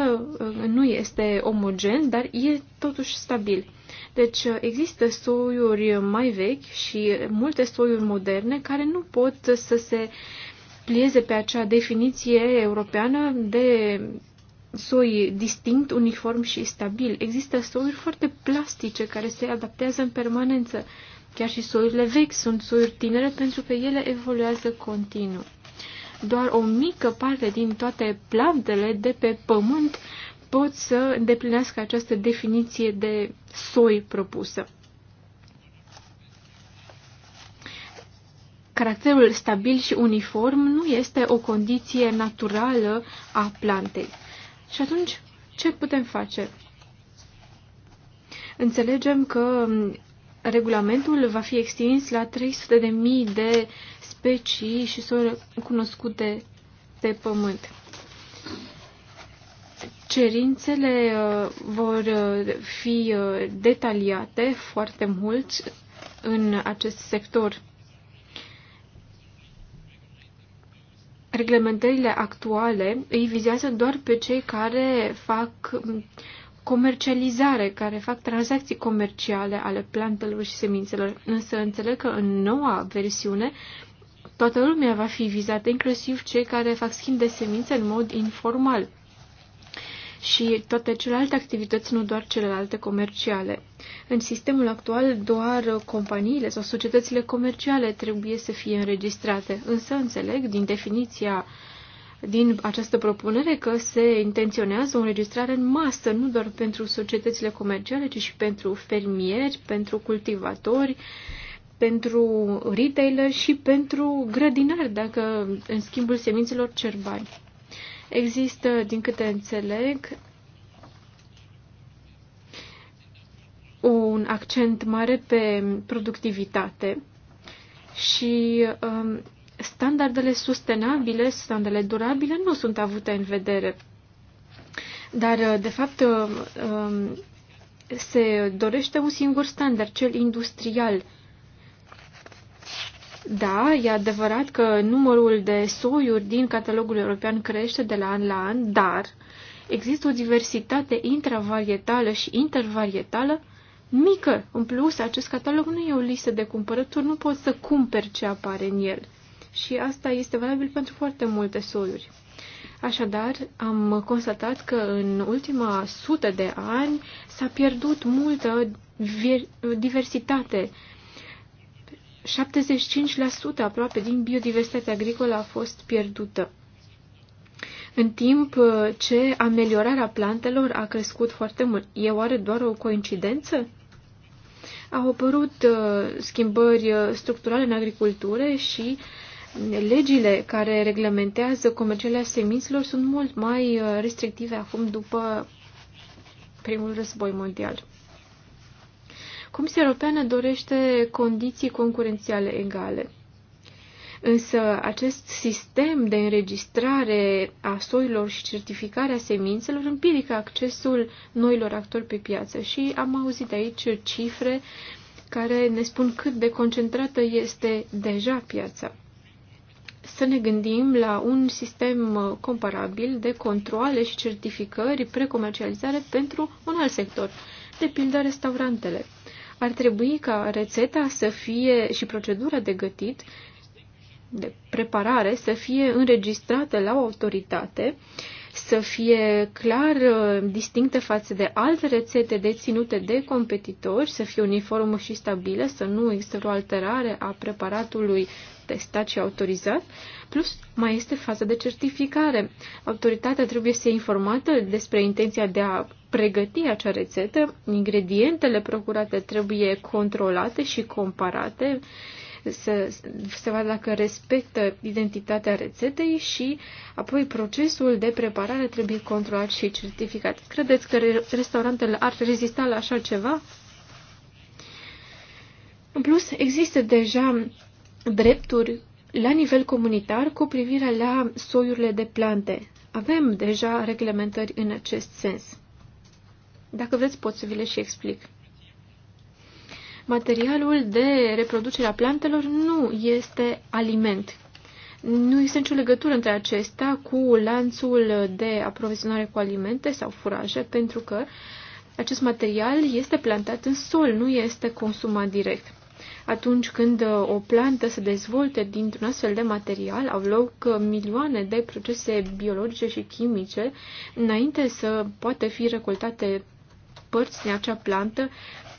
Speaker 3: nu este omogen, dar e totuși stabil. Deci uh, există soiuri mai vechi și multe soiuri moderne care nu pot să se plieze pe acea definiție europeană de soi distinct, uniform și stabil. Există soiuri foarte plastice care se adaptează în permanență. Chiar și soiurile vechi sunt soiuri tinere pentru că ele evoluează continuu. Doar o mică parte din toate plantele de pe pământ pot să îndeplinească această definiție de soi propusă. Caracterul stabil și uniform nu este o condiție naturală a plantei. Și atunci, ce putem face? Înțelegem că regulamentul va fi extins la 300.000 de specii și soi cunoscute pe pământ. Cerințele uh, vor uh, fi uh, detaliate foarte mult în acest sector. Reglementările actuale îi vizează doar pe cei care fac comercializare, care fac tranzacții comerciale ale plantelor și semințelor. Însă înțeleg că în noua versiune toată lumea va fi vizată, inclusiv cei care fac schimb de semințe în mod informal și toate celelalte activități, nu doar celelalte comerciale. În sistemul actual, doar companiile sau societățile comerciale trebuie să fie înregistrate, însă înțeleg din definiția din această propunere că se intenționează o înregistrare în masă, nu doar pentru societățile comerciale, ci și pentru fermieri, pentru cultivatori, pentru retailer și pentru grădinari, dacă în schimbul semințelor cer bani. Există, din câte înțeleg, un accent mare pe productivitate și um, standardele sustenabile, standardele durabile nu sunt avute în vedere. Dar, uh, de fapt, uh, um, se dorește un singur standard, cel industrial, da, e adevărat că numărul de soiuri din catalogul european crește de la an la an, dar există o diversitate intravarietală și intervarietală mică. În plus, acest catalog nu e o listă de cumpărături, nu poți să cumperi ce apare în el. Și asta este valabil pentru foarte multe soiuri. Așadar, am constatat că în ultima sută de ani s-a pierdut multă diversitate 75% aproape din biodiversitatea agricolă a fost pierdută. În timp ce ameliorarea plantelor a crescut foarte mult. E oare doar o coincidență? Au apărut uh, schimbări uh, structurale în agricultură și legile care reglementează comercialea seminților sunt mult mai uh, restrictive acum după primul război mondial. Comisia Europeană dorește condiții concurențiale egale. Însă acest sistem de înregistrare a soilor și certificarea semințelor împiedică accesul noilor actori pe piață și am auzit aici cifre care ne spun cât de concentrată este deja piața. Să ne gândim la un sistem comparabil de controle și certificări precomercializare pentru un alt sector, de pildă restaurantele ar trebui ca rețeta să fie și procedura de gătit, de preparare, să fie înregistrată la o autoritate, să fie clar uh, distinctă față de alte rețete deținute de competitori, să fie uniformă și stabilă, să nu există o alterare a preparatului atestat și autorizat, plus mai este faza de certificare. Autoritatea trebuie să fie informată despre intenția de a pregăti acea rețetă, ingredientele procurate trebuie controlate și comparate, să se vadă dacă respectă identitatea rețetei și apoi procesul de preparare trebuie controlat și certificat. Credeți că restaurantele ar rezista la așa ceva? În plus, există deja drepturi la nivel comunitar cu privire la soiurile de plante. Avem deja reglementări în acest sens. Dacă vreți, pot să vi le și explic. Materialul de reproducere a plantelor nu este aliment. Nu este nicio legătură între acesta cu lanțul de aprovizionare cu alimente sau furaje, pentru că acest material este plantat în sol, nu este consumat direct. Atunci când uh, o plantă se dezvoltă dintr-un astfel de material, au loc uh, milioane de procese biologice și chimice înainte să poată fi recoltate părți din acea plantă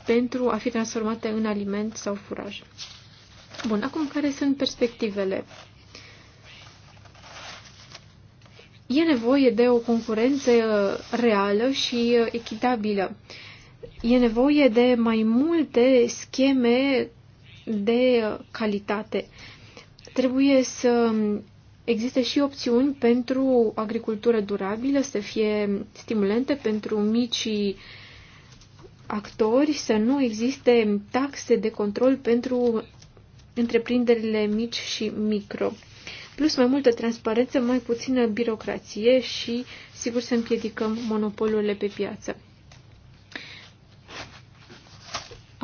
Speaker 3: pentru a fi transformate în aliment sau furaj. Bun, acum care sunt perspectivele? E nevoie de o concurență uh, reală și echitabilă. E nevoie de mai multe scheme de calitate. Trebuie să existe și opțiuni pentru agricultură durabilă, să fie stimulente pentru micii actori, să nu existe taxe de control pentru întreprinderile mici și micro. Plus mai multă transparență, mai puțină birocrație și, sigur, să împiedicăm monopolurile pe piață.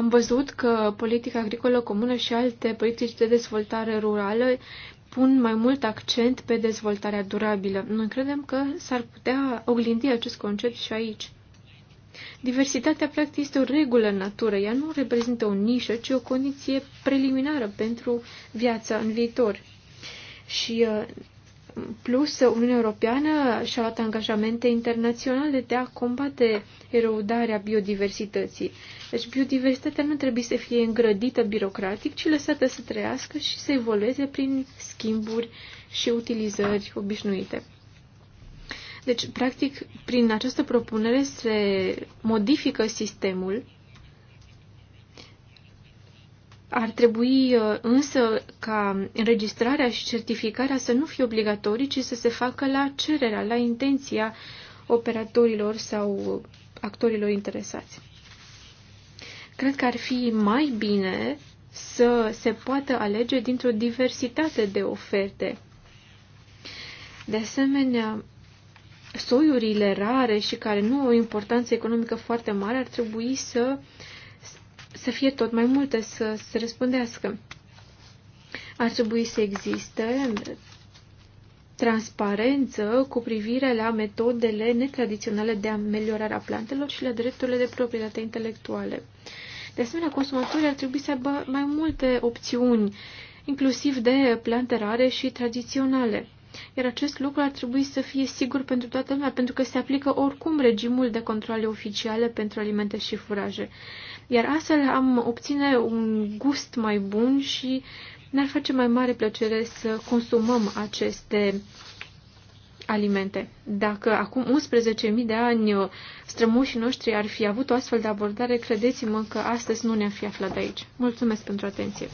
Speaker 3: Am văzut că politica agricolă comună și alte politici de dezvoltare rurală pun mai mult accent pe dezvoltarea durabilă. Noi credem că s-ar putea oglindi acest concept și aici. Diversitatea, practic, este o regulă în natură. Ea nu reprezintă o nișă, ci o condiție preliminară pentru viața în viitor. Și uh, plus, Uniunea Europeană și-a luat angajamente internaționale de a combate erodarea biodiversității. Deci biodiversitatea nu trebuie să fie îngrădită birocratic, ci lăsată să trăiască și să evolueze prin schimburi și utilizări obișnuite. Deci, practic, prin această propunere se modifică sistemul ar trebui uh, însă ca înregistrarea și certificarea să nu fie obligatorii, ci să se facă la cererea, la intenția operatorilor sau actorilor interesați. Cred că ar fi mai bine să se poată alege dintr-o diversitate de oferte. De asemenea, soiurile rare și care nu au o importanță economică foarte mare ar trebui să uh, să fie tot mai multe, să se răspundească. Ar trebui să existe transparență cu privire la metodele netradiționale de ameliorare a plantelor și la drepturile de proprietate intelectuale. De asemenea, consumatorii ar trebui să aibă mai multe opțiuni, inclusiv de plante rare și tradiționale. Iar acest lucru ar trebui să fie sigur pentru toată lumea, pentru că se aplică oricum regimul de controle oficiale pentru alimente și furaje. Iar astfel am obține un gust mai bun și ne-ar face mai mare plăcere să consumăm aceste alimente. Dacă acum 11.000 de ani strămoșii noștri ar fi avut o astfel de abordare, credeți-mă că astăzi nu ne-am fi aflat aici. Mulțumesc pentru atenție!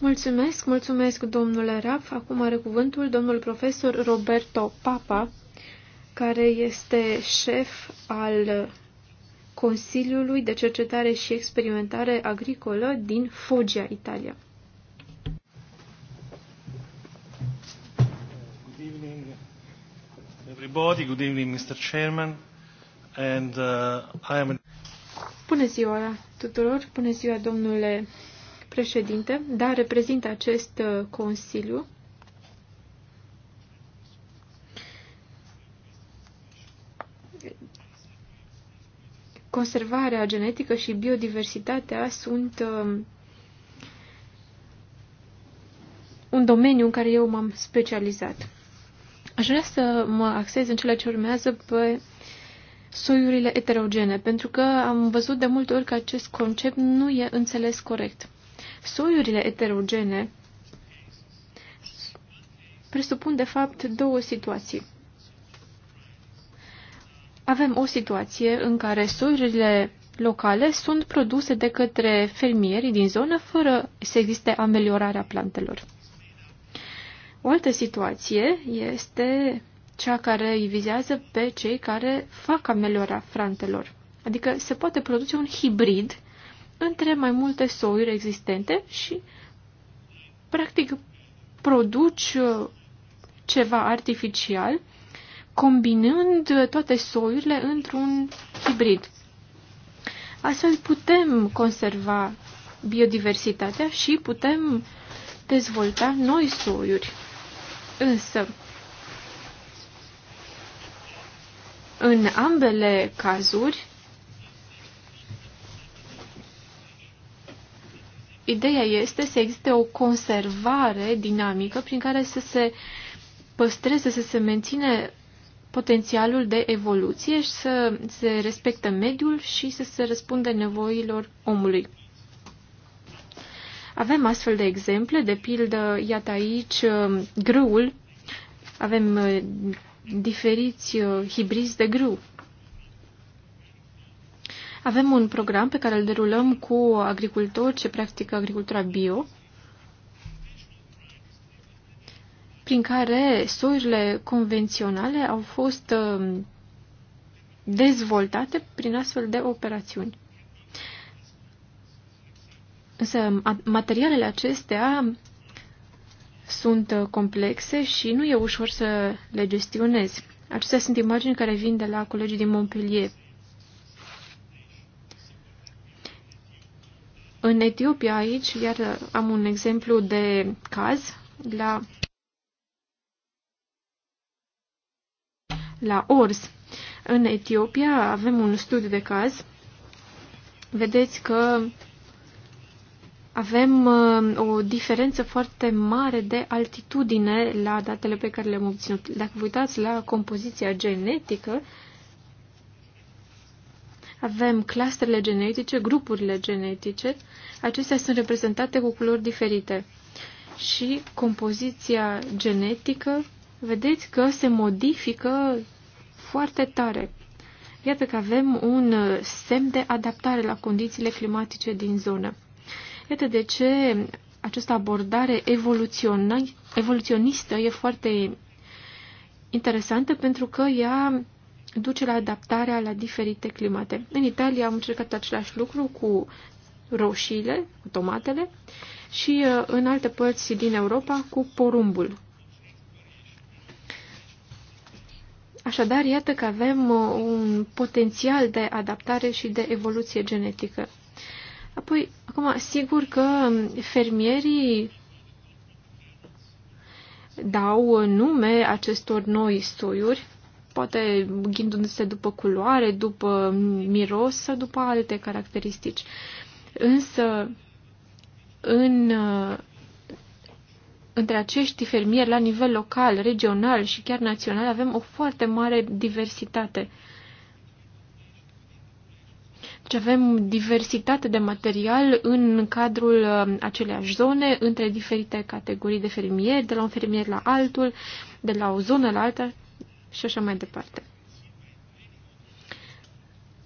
Speaker 3: Mulțumesc, mulțumesc, domnule Raf. Acum are cuvântul domnul profesor Roberto Papa, care este șef al Consiliului de Cercetare și Experimentare Agricolă din Foggia, Italia.
Speaker 2: Good evening,
Speaker 1: everybody. Good evening, Mr. Chairman. And uh, I am.
Speaker 3: Bună ziua tuturor. Bună ziua, domnule președinte, dar reprezintă acest uh, Consiliu. Conservarea genetică și biodiversitatea sunt um, un domeniu în care eu m-am specializat. Aș vrea să mă axez în cele ce urmează pe soiurile eterogene, pentru că am văzut de multe ori că acest concept nu e înțeles corect. Soiurile eterogene presupun, de fapt, două situații. Avem o situație în care soiurile locale sunt produse de către fermieri din zonă fără să existe ameliorarea plantelor. O altă situație este cea care îi vizează pe cei care fac ameliorarea plantelor. Adică se poate produce un hibrid între mai multe soiuri existente și, practic, produci uh, ceva artificial combinând uh, toate soiurile într-un hibrid. Astfel putem conserva biodiversitatea și putem dezvolta noi soiuri. Însă, în ambele cazuri, ideea este să existe o conservare dinamică prin care să se păstreze, să se menține potențialul de evoluție și să se respectă mediul și să se răspundă nevoilor omului. Avem astfel de exemple, de pildă, iată aici, um, grâul. Avem uh, diferiți uh, hibrizi de grâu. Avem un program pe care îl derulăm cu agricultori ce practică agricultura bio, prin care soiurile convenționale au fost um, dezvoltate prin astfel de operațiuni. Însă materialele acestea sunt uh, complexe și nu e ușor să le gestionezi. Acestea sunt imagini care vin de la colegii din Montpellier. În Etiopia aici, iar am un exemplu de caz, la, la Ors. În Etiopia avem un studiu de caz. Vedeți că avem uh, o diferență foarte mare de altitudine la datele pe care le-am obținut. Dacă vă uitați la compoziția genetică, avem clusterele genetice, grupurile genetice, acestea sunt reprezentate cu culori diferite. Și compoziția genetică, vedeți că se modifică foarte tare. Iată că avem un semn de adaptare la condițiile climatice din zonă. Iată de ce această abordare evoluționistă e foarte interesantă pentru că ea duce la adaptarea la diferite climate. În Italia am încercat același lucru cu roșiile, cu tomatele, și uh, în alte părți din Europa cu porumbul. Așadar, iată că avem uh, un potențial de adaptare și de evoluție genetică. Apoi, acum, sigur că um, fermierii dau uh, nume acestor noi soiuri, poate ghindându-se după culoare, după miros sau după alte caracteristici. Însă, în, între acești fermieri la nivel local, regional și chiar național avem o foarte mare diversitate. Deci avem diversitate de material în cadrul uh, aceleași zone, între diferite categorii de fermieri, de la un fermier la altul, de la o zonă la alta și așa mai departe.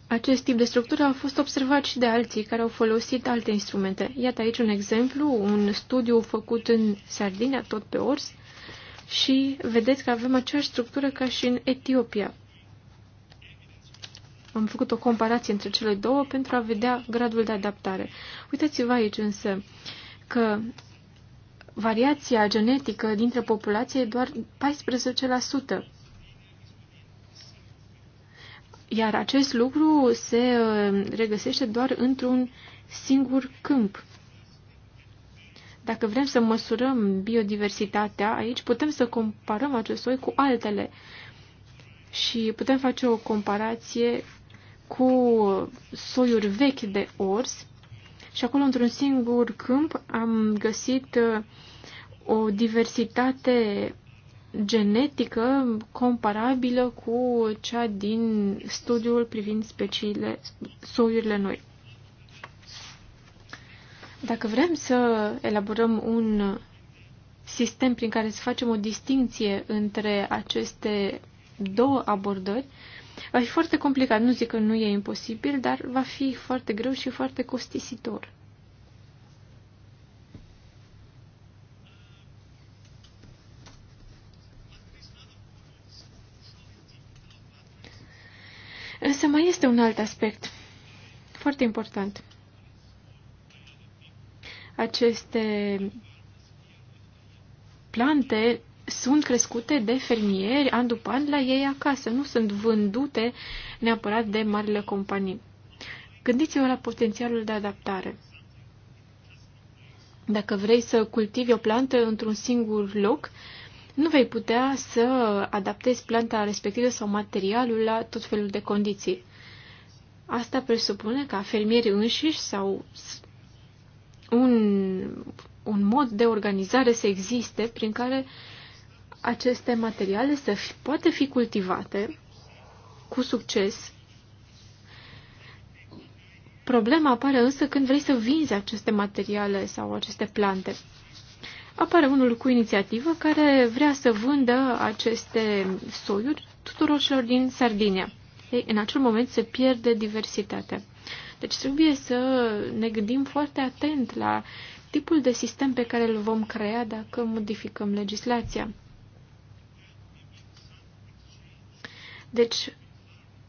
Speaker 3: Acest tip de structură a fost observat și de alții care au folosit alte instrumente. Iată aici un exemplu, un studiu făcut în Sardinia, tot pe ors, și vedeți că avem aceeași structură ca și în Etiopia. Am făcut o comparație între cele două pentru a vedea gradul de adaptare. Uitați-vă aici însă că variația genetică dintre populație e doar 14%. Iar acest lucru se uh, regăsește doar într-un singur câmp. Dacă vrem să măsurăm biodiversitatea aici, putem să comparăm acest soi cu altele și putem face o comparație cu soiuri vechi de ors și acolo într-un singur câmp am găsit uh, o diversitate genetică comparabilă cu cea din studiul privind speciile, soiurile noi. Dacă vrem să elaborăm un sistem prin care să facem o distinție între aceste două abordări, va fi foarte complicat. Nu zic că nu e imposibil, dar va fi foarte greu și foarte costisitor. mai este un alt aspect foarte important. Aceste plante sunt crescute de fermieri an după an la ei acasă, nu sunt vândute neapărat de marile companii. Gândiți-vă la potențialul de adaptare. Dacă vrei să cultivi o plantă într-un singur loc, nu vei putea să adaptezi planta respectivă sau materialul la tot felul de condiții. Asta presupune ca fermierii înșiși sau un, un mod de organizare să existe prin care aceste materiale să fi, poate fi cultivate cu succes. Problema apare însă când vrei să vinzi aceste materiale sau aceste plante apare unul cu inițiativă care vrea să vândă aceste soiuri tuturor celor din Sardinia. Ei, în acel moment se pierde diversitatea. Deci trebuie să ne gândim foarte atent la tipul de sistem pe care îl vom crea dacă modificăm legislația. Deci,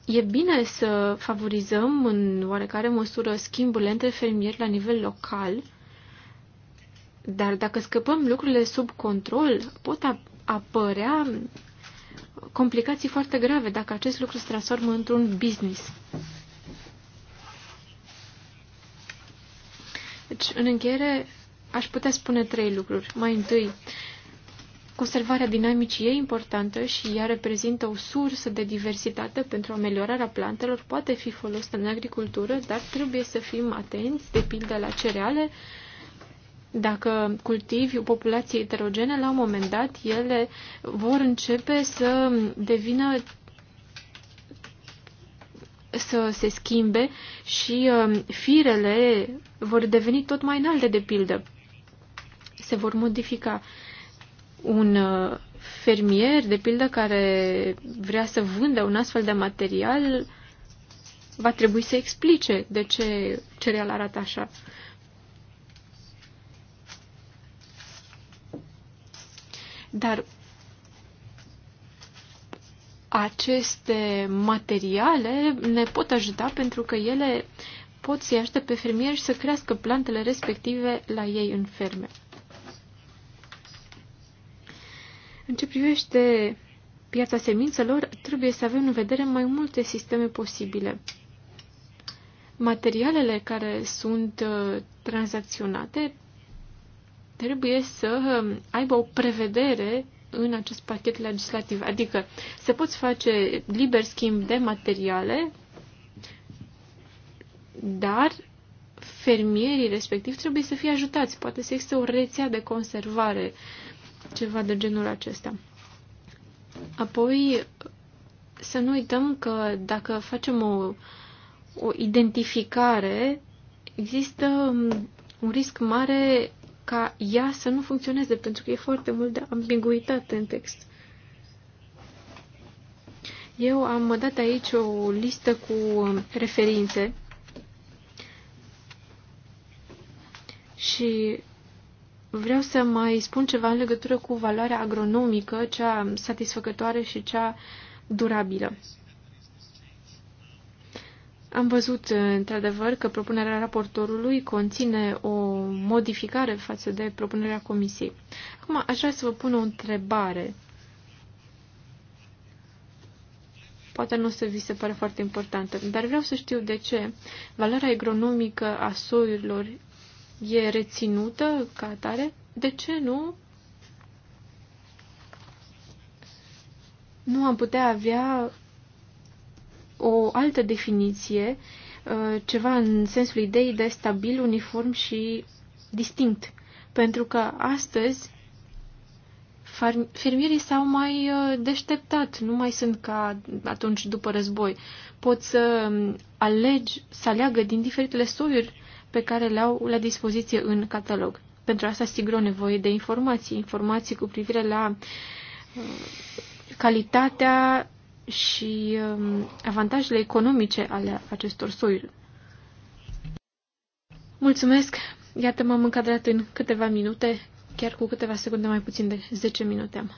Speaker 3: e bine să favorizăm în oarecare măsură schimburile între fermieri la nivel local, dar dacă scăpăm lucrurile sub control, pot apărea complicații foarte grave dacă acest lucru se transformă într-un business. Deci, în încheiere, aș putea spune trei lucruri. Mai întâi, conservarea dinamicii e importantă și ea reprezintă o sursă de diversitate pentru ameliorarea plantelor, poate fi folosită în agricultură, dar trebuie să fim atenți, de pildă, la cereale, dacă cultivi o populație heterogene, la un moment dat ele vor începe să devină să se schimbe și um, firele vor deveni tot mai înalte, de pildă. Se vor modifica. Un uh, fermier, de pildă, care vrea să vândă un astfel de material, va trebui să explice de ce cereal arată așa. Dar aceste materiale ne pot ajuta pentru că ele pot să-i ajute pe fermieri să crească plantele respective la ei în ferme. În ce privește piața semințelor, trebuie să avem în vedere mai multe sisteme posibile. Materialele care sunt uh, tranzacționate trebuie să um, aibă o prevedere în acest pachet legislativ. Adică se poți face liber schimb de materiale, dar fermierii respectiv trebuie să fie ajutați. Poate să există o rețea de conservare, ceva de genul acesta. Apoi, să nu uităm că dacă facem o, o identificare, există um, un risc mare ca ea să nu funcționeze, pentru că e foarte mult de ambiguitate în text. Eu am dat aici o listă cu um, referințe și vreau să mai spun ceva în legătură cu valoarea agronomică, cea satisfăcătoare și cea durabilă. Am văzut, uh, într-adevăr, că propunerea raportorului conține o modificare față de propunerea comisiei. Acum, aș vrea să vă pun o întrebare. Poate nu o să vi se pare foarte importantă, dar vreau să știu de ce valoarea agronomică a soiurilor e reținută ca atare. De ce nu? Nu am putea avea o altă definiție, uh, ceva în sensul ideii de stabil, uniform și distinct. Pentru că astăzi fermierii s-au mai uh, deșteptat, nu mai sunt ca atunci după război. Pot să um, alegi, să aleagă din diferitele soiuri pe care le au la dispoziție în catalog. Pentru asta, sigur, o nevoie de informații, informații cu privire la uh, calitatea și um, avantajele economice ale acestor soiuri. Mulțumesc! Iată, m-am încadrat în câteva minute, chiar cu câteva secunde mai puțin de 10 minute am.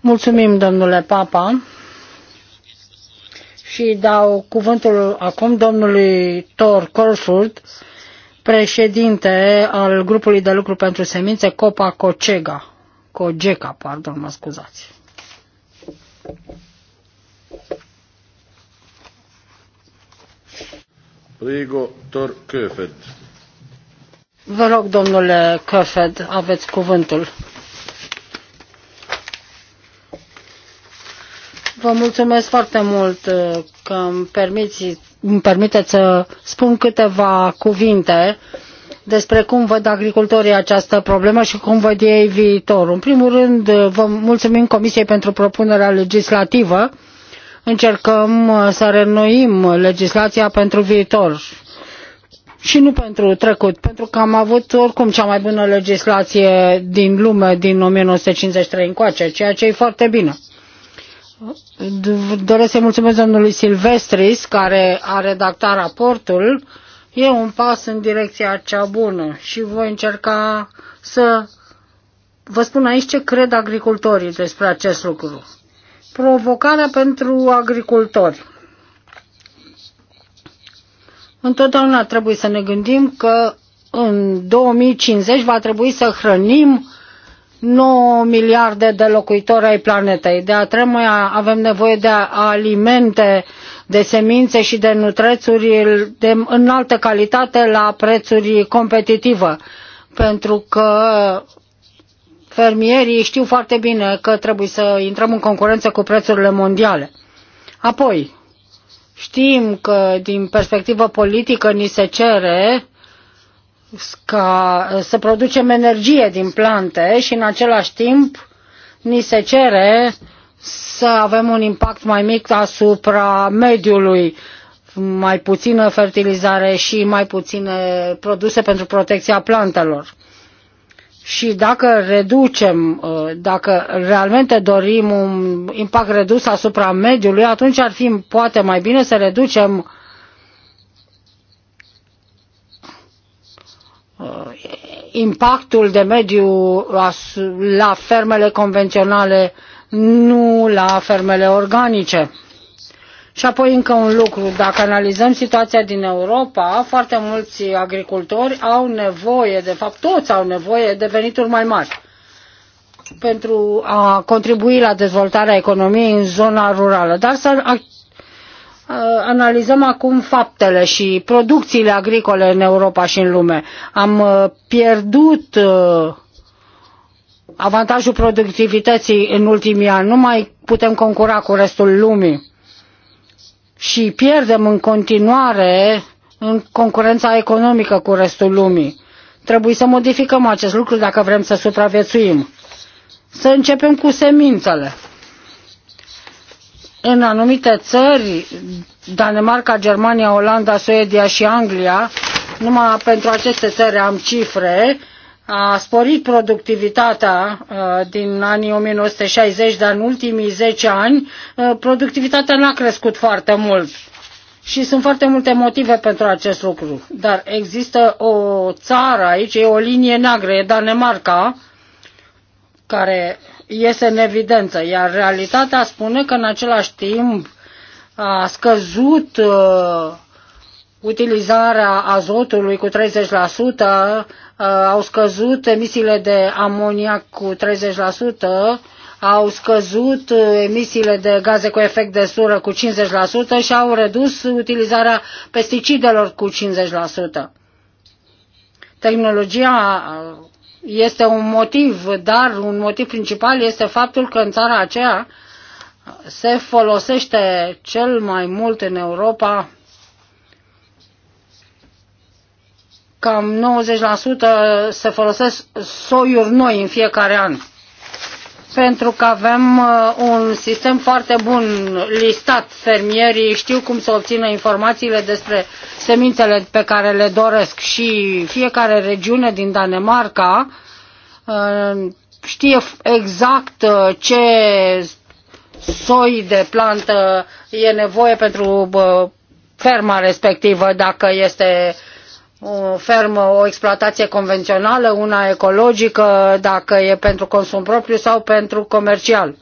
Speaker 3: Mulțumim, domnule
Speaker 4: Papa. Și dau cuvântul acum domnului Thor Corford, președinte al grupului de lucru pentru semințe, Copa Cocega. Cogeca, pardon, mă scuzați.
Speaker 1: Prigo Torcăfed.
Speaker 4: Vă rog, domnule Căfed, aveți cuvântul. Vă mulțumesc foarte mult uh, că îmi permiteți îmi permiteți să spun câteva cuvinte despre cum văd agricultorii această problemă și cum văd ei viitorul. În primul rând, vă mulțumim Comisiei pentru propunerea legislativă. Încercăm uh, să renoim legislația pentru viitor și nu pentru trecut, pentru că am avut oricum cea mai bună legislație din lume din 1953 încoace, ceea ce e foarte bine. Doresc să-i mulțumesc domnului Silvestris, care a redactat raportul. E un pas în direcția cea bună și voi încerca să vă spun aici ce cred agricultorii despre acest lucru. Provocarea pentru agricultori. Întotdeauna trebuie să ne gândim că în 2050 va trebui să hrănim 9 miliarde de locuitori ai planetei. De atremea avem nevoie de alimente, de semințe și de nutrețuri de înaltă calitate la prețuri competitive. Pentru că fermierii știu foarte bine că trebuie să intrăm în concurență cu prețurile mondiale. Apoi, știm că din perspectivă politică ni se cere ca uh, să producem energie din plante și în același timp ni se cere să avem un impact mai mic asupra mediului, mai puțină fertilizare și mai puține produse pentru protecția plantelor. Și dacă reducem, uh, dacă realmente dorim un impact redus asupra mediului, atunci ar fi poate mai bine să reducem Uh, impactul de mediu la fermele convenționale, nu la fermele organice. Și apoi încă un lucru, dacă analizăm situația din Europa, foarte mulți agricultori au nevoie, de fapt toți au nevoie de venituri mai mari pentru a contribui la dezvoltarea economiei în zona rurală, dar să Uh, analizăm acum faptele și producțiile agricole în Europa și în lume. Am uh, pierdut uh, avantajul productivității în ultimii ani. Nu mai putem concura cu restul lumii. Și pierdem în continuare în concurența economică cu restul lumii. Trebuie să modificăm acest lucru dacă vrem să supraviețuim. Să începem cu semințele în anumite țări, Danemarca, Germania, Olanda, Suedia și Anglia, numai pentru aceste țări am cifre, a sporit productivitatea uh, din anii 1960, dar în ultimii 10 ani uh, productivitatea n-a crescut foarte mult. Și sunt foarte multe motive pentru acest lucru. Dar există o țară aici, e o linie neagră, e Danemarca, care iese în evidență, iar realitatea spune că în același timp a scăzut uh, utilizarea azotului cu 30%, uh, au scăzut emisiile de amoniac cu 30%, au scăzut uh, emisiile de gaze cu efect de sură cu 50% și au redus utilizarea pesticidelor cu 50%. Tehnologia uh, este un motiv, dar un motiv principal este faptul că în țara aceea se folosește cel mai mult în Europa cam 90% se folosesc soiuri noi în fiecare an pentru că avem uh, un sistem foarte bun listat. Fermierii știu cum să obțină informațiile despre semințele pe care le doresc și fiecare regiune din Danemarca uh, știe exact uh, ce soi de plantă e nevoie pentru ferma respectivă, dacă este uh, o fermă, o exploatație convențională, una ecologică, dacă e pentru consum propriu sau pentru comercial.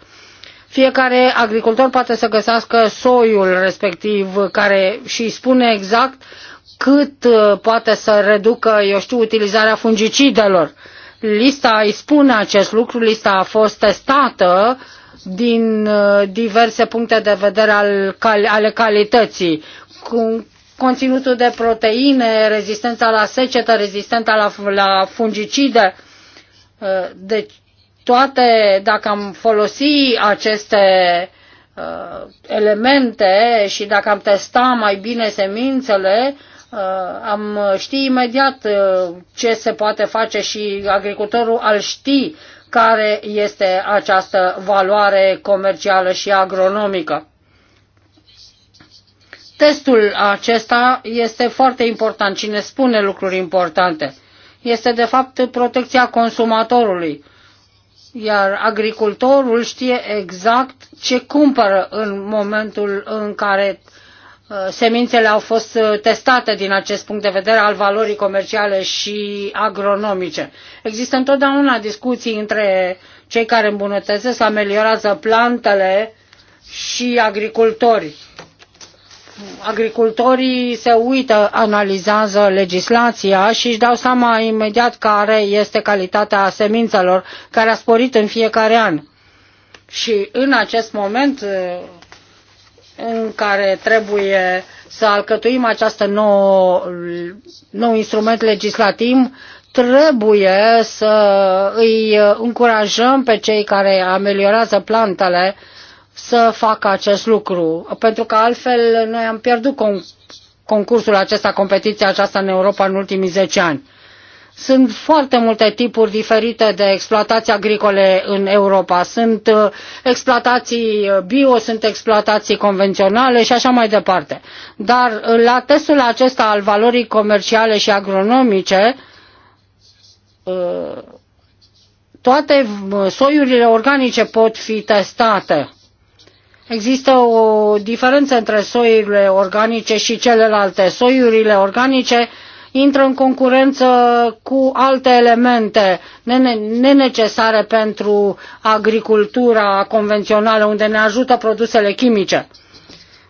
Speaker 4: Fiecare agricultor poate să găsească soiul respectiv care și spune exact cât uh, poate să reducă, eu știu, utilizarea fungicidelor. Lista îi spune acest lucru, lista a fost testată din uh, diverse puncte de vedere al, ale calității. cu conținutul de proteine, rezistența la secetă, rezistența la, la fungicide. Uh, deci toate, dacă am folosi aceste uh, elemente și dacă am testa mai bine semințele, uh, am ști imediat uh, ce se poate face și agricultorul al ști care este această valoare comercială și agronomică. Testul acesta este foarte important. Cine spune lucruri importante este, de fapt, protecția consumatorului. Iar agricultorul știe exact ce cumpără în momentul în care uh, semințele au fost uh, testate din acest punct de vedere al valorii comerciale și agronomice. Există întotdeauna discuții între cei care îmbunătățesc, ameliorează plantele și agricultorii agricultorii se uită, analizează legislația și își dau seama imediat care este calitatea semințelor care a sporit în fiecare an. Și în acest moment eh, în care trebuie să alcătuim acest nou, nou instrument legislativ, trebuie să îi eh, încurajăm pe cei care ameliorează plantele să facă acest lucru, pentru că altfel noi am pierdut con- concursul acesta, competiția aceasta în Europa în ultimii 10 ani. Sunt foarte multe tipuri diferite de exploatații agricole în Europa. Sunt uh, exploatații uh, bio, sunt exploatații convenționale și așa mai departe. Dar uh, la testul acesta al valorii comerciale și agronomice, toate soiurile organice pot fi testate. Există o diferență între soiurile organice și celelalte. Soiurile organice intră în concurență cu alte elemente nenecesare pentru agricultura convențională, unde ne ajută produsele chimice.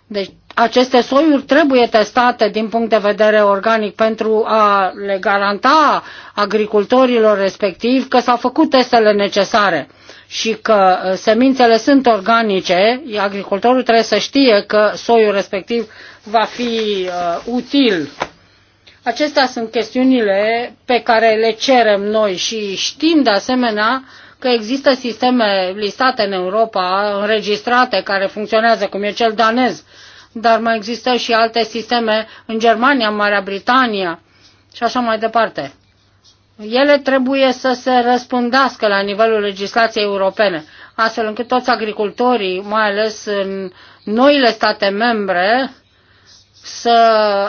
Speaker 4: Deci aceste soiuri trebuie testate din punct de vedere organic pentru a le garanta agricultorilor respectiv că s-au făcut testele necesare și că uh, semințele sunt organice, agricultorul trebuie să știe că soiul respectiv va fi uh, util. Acestea sunt chestiunile pe care le cerem noi și știm de asemenea că există sisteme listate în Europa, înregistrate, care funcționează, cum e cel danez, dar mai există și alte sisteme în Germania, în Marea Britanie, și așa mai departe ele trebuie să se răspundească la nivelul legislației europene, astfel încât toți agricultorii, mai ales în noile state membre, să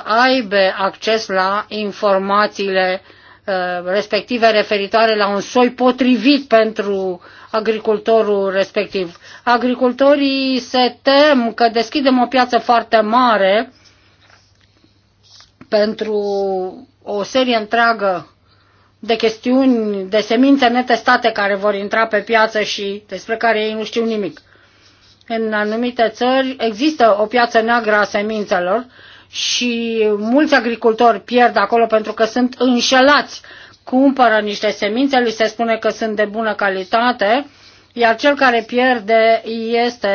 Speaker 4: aibă acces la informațiile uh, respective referitoare la un soi potrivit pentru agricultorul respectiv. Agricultorii se tem că deschidem o piață foarte mare pentru o serie întreagă de chestiuni, de semințe netestate care vor intra pe piață și despre care ei nu știu nimic. În anumite țări există o piață neagră a semințelor și mulți agricultori pierd acolo pentru că sunt înșelați. Cumpără niște semințe, li se spune că sunt de bună calitate, iar cel care pierde este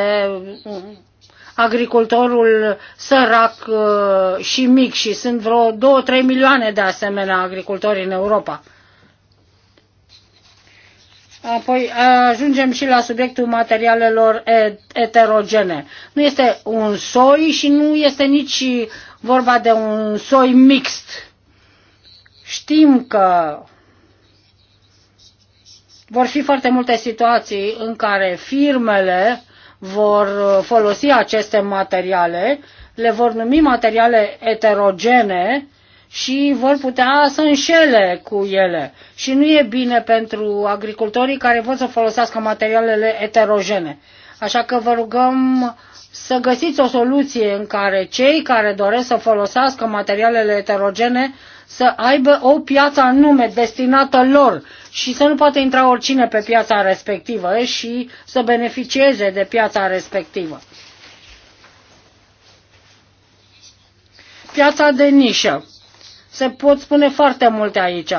Speaker 4: agricultorul sărac uh, și mic și sunt vreo 2-3 milioane de asemenea agricultori în Europa. Apoi ajungem și la subiectul materialelor eterogene. Nu este un soi și nu este nici vorba de un soi mixt. Știm că vor fi foarte multe situații în care firmele vor folosi aceste materiale, le vor numi materiale eterogene și vor putea să înșele cu ele. Și nu e bine pentru agricultorii care vor să folosească materialele eterogene. Așa că vă rugăm să găsiți o soluție în care cei care doresc să folosească materialele eterogene să aibă o piață anume destinată lor și să nu poată intra oricine pe piața respectivă și să beneficieze de piața respectivă. Piața de nișă. Se pot spune foarte multe aici.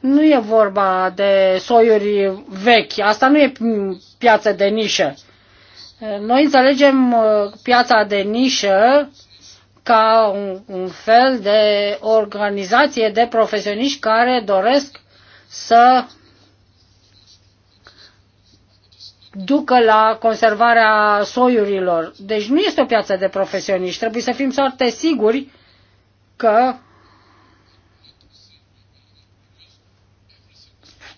Speaker 4: Nu e vorba de soiuri vechi, asta nu e piață de nișă. Noi înțelegem uh, piața de nișă ca un, un fel de organizație de profesioniști care doresc să ducă la conservarea soiurilor. Deci nu este o piață de profesioniști. Trebuie să fim foarte siguri că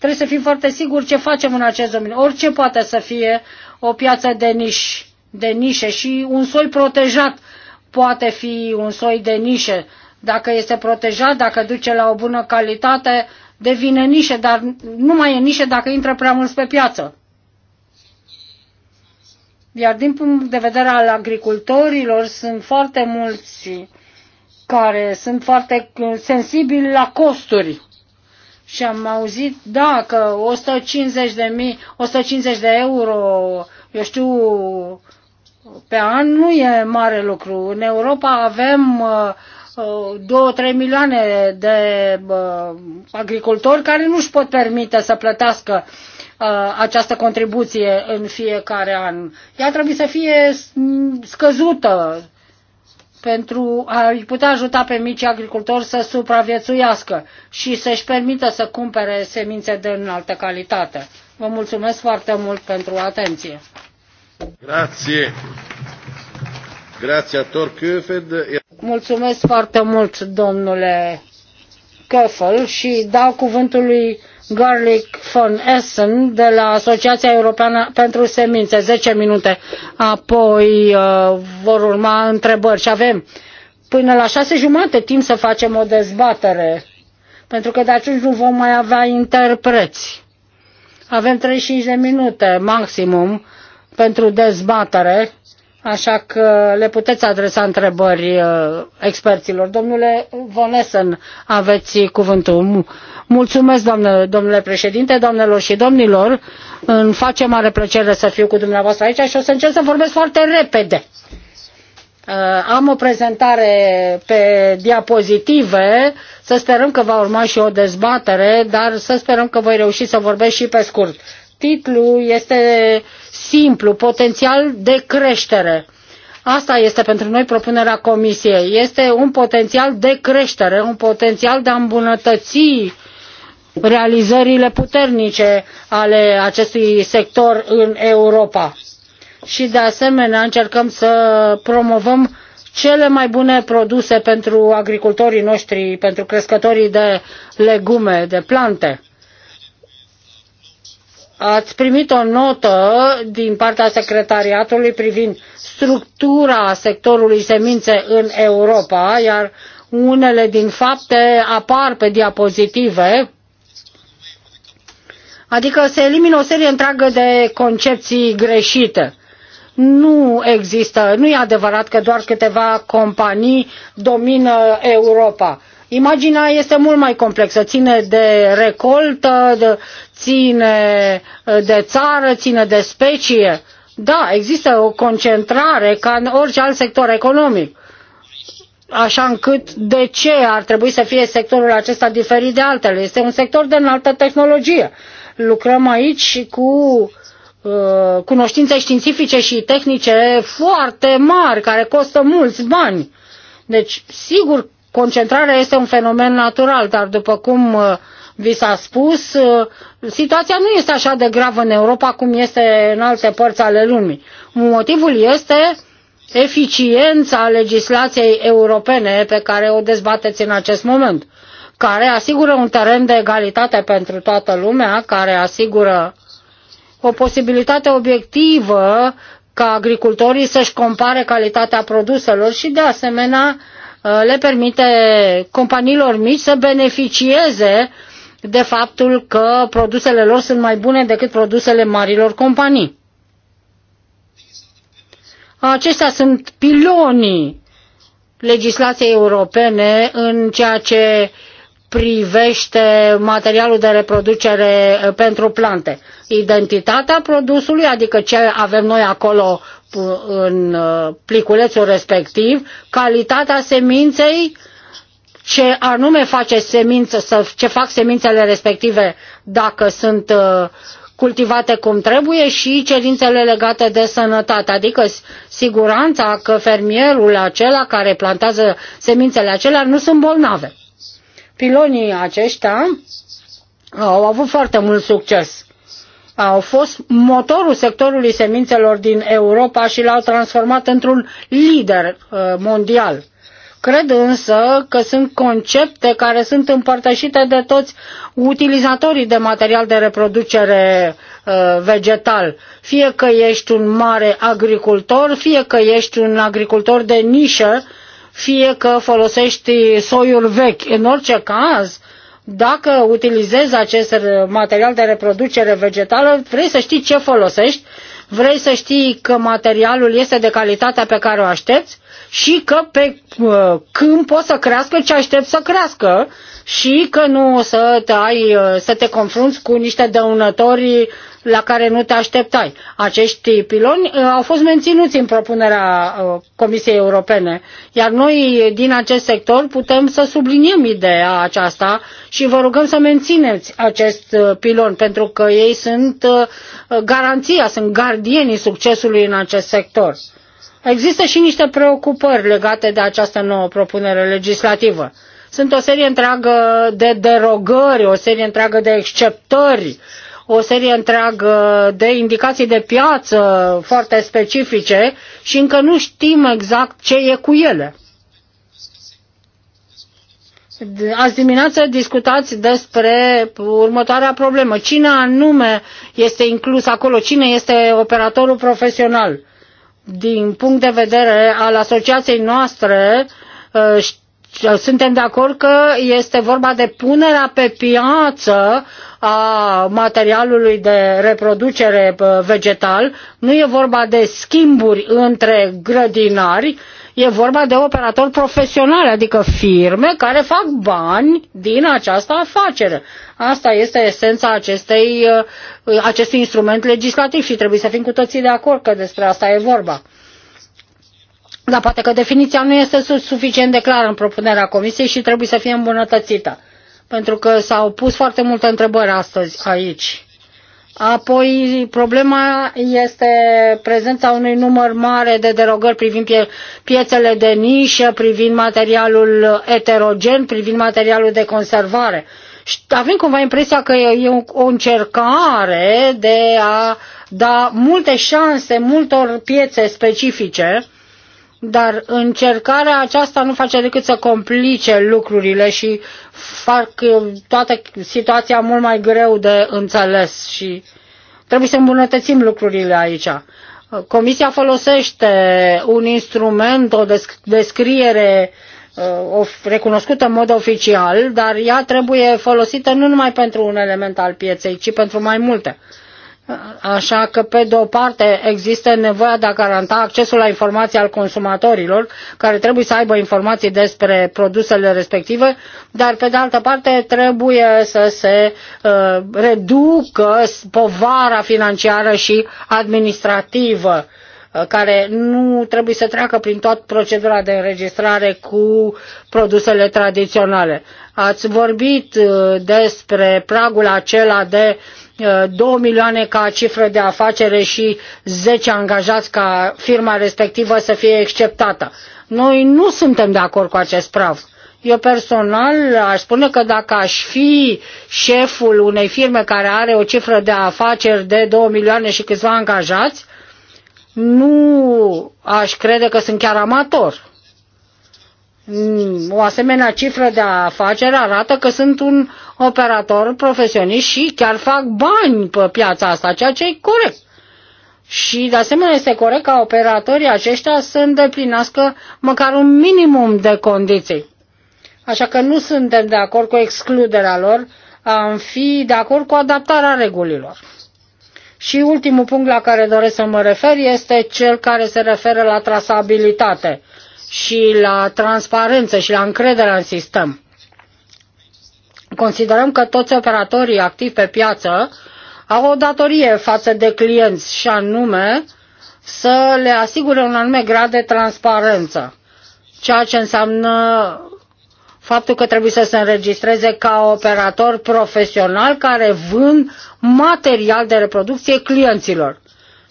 Speaker 4: Trebuie să fim foarte siguri ce facem în acest domeniu. Orice poate să fie o piață de, niș, de nișe și un soi protejat poate fi un soi de nișe. Dacă este protejat, dacă duce la o bună calitate, devine nișe, dar nu mai e nișe dacă intră prea mult pe piață. Iar din punct de vedere al agricultorilor, sunt foarte mulți care sunt foarte sensibili la costuri și am auzit, da, că 150 de, mii, 150 de euro, eu știu, pe an nu e mare lucru. În Europa avem uh, 2-3 uh, milioane de uh, agricultori care nu își pot permite să plătească uh, această contribuție în fiecare an. Ea trebuie să fie scăzută, pentru a-i putea ajuta pe micii agricultori să supraviețuiască și să-și permită să cumpere semințe de înaltă calitate. Vă mulțumesc foarte mult pentru atenție.
Speaker 2: Grazie.
Speaker 1: Grazie, Tor Köfed.
Speaker 4: Mulțumesc foarte mult, domnule Köfel, și dau cuvântul lui Garlic von Essen de la Asociația Europeană pentru Semințe, 10 minute. Apoi uh, vor urma întrebări și avem până la șase jumate timp să facem o dezbatere, pentru că de atunci nu vom mai avea interpreți. Avem 35 de minute maximum pentru dezbatere, așa că le puteți adresa întrebări uh, experților. Domnule Von Essen, aveți cuvântul. Mulțumesc, domnule președinte, doamnelor și domnilor. Îmi face mare plăcere să fiu cu dumneavoastră aici și o să încerc să vorbesc foarte repede. Uh, am o prezentare pe diapozitive, să sperăm că va urma și o dezbatere, dar să sperăm că voi reuși să vorbesc și pe scurt. Titlul este simplu, potențial de creștere. Asta este pentru noi propunerea Comisiei. Este un potențial de creștere, un potențial de a îmbunătăți realizările puternice ale acestui sector în Europa. Și de asemenea încercăm să promovăm cele mai bune produse pentru agricultorii noștri, pentru crescătorii de legume, de plante. Ați primit o notă din partea secretariatului privind structura sectorului semințe în Europa, iar unele din fapte apar pe diapozitive Adică se elimină o serie întreagă de concepții greșite. Nu există, nu e adevărat că doar câteva companii domină Europa. Imaginea este mult mai complexă, ține de recoltă, de, ține uh, de țară, ține de specie. Da, există o concentrare ca în orice alt sector economic. Așa încât de ce ar trebui să fie sectorul acesta diferit de altele? Este un sector de înaltă tehnologie. Lucrăm aici cu uh, cunoștințe științifice și tehnice foarte mari, care costă mulți bani. Deci, sigur, concentrarea este un fenomen natural, dar după cum uh, vi s-a spus, uh, situația nu este așa de gravă în Europa cum este în alte părți ale lumii. Motivul este eficiența legislației europene pe care o dezbateți în acest moment care asigură un teren de egalitate pentru toată lumea, care asigură o posibilitate obiectivă ca agricultorii să-și compare calitatea produselor și, de asemenea, uh, le permite companiilor mici să beneficieze de faptul că produsele lor sunt mai bune decât produsele marilor companii. Acestea sunt pilonii legislației europene în ceea ce privește materialul de reproducere eh, pentru plante. Identitatea produsului, adică ce avem noi acolo în eh, pliculețul respectiv, calitatea seminței, ce anume face semință, să, ce fac semințele respective dacă sunt eh, cultivate cum trebuie și cerințele legate de sănătate, adică siguranța că fermierul acela care plantează semințele acelea nu sunt bolnave. Pilonii aceștia au avut foarte mult succes. Au fost motorul sectorului semințelor din Europa și l-au transformat într-un lider uh, mondial. Cred însă că sunt concepte care sunt împărtășite de toți utilizatorii de material de reproducere uh, vegetal. Fie că ești un mare agricultor, fie că ești un agricultor de nișă fie că folosești soiul vechi. În orice caz, dacă utilizezi acest material de reproducere vegetală, vrei să știi ce folosești, vrei să știi că materialul este de calitatea pe care o aștepți și că pe uh, câmp poți să crească ce aștepți să crească și că nu o să te, ai, uh, să te confrunți cu niște dăunători la care nu te așteptai. Acești piloni uh, au fost menținuți în propunerea uh, Comisiei Europene, iar noi din acest sector putem să subliniem ideea aceasta și vă rugăm să mențineți acest uh, pilon, pentru că ei sunt garanția, sunt gardienii succesului în acest sector. Există și niște preocupări legate de această nouă propunere legislativă. Sunt o serie întreagă de derogări, o serie întreagă de exceptări o serie întreagă de indicații de piață foarte specifice și încă nu știm exact ce e cu ele. Azi dimineață discutați despre următoarea problemă. Cine anume este inclus acolo? Cine este operatorul profesional? Din punct de vedere al asociației noastre, suntem de acord că este vorba de punerea pe piață a materialului de reproducere uh, vegetal. Nu e vorba de schimburi între grădinari, e vorba de operatori profesionali, adică firme care fac bani din această afacere. Asta este esența acestei, uh, acestui instrument legislativ și trebuie să fim cu toții de acord că despre asta e vorba. Dar poate că definiția nu este suficient de clară în propunerea Comisiei și trebuie să fie îmbunătățită pentru că s-au pus foarte multe întrebări astăzi aici. Apoi, problema este prezența unui număr mare de derogări privind pie- piețele de nișă, privind materialul eterogen, privind materialul de conservare. Și avem cumva impresia că e o încercare de a da multe șanse multor piețe specifice dar încercarea aceasta nu face decât să complice lucrurile și fac uh, toată situația mult mai greu de înțeles și trebuie să îmbunătățim lucrurile aici. Uh, Comisia folosește un instrument, o descriere uh, o recunoscută în mod oficial, dar ea trebuie folosită nu numai pentru un element al pieței, ci pentru mai multe. Așa că, pe de o parte, există nevoia de a garanta accesul la informații al consumatorilor, care trebuie să aibă informații despre produsele respective, dar, pe de altă parte, trebuie să se uh, reducă povara financiară și administrativă uh, care nu trebuie să treacă prin toată procedura de înregistrare cu produsele tradiționale. Ați vorbit uh, despre pragul acela de uh, 2 uh, milioane ca cifră de afacere și 10 angajați ca firma respectivă să fie exceptată. Noi nu suntem de acord cu acest praf. Eu personal aș spune că dacă aș fi șeful unei firme care are o cifră de afaceri de 2 milioane și câțiva angajați, nu aș crede că sunt chiar amator. Mm, o asemenea cifră de afaceri arată că sunt un operator profesionist și chiar fac bani pe piața asta, ceea ce e corect. Și de asemenea este corect ca operatorii aceștia să îndeplinească măcar un minimum de condiții. Așa că nu suntem de acord cu excluderea lor, am fi de acord cu adaptarea regulilor. Și ultimul punct la care doresc să mă refer este cel care se referă la trasabilitate și la transparență și la încrederea în sistem. Considerăm că toți operatorii activi pe piață au o datorie față de clienți și anume să le asigure un anume grad de transparență, ceea ce înseamnă faptul că trebuie să se înregistreze ca operator profesional care vând material de reproducție clienților.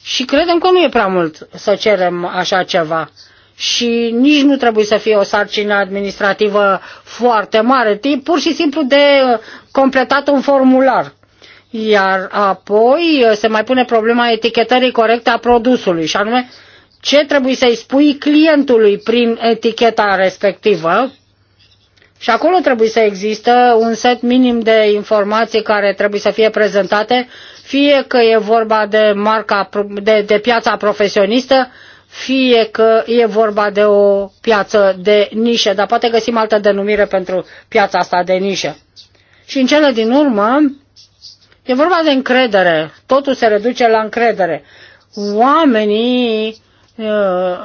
Speaker 4: Și credem că nu e prea mult să cerem așa ceva și nici nu trebuie să fie o sarcină administrativă foarte mare, pur și simplu de uh, completat un formular. Iar apoi uh, se mai pune problema etichetării corecte a produsului și anume ce trebuie să-i spui clientului prin eticheta respectivă, și acolo trebuie să există un set minim de informații care trebuie să fie prezentate, fie că e vorba de marca de, de piața profesionistă, fie că e vorba de o piață de nișă, dar poate găsim altă denumire pentru piața asta de nișă. Și în cele din urmă, e vorba de încredere. Totul se reduce la încredere. Oamenii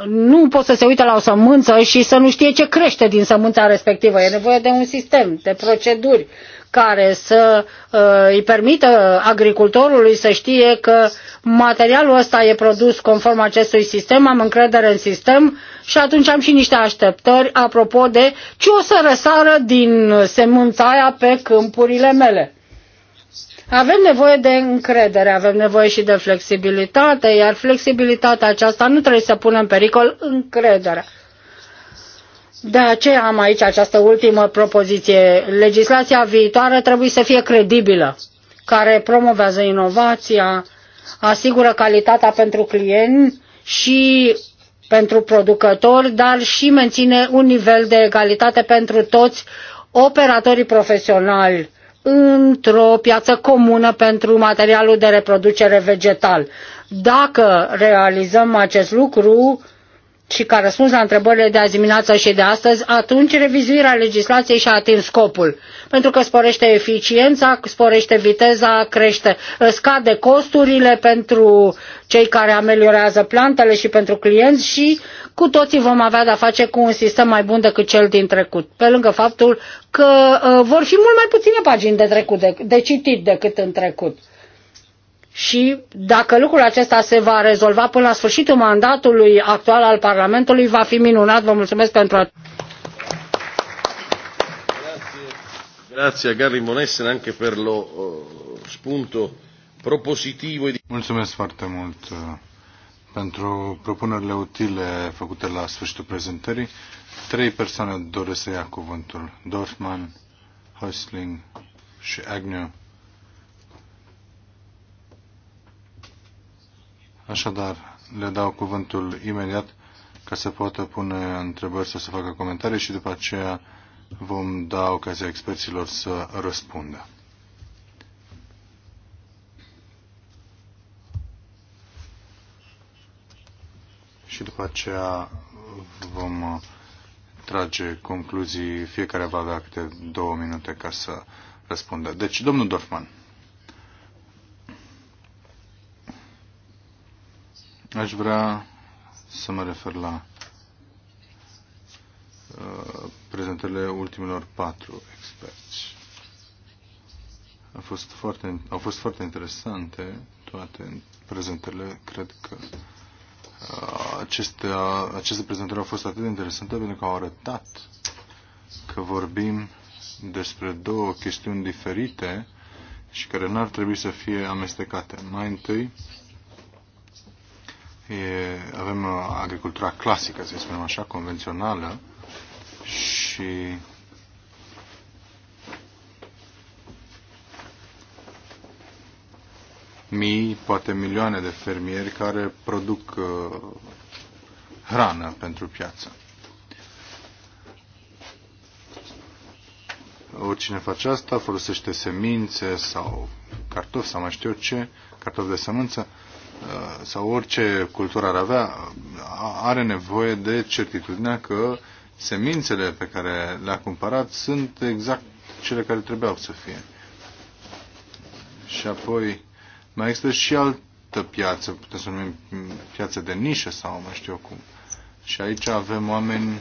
Speaker 4: nu pot să se uite la o sămânță și să nu știe ce crește din sămânța respectivă. E nevoie de un sistem, de proceduri care să uh, îi permită agricultorului să știe că materialul ăsta e produs conform acestui sistem, am încredere în sistem și atunci am și niște așteptări apropo de ce o să răsară din semânța aia pe câmpurile mele. Avem nevoie de încredere, avem nevoie și de flexibilitate, iar flexibilitatea aceasta nu trebuie să pună în pericol încrederea. De aceea am aici această ultimă propoziție. Legislația viitoare trebuie să fie credibilă, care promovează inovația, asigură calitatea pentru clienți și pentru producători, dar și menține un nivel de egalitate pentru toți operatorii profesionali într-o piață comună pentru materialul de reproducere vegetal. Dacă realizăm acest lucru, și ca răspuns la întrebările de azi dimineață și de astăzi, atunci revizuirea legislației și-a atins scopul. Pentru că sporește eficiența, sporește viteza, crește, scade costurile pentru cei care ameliorează plantele și pentru clienți și cu toții vom avea de-a face cu un sistem mai bun decât cel din trecut. Pe lângă faptul că uh, vor fi mult mai puține pagini de trecut, de, de citit decât în trecut și dacă lucrul acesta se va rezolva până la sfârșitul mandatului actual al Parlamentului, va fi minunat. Vă mulțumesc pentru atât.
Speaker 1: Grazie a Gary Monessen anche per lo eh, spunto propositivo. Mulțumesc foarte mult eh, pentru propunerile utile făcute la sfârșitul prezentării. Trei persoane doresc să ia cuvântul. Dorfman, Häusling și Agnew. Așadar, le dau cuvântul imediat ca să poată pune întrebări sau să facă comentarii și după aceea vom da ocazia experților să răspundă. Și după aceea vom uh, trage concluzii, fiecare va avea câte două minute ca să răspundă. Deci, domnul Dorfman. Aș vrea să mă refer la uh, prezentările ultimilor patru experți. au fost foarte, au fost foarte interesante toate prezentările. Cred că uh, aceste, aceste prezentări au fost atât de interesante pentru că au arătat că vorbim despre două chestiuni diferite și care n-ar trebui să fie amestecate. Mai întâi, E, avem uh, agricultura clasică, să spunem așa, convențională și mii, poate milioane de fermieri care produc uh, hrană pentru piață. Oricine face asta folosește semințe sau cartofi sau mai știu eu ce, cartofi de sămânță, uh, Uh, sau orice cultură ar avea, uh, are nevoie de certitudinea că semințele pe care le-a cumpărat sunt exact cele care trebuiau să fie. Și apoi mai există și altă piață, putem să numim piață de nișă sau mai știu eu cum. Și aici avem oameni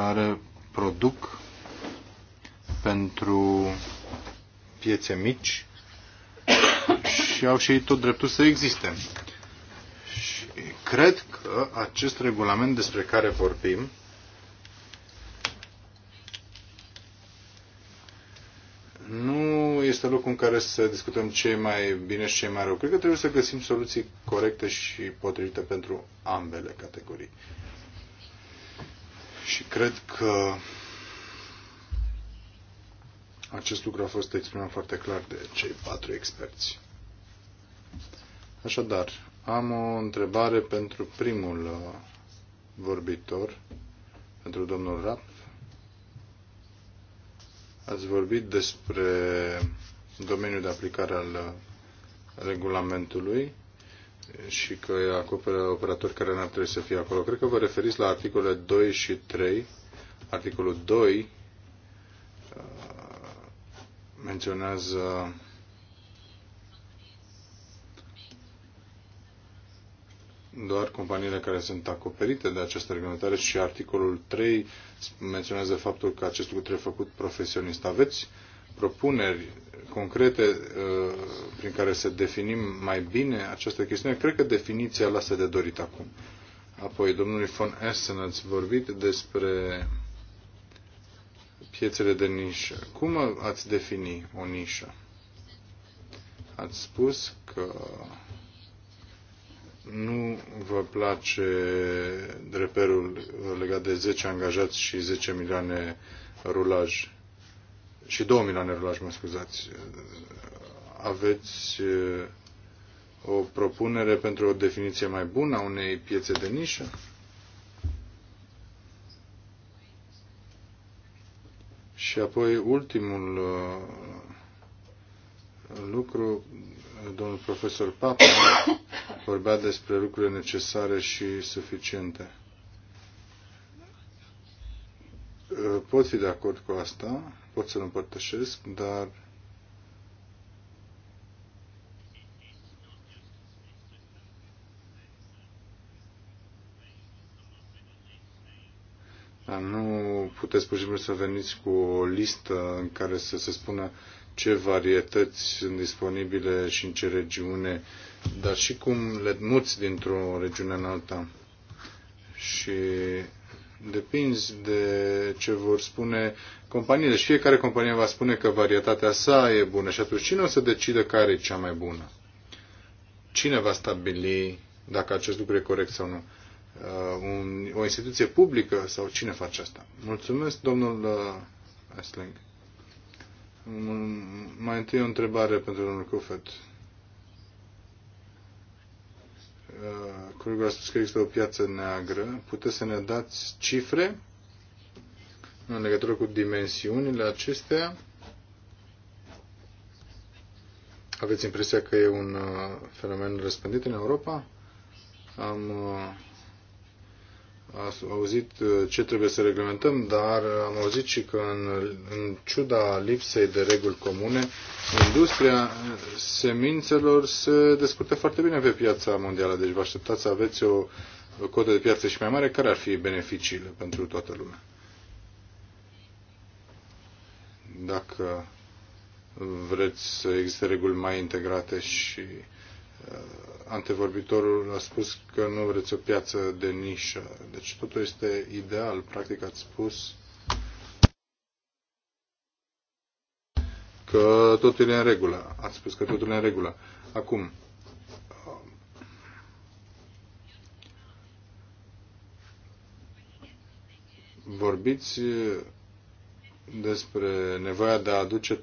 Speaker 1: care produc pentru piețe mici și au și ei tot dreptul să existe. Și cred că acest regulament despre care vorbim nu este locul în care să discutăm ce e mai bine și ce e mai rău. Cred că trebuie să găsim soluții corecte și potrivite pentru ambele categorii. Și cred că acest lucru a fost exprimat foarte clar de cei patru experți. Așadar, am o întrebare pentru primul uh, vorbitor, pentru domnul Rap. Ați vorbit despre domeniul de aplicare al uh, regulamentului și că acoperă operatori care n-ar trebui să fie acolo. Cred că vă referiți la articolele 2 și 3. Articolul 2 uh, menționează doar companiile care sunt acoperite de această reglementare și articolul 3 menționează faptul că acest lucru trebuie făcut profesionist. Aveți propuneri concrete uh, prin care să definim mai bine această chestiune, cred că definiția lasă de dorit acum. Apoi, domnului von Essen, ați vorbit despre piețele de nișă. Cum ați defini o nișă? Ați spus că nu vă place reperul legat de 10 angajați și 10 milioane rulaj și 2 milioane rulași, mă scuzați. Aveți uh, o propunere pentru o definiție mai bună a unei piețe de nișă? Și apoi ultimul uh, lucru, domnul profesor Papa vorbea despre lucrurile necesare și suficiente. Uh, pot fi de acord cu asta, pot să-l împărtășesc, dar Dar nu puteți pur și simplu să veniți cu o listă în care să se spună ce varietăți sunt disponibile și în ce regiune, dar și cum le muți dintr-o regiune în alta. Și depinzi de ce vor spune companiile. Și fiecare companie va spune că varietatea sa e bună. Și atunci cine o să decidă care e cea mai bună? Cine va stabili dacă acest lucru e corect sau nu? Uh, un, o instituție publică sau cine face asta? Mulțumesc, domnul Asling. Uh, mai întâi o întrebare pentru domnul Cufet. Uh, colegul a spus că există o piață neagră. Puteți să ne dați cifre în legătură cu dimensiunile acestea? Aveți impresia că e un uh, fenomen răspândit în Europa? Am uh, a auzit uh, ce trebuie să reglementăm, dar am auzit și că în, în ciuda lipsei de reguli comune, industria semințelor se descurte foarte bine pe piața mondială. Deci vă așteptați să aveți o cotă de piață și mai mare. Care ar fi beneficiile pentru toată lumea? Dacă vreți să existe reguli mai integrate și antevorbitorul a spus că nu vreți o piață de nișă. Deci totul este ideal. Practic ați spus că totul e în regulă. Ați spus că totul e în regulă. Acum, vorbiți despre nevoia de a aduce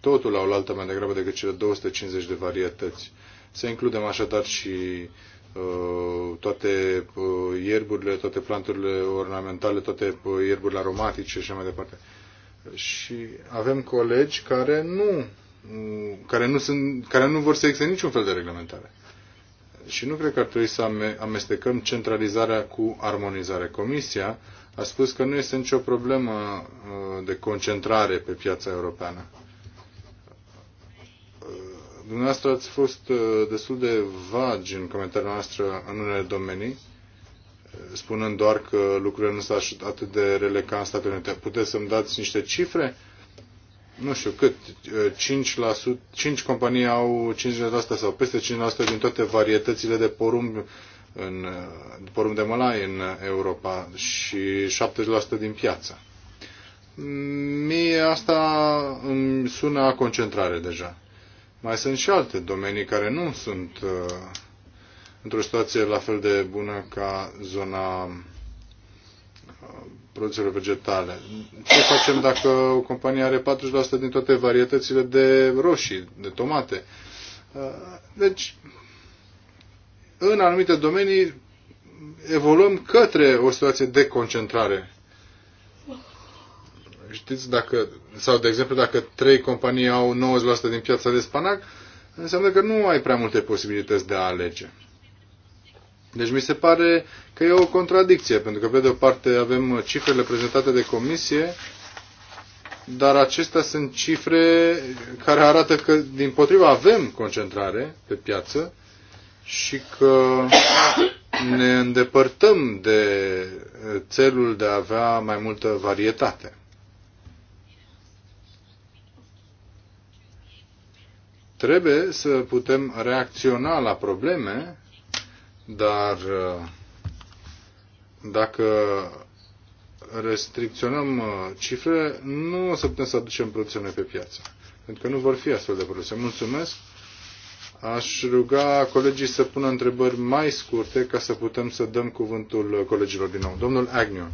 Speaker 1: totul la oaltă mai degrabă decât cele 250 de varietăți. Să includem așadar și uh, toate uh, ierburile, toate planturile ornamentale, toate uh, ierburile aromatice și așa mai departe. Și avem colegi care nu, mm, care nu, sunt, care nu vor să existe niciun fel de reglementare. Și nu cred că ar trebui să amestecăm centralizarea cu armonizarea. Comisia a spus că nu este nicio problemă de concentrare pe piața europeană. Dumneavoastră ați fost uh, destul de vagi în comentariile noastre în unele domenii, uh, spunând doar că lucrurile nu sunt atât de rele ca în Statele Unite. Puteți să-mi dați niște cifre? Nu știu cât, 5, uh, la 5 companii au 50% sau peste 50% din toate varietățile de porumb în, porumb de mălai în Europa și 70% din piață. Mm, mie asta îmi sună a concentrare deja. Mai sunt și alte domenii care nu sunt uh, într-o situație la fel de bună ca zona uh, produselor vegetale. Ce facem dacă o companie are 40% din toate varietățile de roșii, de tomate? Uh, deci, în anumite domenii evoluăm către o situație de concentrare știți, dacă, sau de exemplu, dacă trei companii au 90% din piața de spanac, înseamnă că nu ai prea multe posibilități de a alege. Deci mi se pare că e o contradicție, pentru că pe de o parte avem cifrele prezentate de comisie, dar acestea sunt cifre care arată că din potriva avem concentrare pe piață și că ne îndepărtăm de țelul de a avea mai multă varietate. Trebuie să putem reacționa la probleme, dar uh, dacă restricționăm uh, cifre, nu o să putem să aducem producțiune pe piață. Pentru că nu vor fi astfel de produse. Mulțumesc! Aș ruga colegii să pună întrebări mai scurte ca să putem să dăm cuvântul colegilor din nou. Domnul Agnew.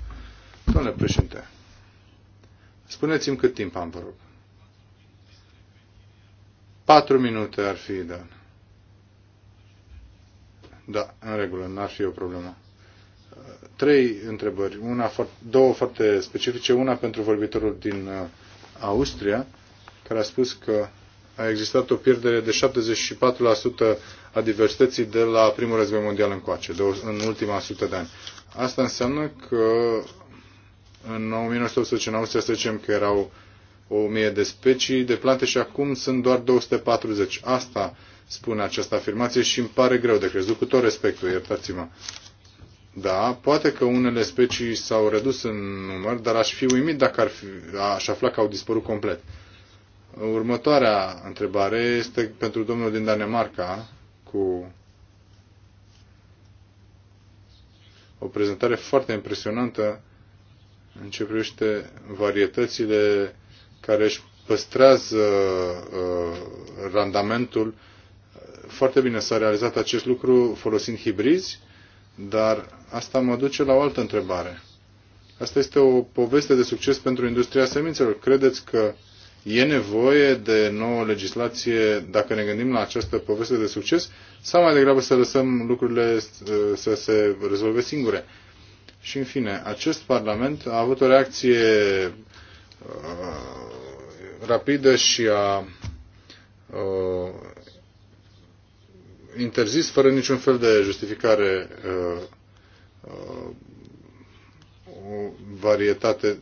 Speaker 1: Domnule președinte, spuneți-mi cât timp am, vă rog. Patru minute ar fi, da. Da, în regulă, n-ar fi o problemă. Trei întrebări, una, două foarte specifice, una pentru vorbitorul din uh, Austria, care a spus că a existat o pierdere de 74% a diversității de la primul război mondial încoace, de, în ultima sută de ani. Asta înseamnă că în 1918 în Austria, să zicem că erau o mie de specii de plante și acum sunt doar 240. Asta spune această afirmație și îmi pare greu de crezut, cu tot respectul, iertați-mă. Da, poate că unele specii s-au redus în număr, dar aș fi uimit dacă ar fi, aș afla că au dispărut complet. Următoarea întrebare este pentru domnul din Danemarca cu o prezentare foarte impresionantă în ce privește varietățile care își păstrează uh, randamentul. Foarte bine s-a realizat acest lucru folosind hibrizi, dar asta mă duce la o altă întrebare. Asta este o poveste de succes pentru industria semințelor. Credeți că e nevoie de nouă legislație dacă ne gândim la această poveste de succes sau mai degrabă să lăsăm lucrurile uh, să se rezolve singure? Și în fine, acest Parlament a avut o reacție Ah, rapidă și a uh, interzis fără niciun fel de justificare uh, uh, o varietate,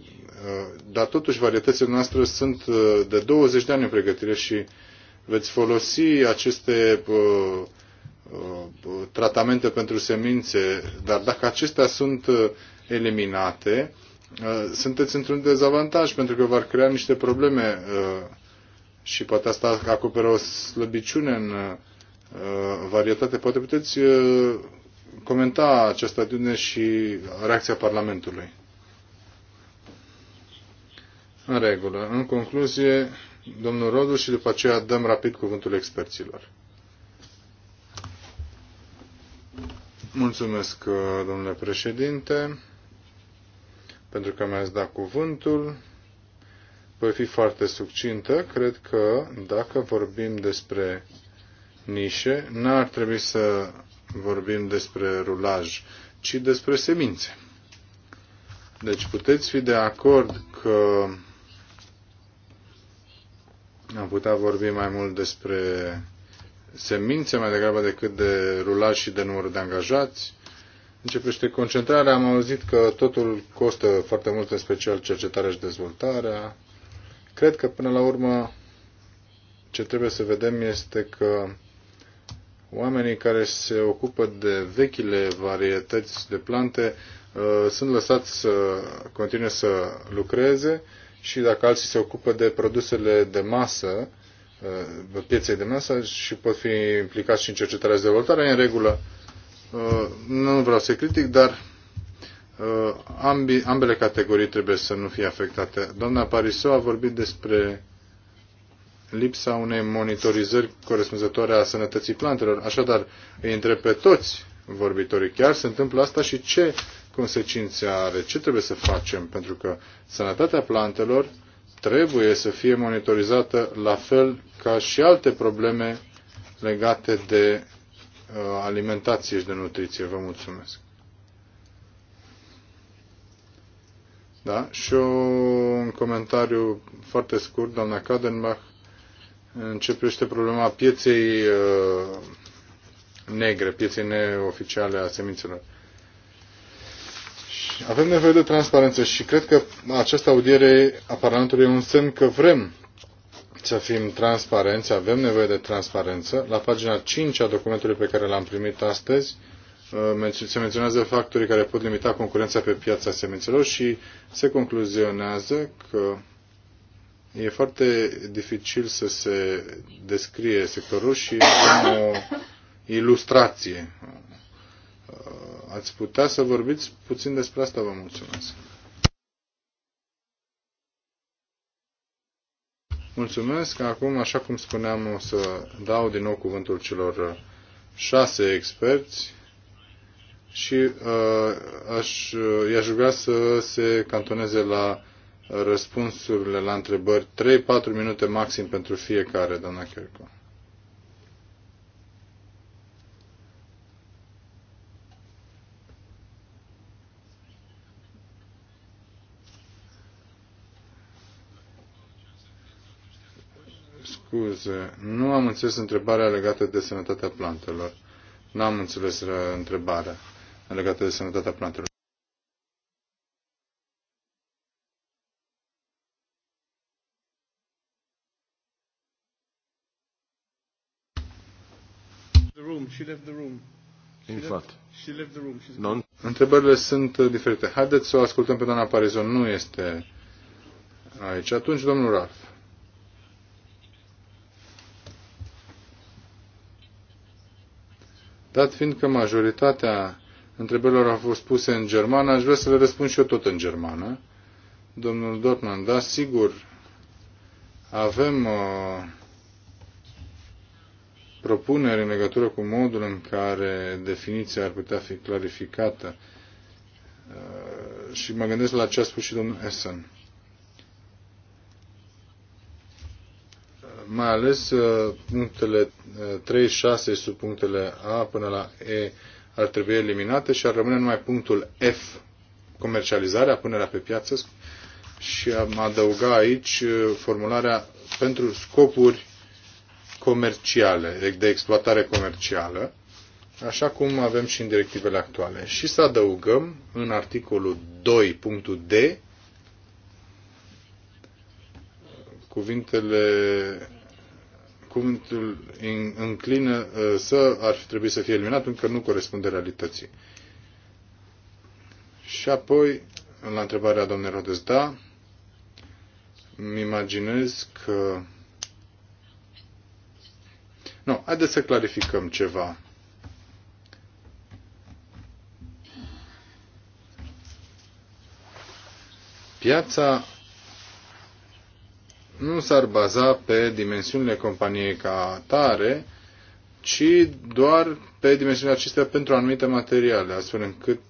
Speaker 1: dar totuși varietățile noastre sunt de 20 de ani în pregătire și veți folosi aceste tratamente pentru semințe, dar dacă acestea sunt eliminate, Uh, sunteți într-un dezavantaj pentru că v-ar crea niște probleme uh, și poate asta acoperă o slăbiciune în uh, varietate. Poate puteți comenta această atitudine și reacția Parlamentului. În regulă. În concluzie, domnul Rodu și după aceea dăm rapid cuvântul experților. Mulțumesc, domnule președinte pentru că mi-ați dat cuvântul. Voi fi foarte succintă. Cred că dacă vorbim despre nișe, n-ar trebui să vorbim despre rulaj, ci despre semințe. Deci puteți fi de acord că am putea vorbi mai mult despre semințe mai degrabă decât de rulaj și de număr de angajați, Începește concentrarea. Am auzit că totul costă foarte mult, în special cercetarea și dezvoltarea. Cred că până la urmă ce trebuie să vedem este că oamenii care se ocupă de vechile varietăți de plante uh, sunt lăsați să continue să lucreze și dacă alții se ocupă de produsele de masă, uh, pieței de masă și pot fi implicați și în cercetarea și dezvoltare, în regulă Uh, nu vreau să critic, dar uh, ambi, ambele categorii trebuie să nu fie afectate. Doamna Pariso a vorbit despre lipsa unei monitorizări corespunzătoare a sănătății plantelor. Așadar, îi întreb pe toți vorbitorii, chiar se întâmplă asta și ce consecințe are, ce trebuie să facem, pentru că sănătatea plantelor trebuie să fie monitorizată la fel ca și alte probleme legate de Uh, alimentație și de nutriție. Vă mulțumesc. Da? Și un comentariu foarte scurt, doamna Kadenbach, în ce privește problema pieței uh, negre, pieței neoficiale a semințelor. avem nevoie de transparență și cred că această audiere a Parlamentului e un semn că vrem să fim transparenți, avem nevoie de transparență. La pagina 5 a documentului pe care l-am primit astăzi uh, se menționează factorii care pot limita concurența pe piața semințelor și se concluzionează că e foarte dificil să se descrie sectorul și avem o ilustrație. Uh, ați putea să vorbiți puțin despre asta, vă mulțumesc. Mulțumesc. Acum, așa cum spuneam, o să dau din nou cuvântul celor șase experți și uh, aș, uh, i-aș ruga să se cantoneze la răspunsurile la întrebări 3-4 minute maxim pentru fiecare, doamna Cherco. scuze. Nu am înțeles întrebarea legată de sănătatea plantelor. Nu am înțeles uh, întrebarea legată de sănătatea plantelor. non. Întrebările sunt uh, diferite. Haideți să o ascultăm pe doamna Parizon. Nu este aici. Atunci, domnul Ralph. Dat fiind că majoritatea întrebărilor au fost puse în germană, aș vrea să le răspund și eu tot în germană. Domnul Dortmund, da, sigur, avem uh, propuneri în legătură cu modul în care definiția ar putea fi clarificată. Uh, și mă gândesc la ce a spus și domnul Essen. mai ales uh, punctele 3, uh, 6 sub punctele A până la E ar trebui eliminate și ar rămâne numai punctul F, comercializarea, punerea pe piață și am adăuga aici uh, formularea pentru scopuri comerciale, de exploatare comercială, așa cum avem și în directivele actuale. Și să adăugăm în articolul 2.d cuvintele cuvântul înclină uh, să ar fi trebuit să fie eliminat încă nu corespunde realității. Și apoi, la întrebarea domnului Rodes, da, îmi imaginez că... Nu, haideți să clarificăm ceva. Piața nu s-ar baza pe dimensiunile companiei ca atare, ci doar pe dimensiunile acestea pentru anumite materiale, astfel încât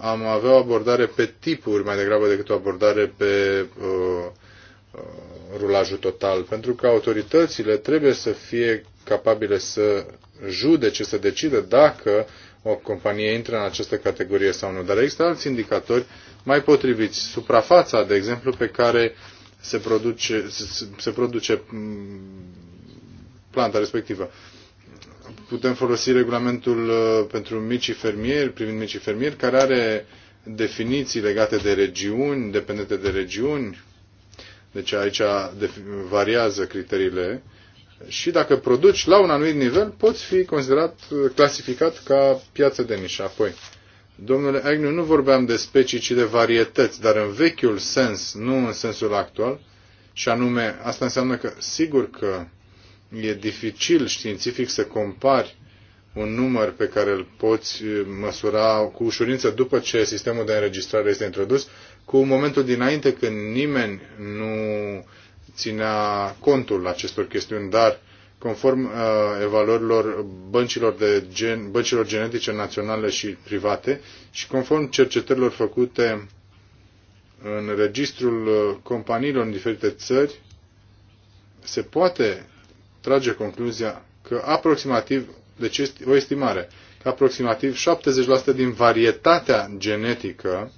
Speaker 1: am avea o abordare pe tipuri mai degrabă decât o abordare pe uh, uh, rulajul total, pentru că autoritățile trebuie să fie capabile să judece, să decidă dacă o companie intră în această categorie sau nu. Dar există alți indicatori mai potriviți. Suprafața, de exemplu, pe care se produce, se produce mm, planta respectivă. Putem folosi regulamentul uh, pentru micii fermieri, privind micii fermieri, care are definiții legate de regiuni, dependente de regiuni. Deci aici variază criteriile și dacă produci la un anumit nivel, poți fi considerat, uh, clasificat ca piață de nișă. Apoi, Domnule Agnew, nu vorbeam de specii, ci de varietăți, dar în vechiul sens, nu în sensul actual, și anume, asta înseamnă că, sigur că e dificil științific să compari un număr pe care îl poți uh, măsura cu ușurință după ce sistemul de înregistrare este introdus, cu momentul dinainte când nimeni nu ținea contul acestor chestiuni, dar conform uh, evaluărilor băncilor, de gen, băncilor genetice naționale și private și conform cercetărilor făcute în registrul uh, companiilor în diferite țări, se poate trage concluzia că aproximativ, deci este o estimare, că aproximativ 70% din varietatea genetică,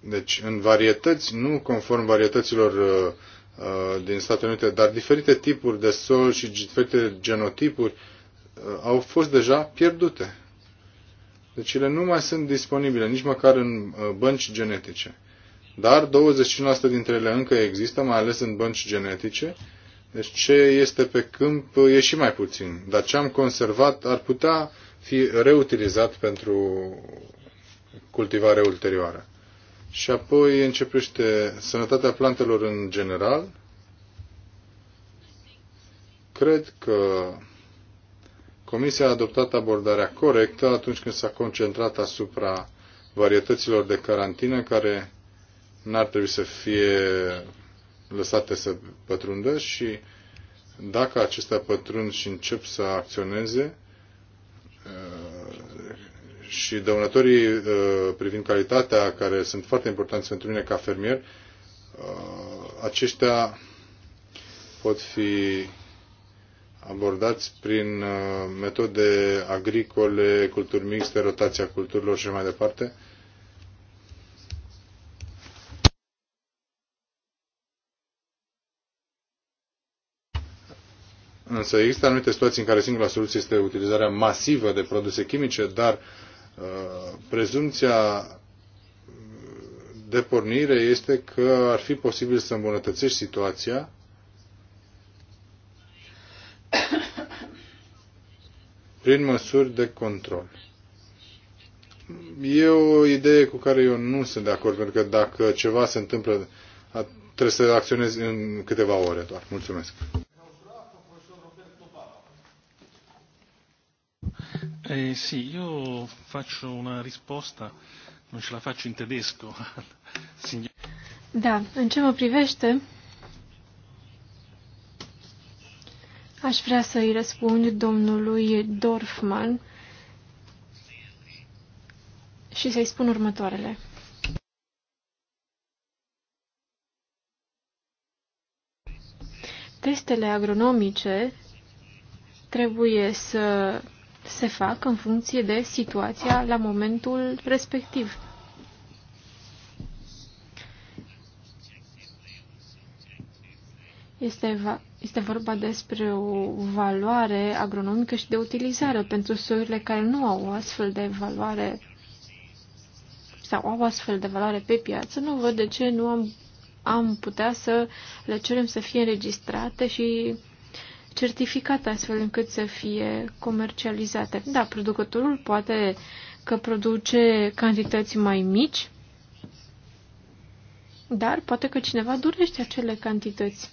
Speaker 1: deci în varietăți, nu conform varietăților uh, Uh, din Statele Unite, dar diferite tipuri de sol și diferite genotipuri uh, au fost deja pierdute. Deci ele nu mai sunt disponibile, nici măcar în uh, bănci genetice. Dar 25% dintre ele încă există, mai ales în bănci genetice. Deci ce este pe câmp e și mai puțin. Dar ce am conservat ar putea fi reutilizat pentru cultivare ulterioară și apoi începește sănătatea plantelor în general. Cred că Comisia a adoptat abordarea corectă atunci când s-a concentrat asupra varietăților de carantină care n-ar trebui să fie lăsate să pătrundă și dacă acestea pătrund și încep să acționeze, și dăunătorii uh, privind calitatea, care sunt foarte importanți pentru mine ca fermier, uh, aceștia pot fi abordați prin uh, metode agricole, culturi mixte, rotația culturilor și mai departe. Însă există anumite situații în care singura soluție este utilizarea masivă de produse chimice, dar Uh, prezumția uh, de pornire este că ar fi posibil să îmbunătățești situația prin măsuri de control. E o idee cu care eu nu sunt de acord, pentru că dacă ceva se întâmplă, trebuie să acționezi în câteva ore doar. Mulțumesc. Eh, sì, io faccio una risposta, non ce la faccio in tedesco. Signor...
Speaker 3: Da, în ce mă privește, aș vrea să îi răspund domnului Dorfman și să-i spun următoarele. Testele agronomice trebuie să se fac în funcție de situația la momentul respectiv. Este, va, este vorba despre o valoare agronomică și de utilizare pentru soiurile care nu au o astfel de valoare sau au astfel de valoare pe piață. Nu văd de ce nu am, am putea să le cerem să fie înregistrate și certificate astfel încât să fie comercializate. Da, producătorul poate că produce cantități mai mici, dar poate că cineva dorește acele cantități.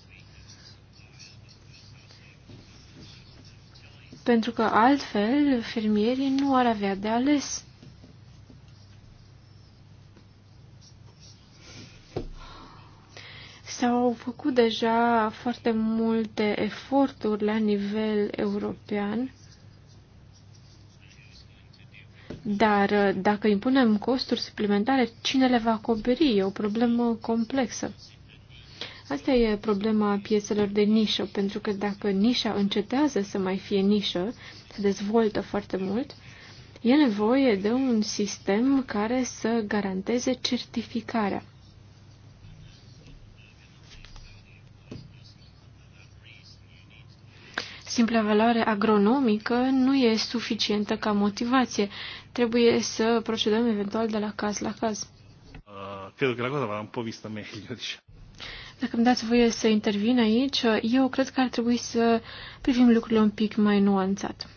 Speaker 3: Pentru că altfel fermierii nu ar avea de ales. S-au făcut deja foarte multe eforturi la nivel european, dar uh, dacă impunem costuri suplimentare, cine le va acoperi? E o problemă complexă. Asta e problema pieselor de nișă, pentru că dacă nișa încetează să mai fie nișă, se dezvoltă foarte mult, e nevoie de un sistem care să garanteze certificarea. Simplă valoare agronomică nu e suficientă ca motivație. Trebuie să procedăm eventual de la caz la caz.
Speaker 1: Uh, cred că la cosa v-am povestit meglio, bine
Speaker 3: Dacă îmi dați voie să intervin aici, eu cred că ar trebui să privim lucrurile un pic mai nuanțat.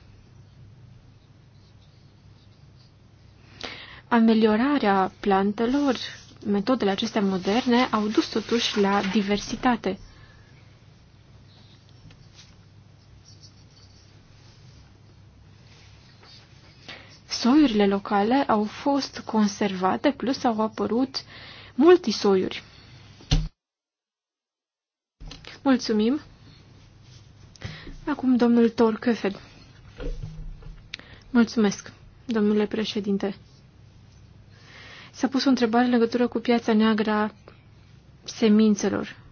Speaker 3: Ameliorarea plantelor, metodele acestea moderne, au dus totuși la diversitate – soiurile locale au fost conservate, plus au apărut soiuri. Mulțumim! Acum domnul Torcăfel. Mulțumesc, domnule președinte. S-a pus o întrebare în legătură cu piața neagră a semințelor.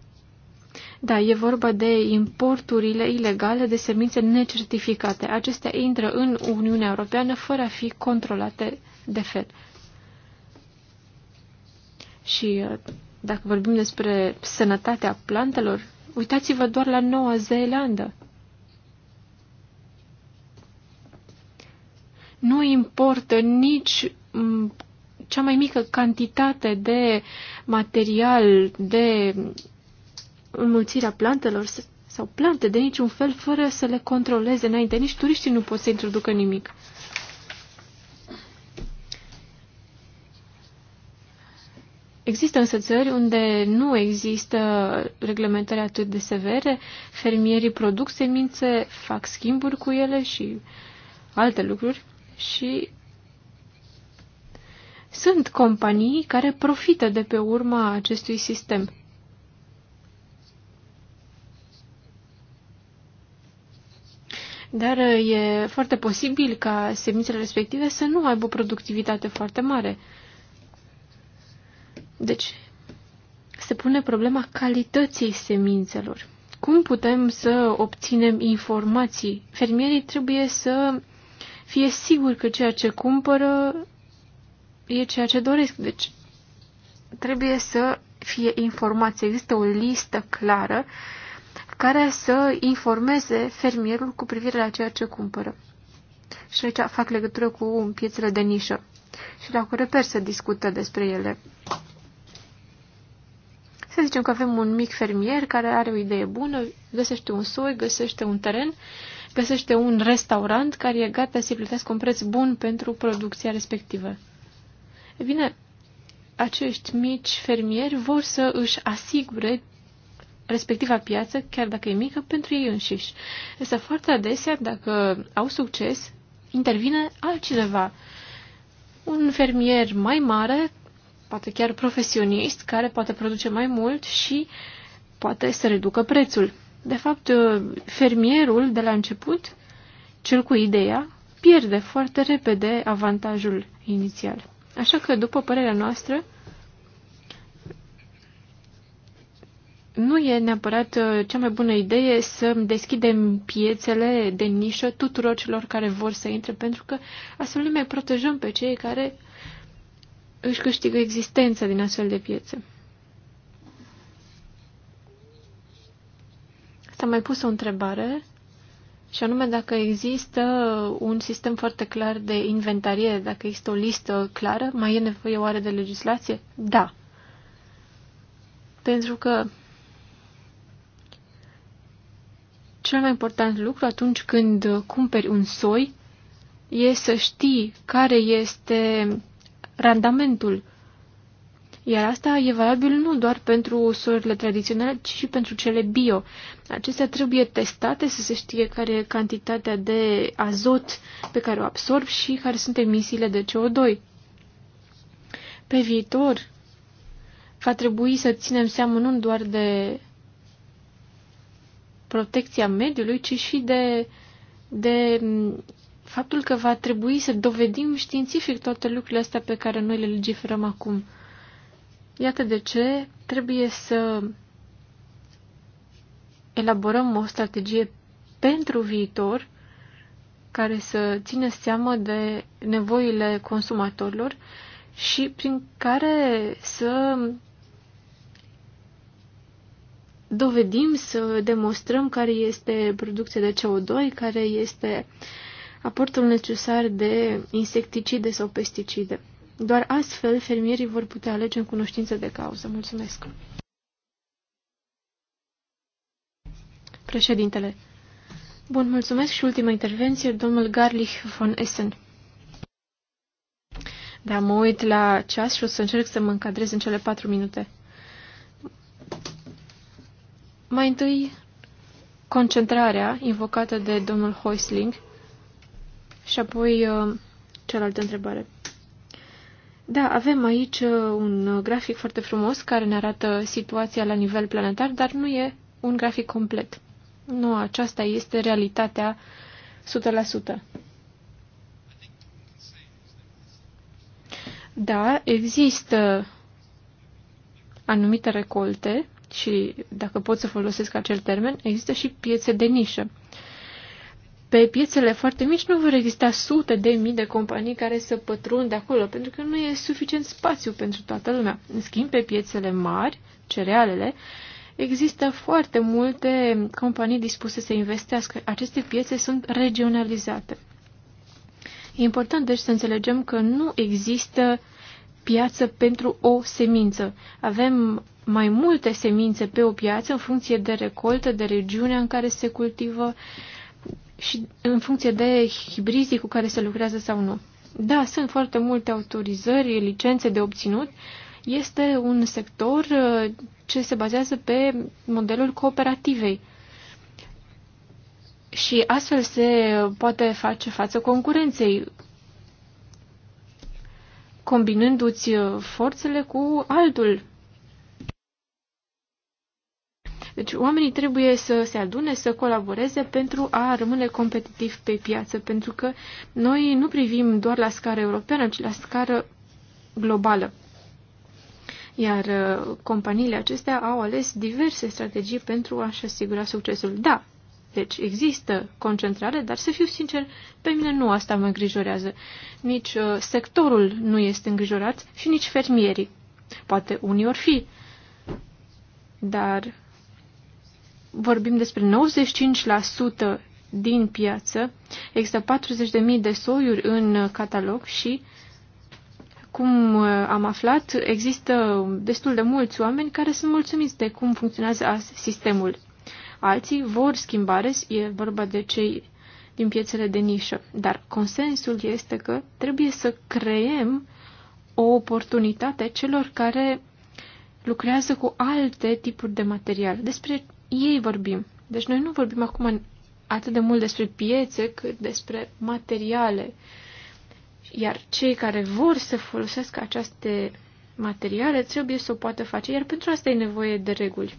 Speaker 3: Da, e vorba de importurile ilegale de semințe necertificate. Acestea intră în Uniunea Europeană fără a fi controlate de fel. Și uh, dacă vorbim despre sănătatea plantelor, uitați-vă doar la Noua Zeelandă. Nu importă nici mm, cea mai mică cantitate de material, de înmulțirea plantelor sau plante de niciun fel fără să le controleze înainte. Nici turiștii nu pot să introducă nimic. Există însă țări unde nu există reglementări atât de severe, fermierii produc semințe, fac schimburi cu ele și alte lucruri și sunt companii care profită de pe urma acestui sistem. Dar uh, e foarte posibil ca semințele respective să nu aibă o productivitate foarte mare. Deci, se pune problema calității semințelor. Cum putem să obținem informații? Fermierii trebuie să fie siguri că ceea ce cumpără e ceea ce doresc. Deci, trebuie să fie informații. Există o listă clară care să informeze fermierul cu privire la ceea ce cumpără. Și aici fac legătură cu piețele de nișă. Și la reper se discută despre ele. Să zicem că avem un mic fermier care are o idee bună, găsește un soi, găsește un teren, găsește un restaurant care e gata să-i plătească un preț bun pentru producția respectivă. E bine, acești mici fermieri vor să își asigure respectiva piață, chiar dacă e mică, pentru ei înșiși. Însă foarte adesea, dacă au succes, intervine altcineva, un fermier mai mare, poate chiar profesionist, care poate produce mai mult și poate să reducă prețul. De fapt, fermierul de la început, cel cu ideea, pierde foarte repede avantajul inițial. Așa că, după părerea noastră, nu e neapărat uh, cea mai bună idee să deschidem piețele de nișă tuturor celor care vor să intre, pentru că astfel nu mai protejăm pe cei care își câștigă existența din astfel de piețe. S-a mai pus o întrebare și anume dacă există un sistem foarte clar de inventariere, dacă există o listă clară, mai e nevoie oare de legislație? Da. Pentru că Cel mai important lucru atunci când cumperi un soi e să știi care este randamentul. Iar asta e valabil nu doar pentru soiurile tradiționale, ci și pentru cele bio. Acestea trebuie testate să se știe care e cantitatea de azot pe care o absorb și care sunt emisiile de CO2. Pe viitor, va trebui să ținem seama nu doar de protecția mediului, ci și de, de faptul că va trebui să dovedim științific toate lucrurile astea pe care noi le legiferăm acum. Iată de ce trebuie să elaborăm o strategie pentru viitor care să țină seamă de nevoile consumatorilor și prin care să dovedim, să demonstrăm care este producția de CO2, care este aportul necesar de insecticide sau pesticide. Doar astfel fermierii vor putea alege în cunoștință de cauză. Mulțumesc! Președintele. Bun, mulțumesc și ultima intervenție, domnul Garlich von Essen. Da, mă uit la ceas și o să încerc să mă încadrez în cele patru minute. Mai întâi, concentrarea invocată de domnul Hoisling și apoi uh, cealaltă întrebare. Da, avem aici uh, un grafic foarte frumos care ne arată situația la nivel planetar, dar nu e un grafic complet. Nu, aceasta este realitatea 100%. Da, există anumite recolte și, dacă pot să folosesc acel termen, există și piețe de nișă. Pe piețele foarte mici nu vor exista sute de mii de companii care să de acolo, pentru că nu e suficient spațiu pentru toată lumea. În schimb, pe piețele mari, cerealele, există foarte multe companii dispuse să investească. Aceste piețe sunt regionalizate. E important, deci, să înțelegem că nu există piață pentru o semință. Avem mai multe semințe pe o piață în funcție de recoltă, de regiunea în care se cultivă și în funcție de hibrizii cu care se lucrează sau nu. Da, sunt foarte multe autorizări, licențe de obținut. Este un sector uh, ce se bazează pe modelul cooperativei. Și astfel se poate face față concurenței combinându-ți uh, forțele cu altul. Deci oamenii trebuie să se adune, să colaboreze pentru a rămâne competitiv pe piață, pentru că noi nu privim doar la scară europeană, ci la scară globală. Iar uh, companiile acestea au ales diverse strategii pentru a-și asigura succesul. Da, deci există concentrare, dar să fiu sincer, pe mine nu asta mă îngrijorează. Nici uh, sectorul nu este îngrijorat și nici fermierii. Poate unii or fi, dar vorbim despre 95% din piață. Există 40.000 de soiuri în catalog și, cum uh, am aflat, există destul de mulți oameni care sunt mulțumiți de cum funcționează sistemul alții vor schimbare, e vorba de cei din piețele de nișă. Dar consensul este că trebuie să creem o oportunitate celor care lucrează cu alte tipuri de material. Despre ei vorbim. Deci noi nu vorbim acum atât de mult despre piețe, cât despre materiale. Iar cei care vor să folosească aceste materiale trebuie să o poată face, iar pentru asta e nevoie de reguli.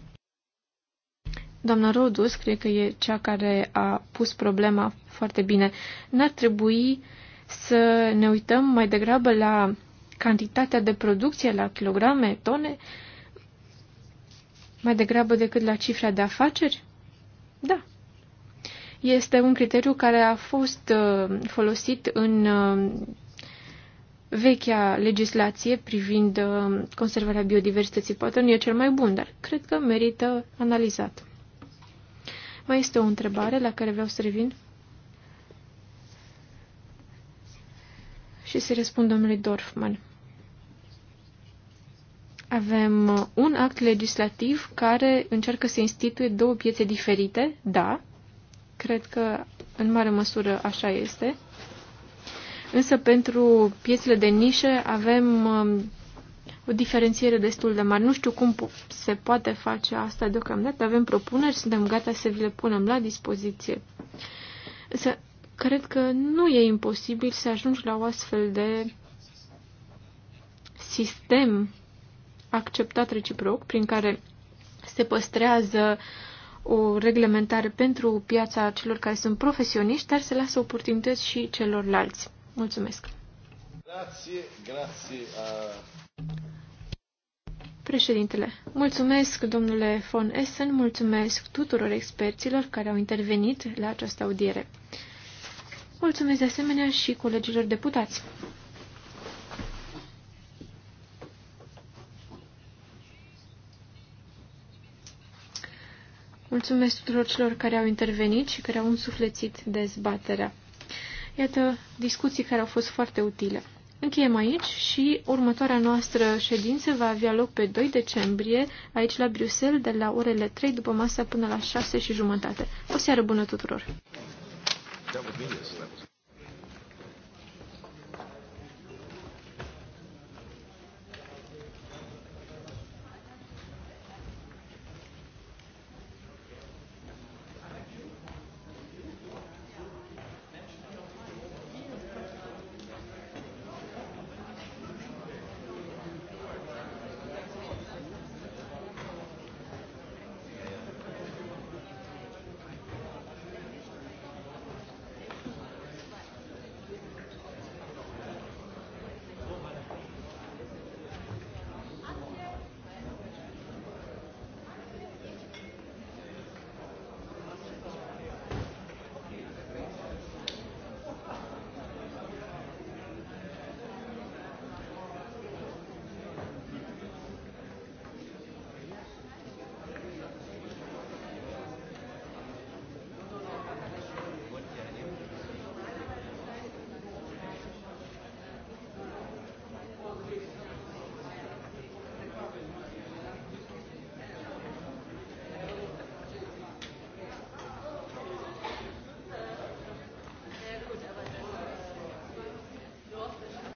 Speaker 3: Doamna Rodus, cred că e cea care a pus problema foarte bine. N-ar trebui să ne uităm mai degrabă la cantitatea de producție, la kilograme, tone, mai degrabă decât la cifra de afaceri? Da. Este un criteriu care a fost uh, folosit în uh, vechea legislație privind uh, conservarea biodiversității. Poate nu e cel mai bun, dar cred că merită analizat. Mai este o întrebare la care vreau să revin. Și să răspund domnului Dorfman. Avem un act legislativ care încearcă să instituie două piețe diferite, da, cred că în mare măsură așa este. Însă pentru piețele de nișă avem um, o diferențiere destul de mare. Nu știu cum se poate face asta deocamdată. Avem propuneri, suntem gata să vi le punem la dispoziție. Să cred că nu e imposibil să ajungi la o astfel de sistem acceptat reciproc, prin care se păstrează o reglementare pentru piața celor care sunt profesioniști, dar se lasă oportunități și celorlalți. Mulțumesc!
Speaker 1: Grazie, grazie a... Uh.
Speaker 3: Președintele, mulțumesc domnule von Essen, mulțumesc tuturor experților care au intervenit la această audiere. Mulțumesc de asemenea și colegilor deputați. Mulțumesc tuturor celor care au intervenit și care au însuflețit dezbaterea. Iată discuții care au fost foarte utile. Încheiem aici și următoarea noastră ședință va avea loc pe 2 decembrie, aici la Bruxelles, de la orele 3 după masă până la 6 și jumătate. O seară bună tuturor!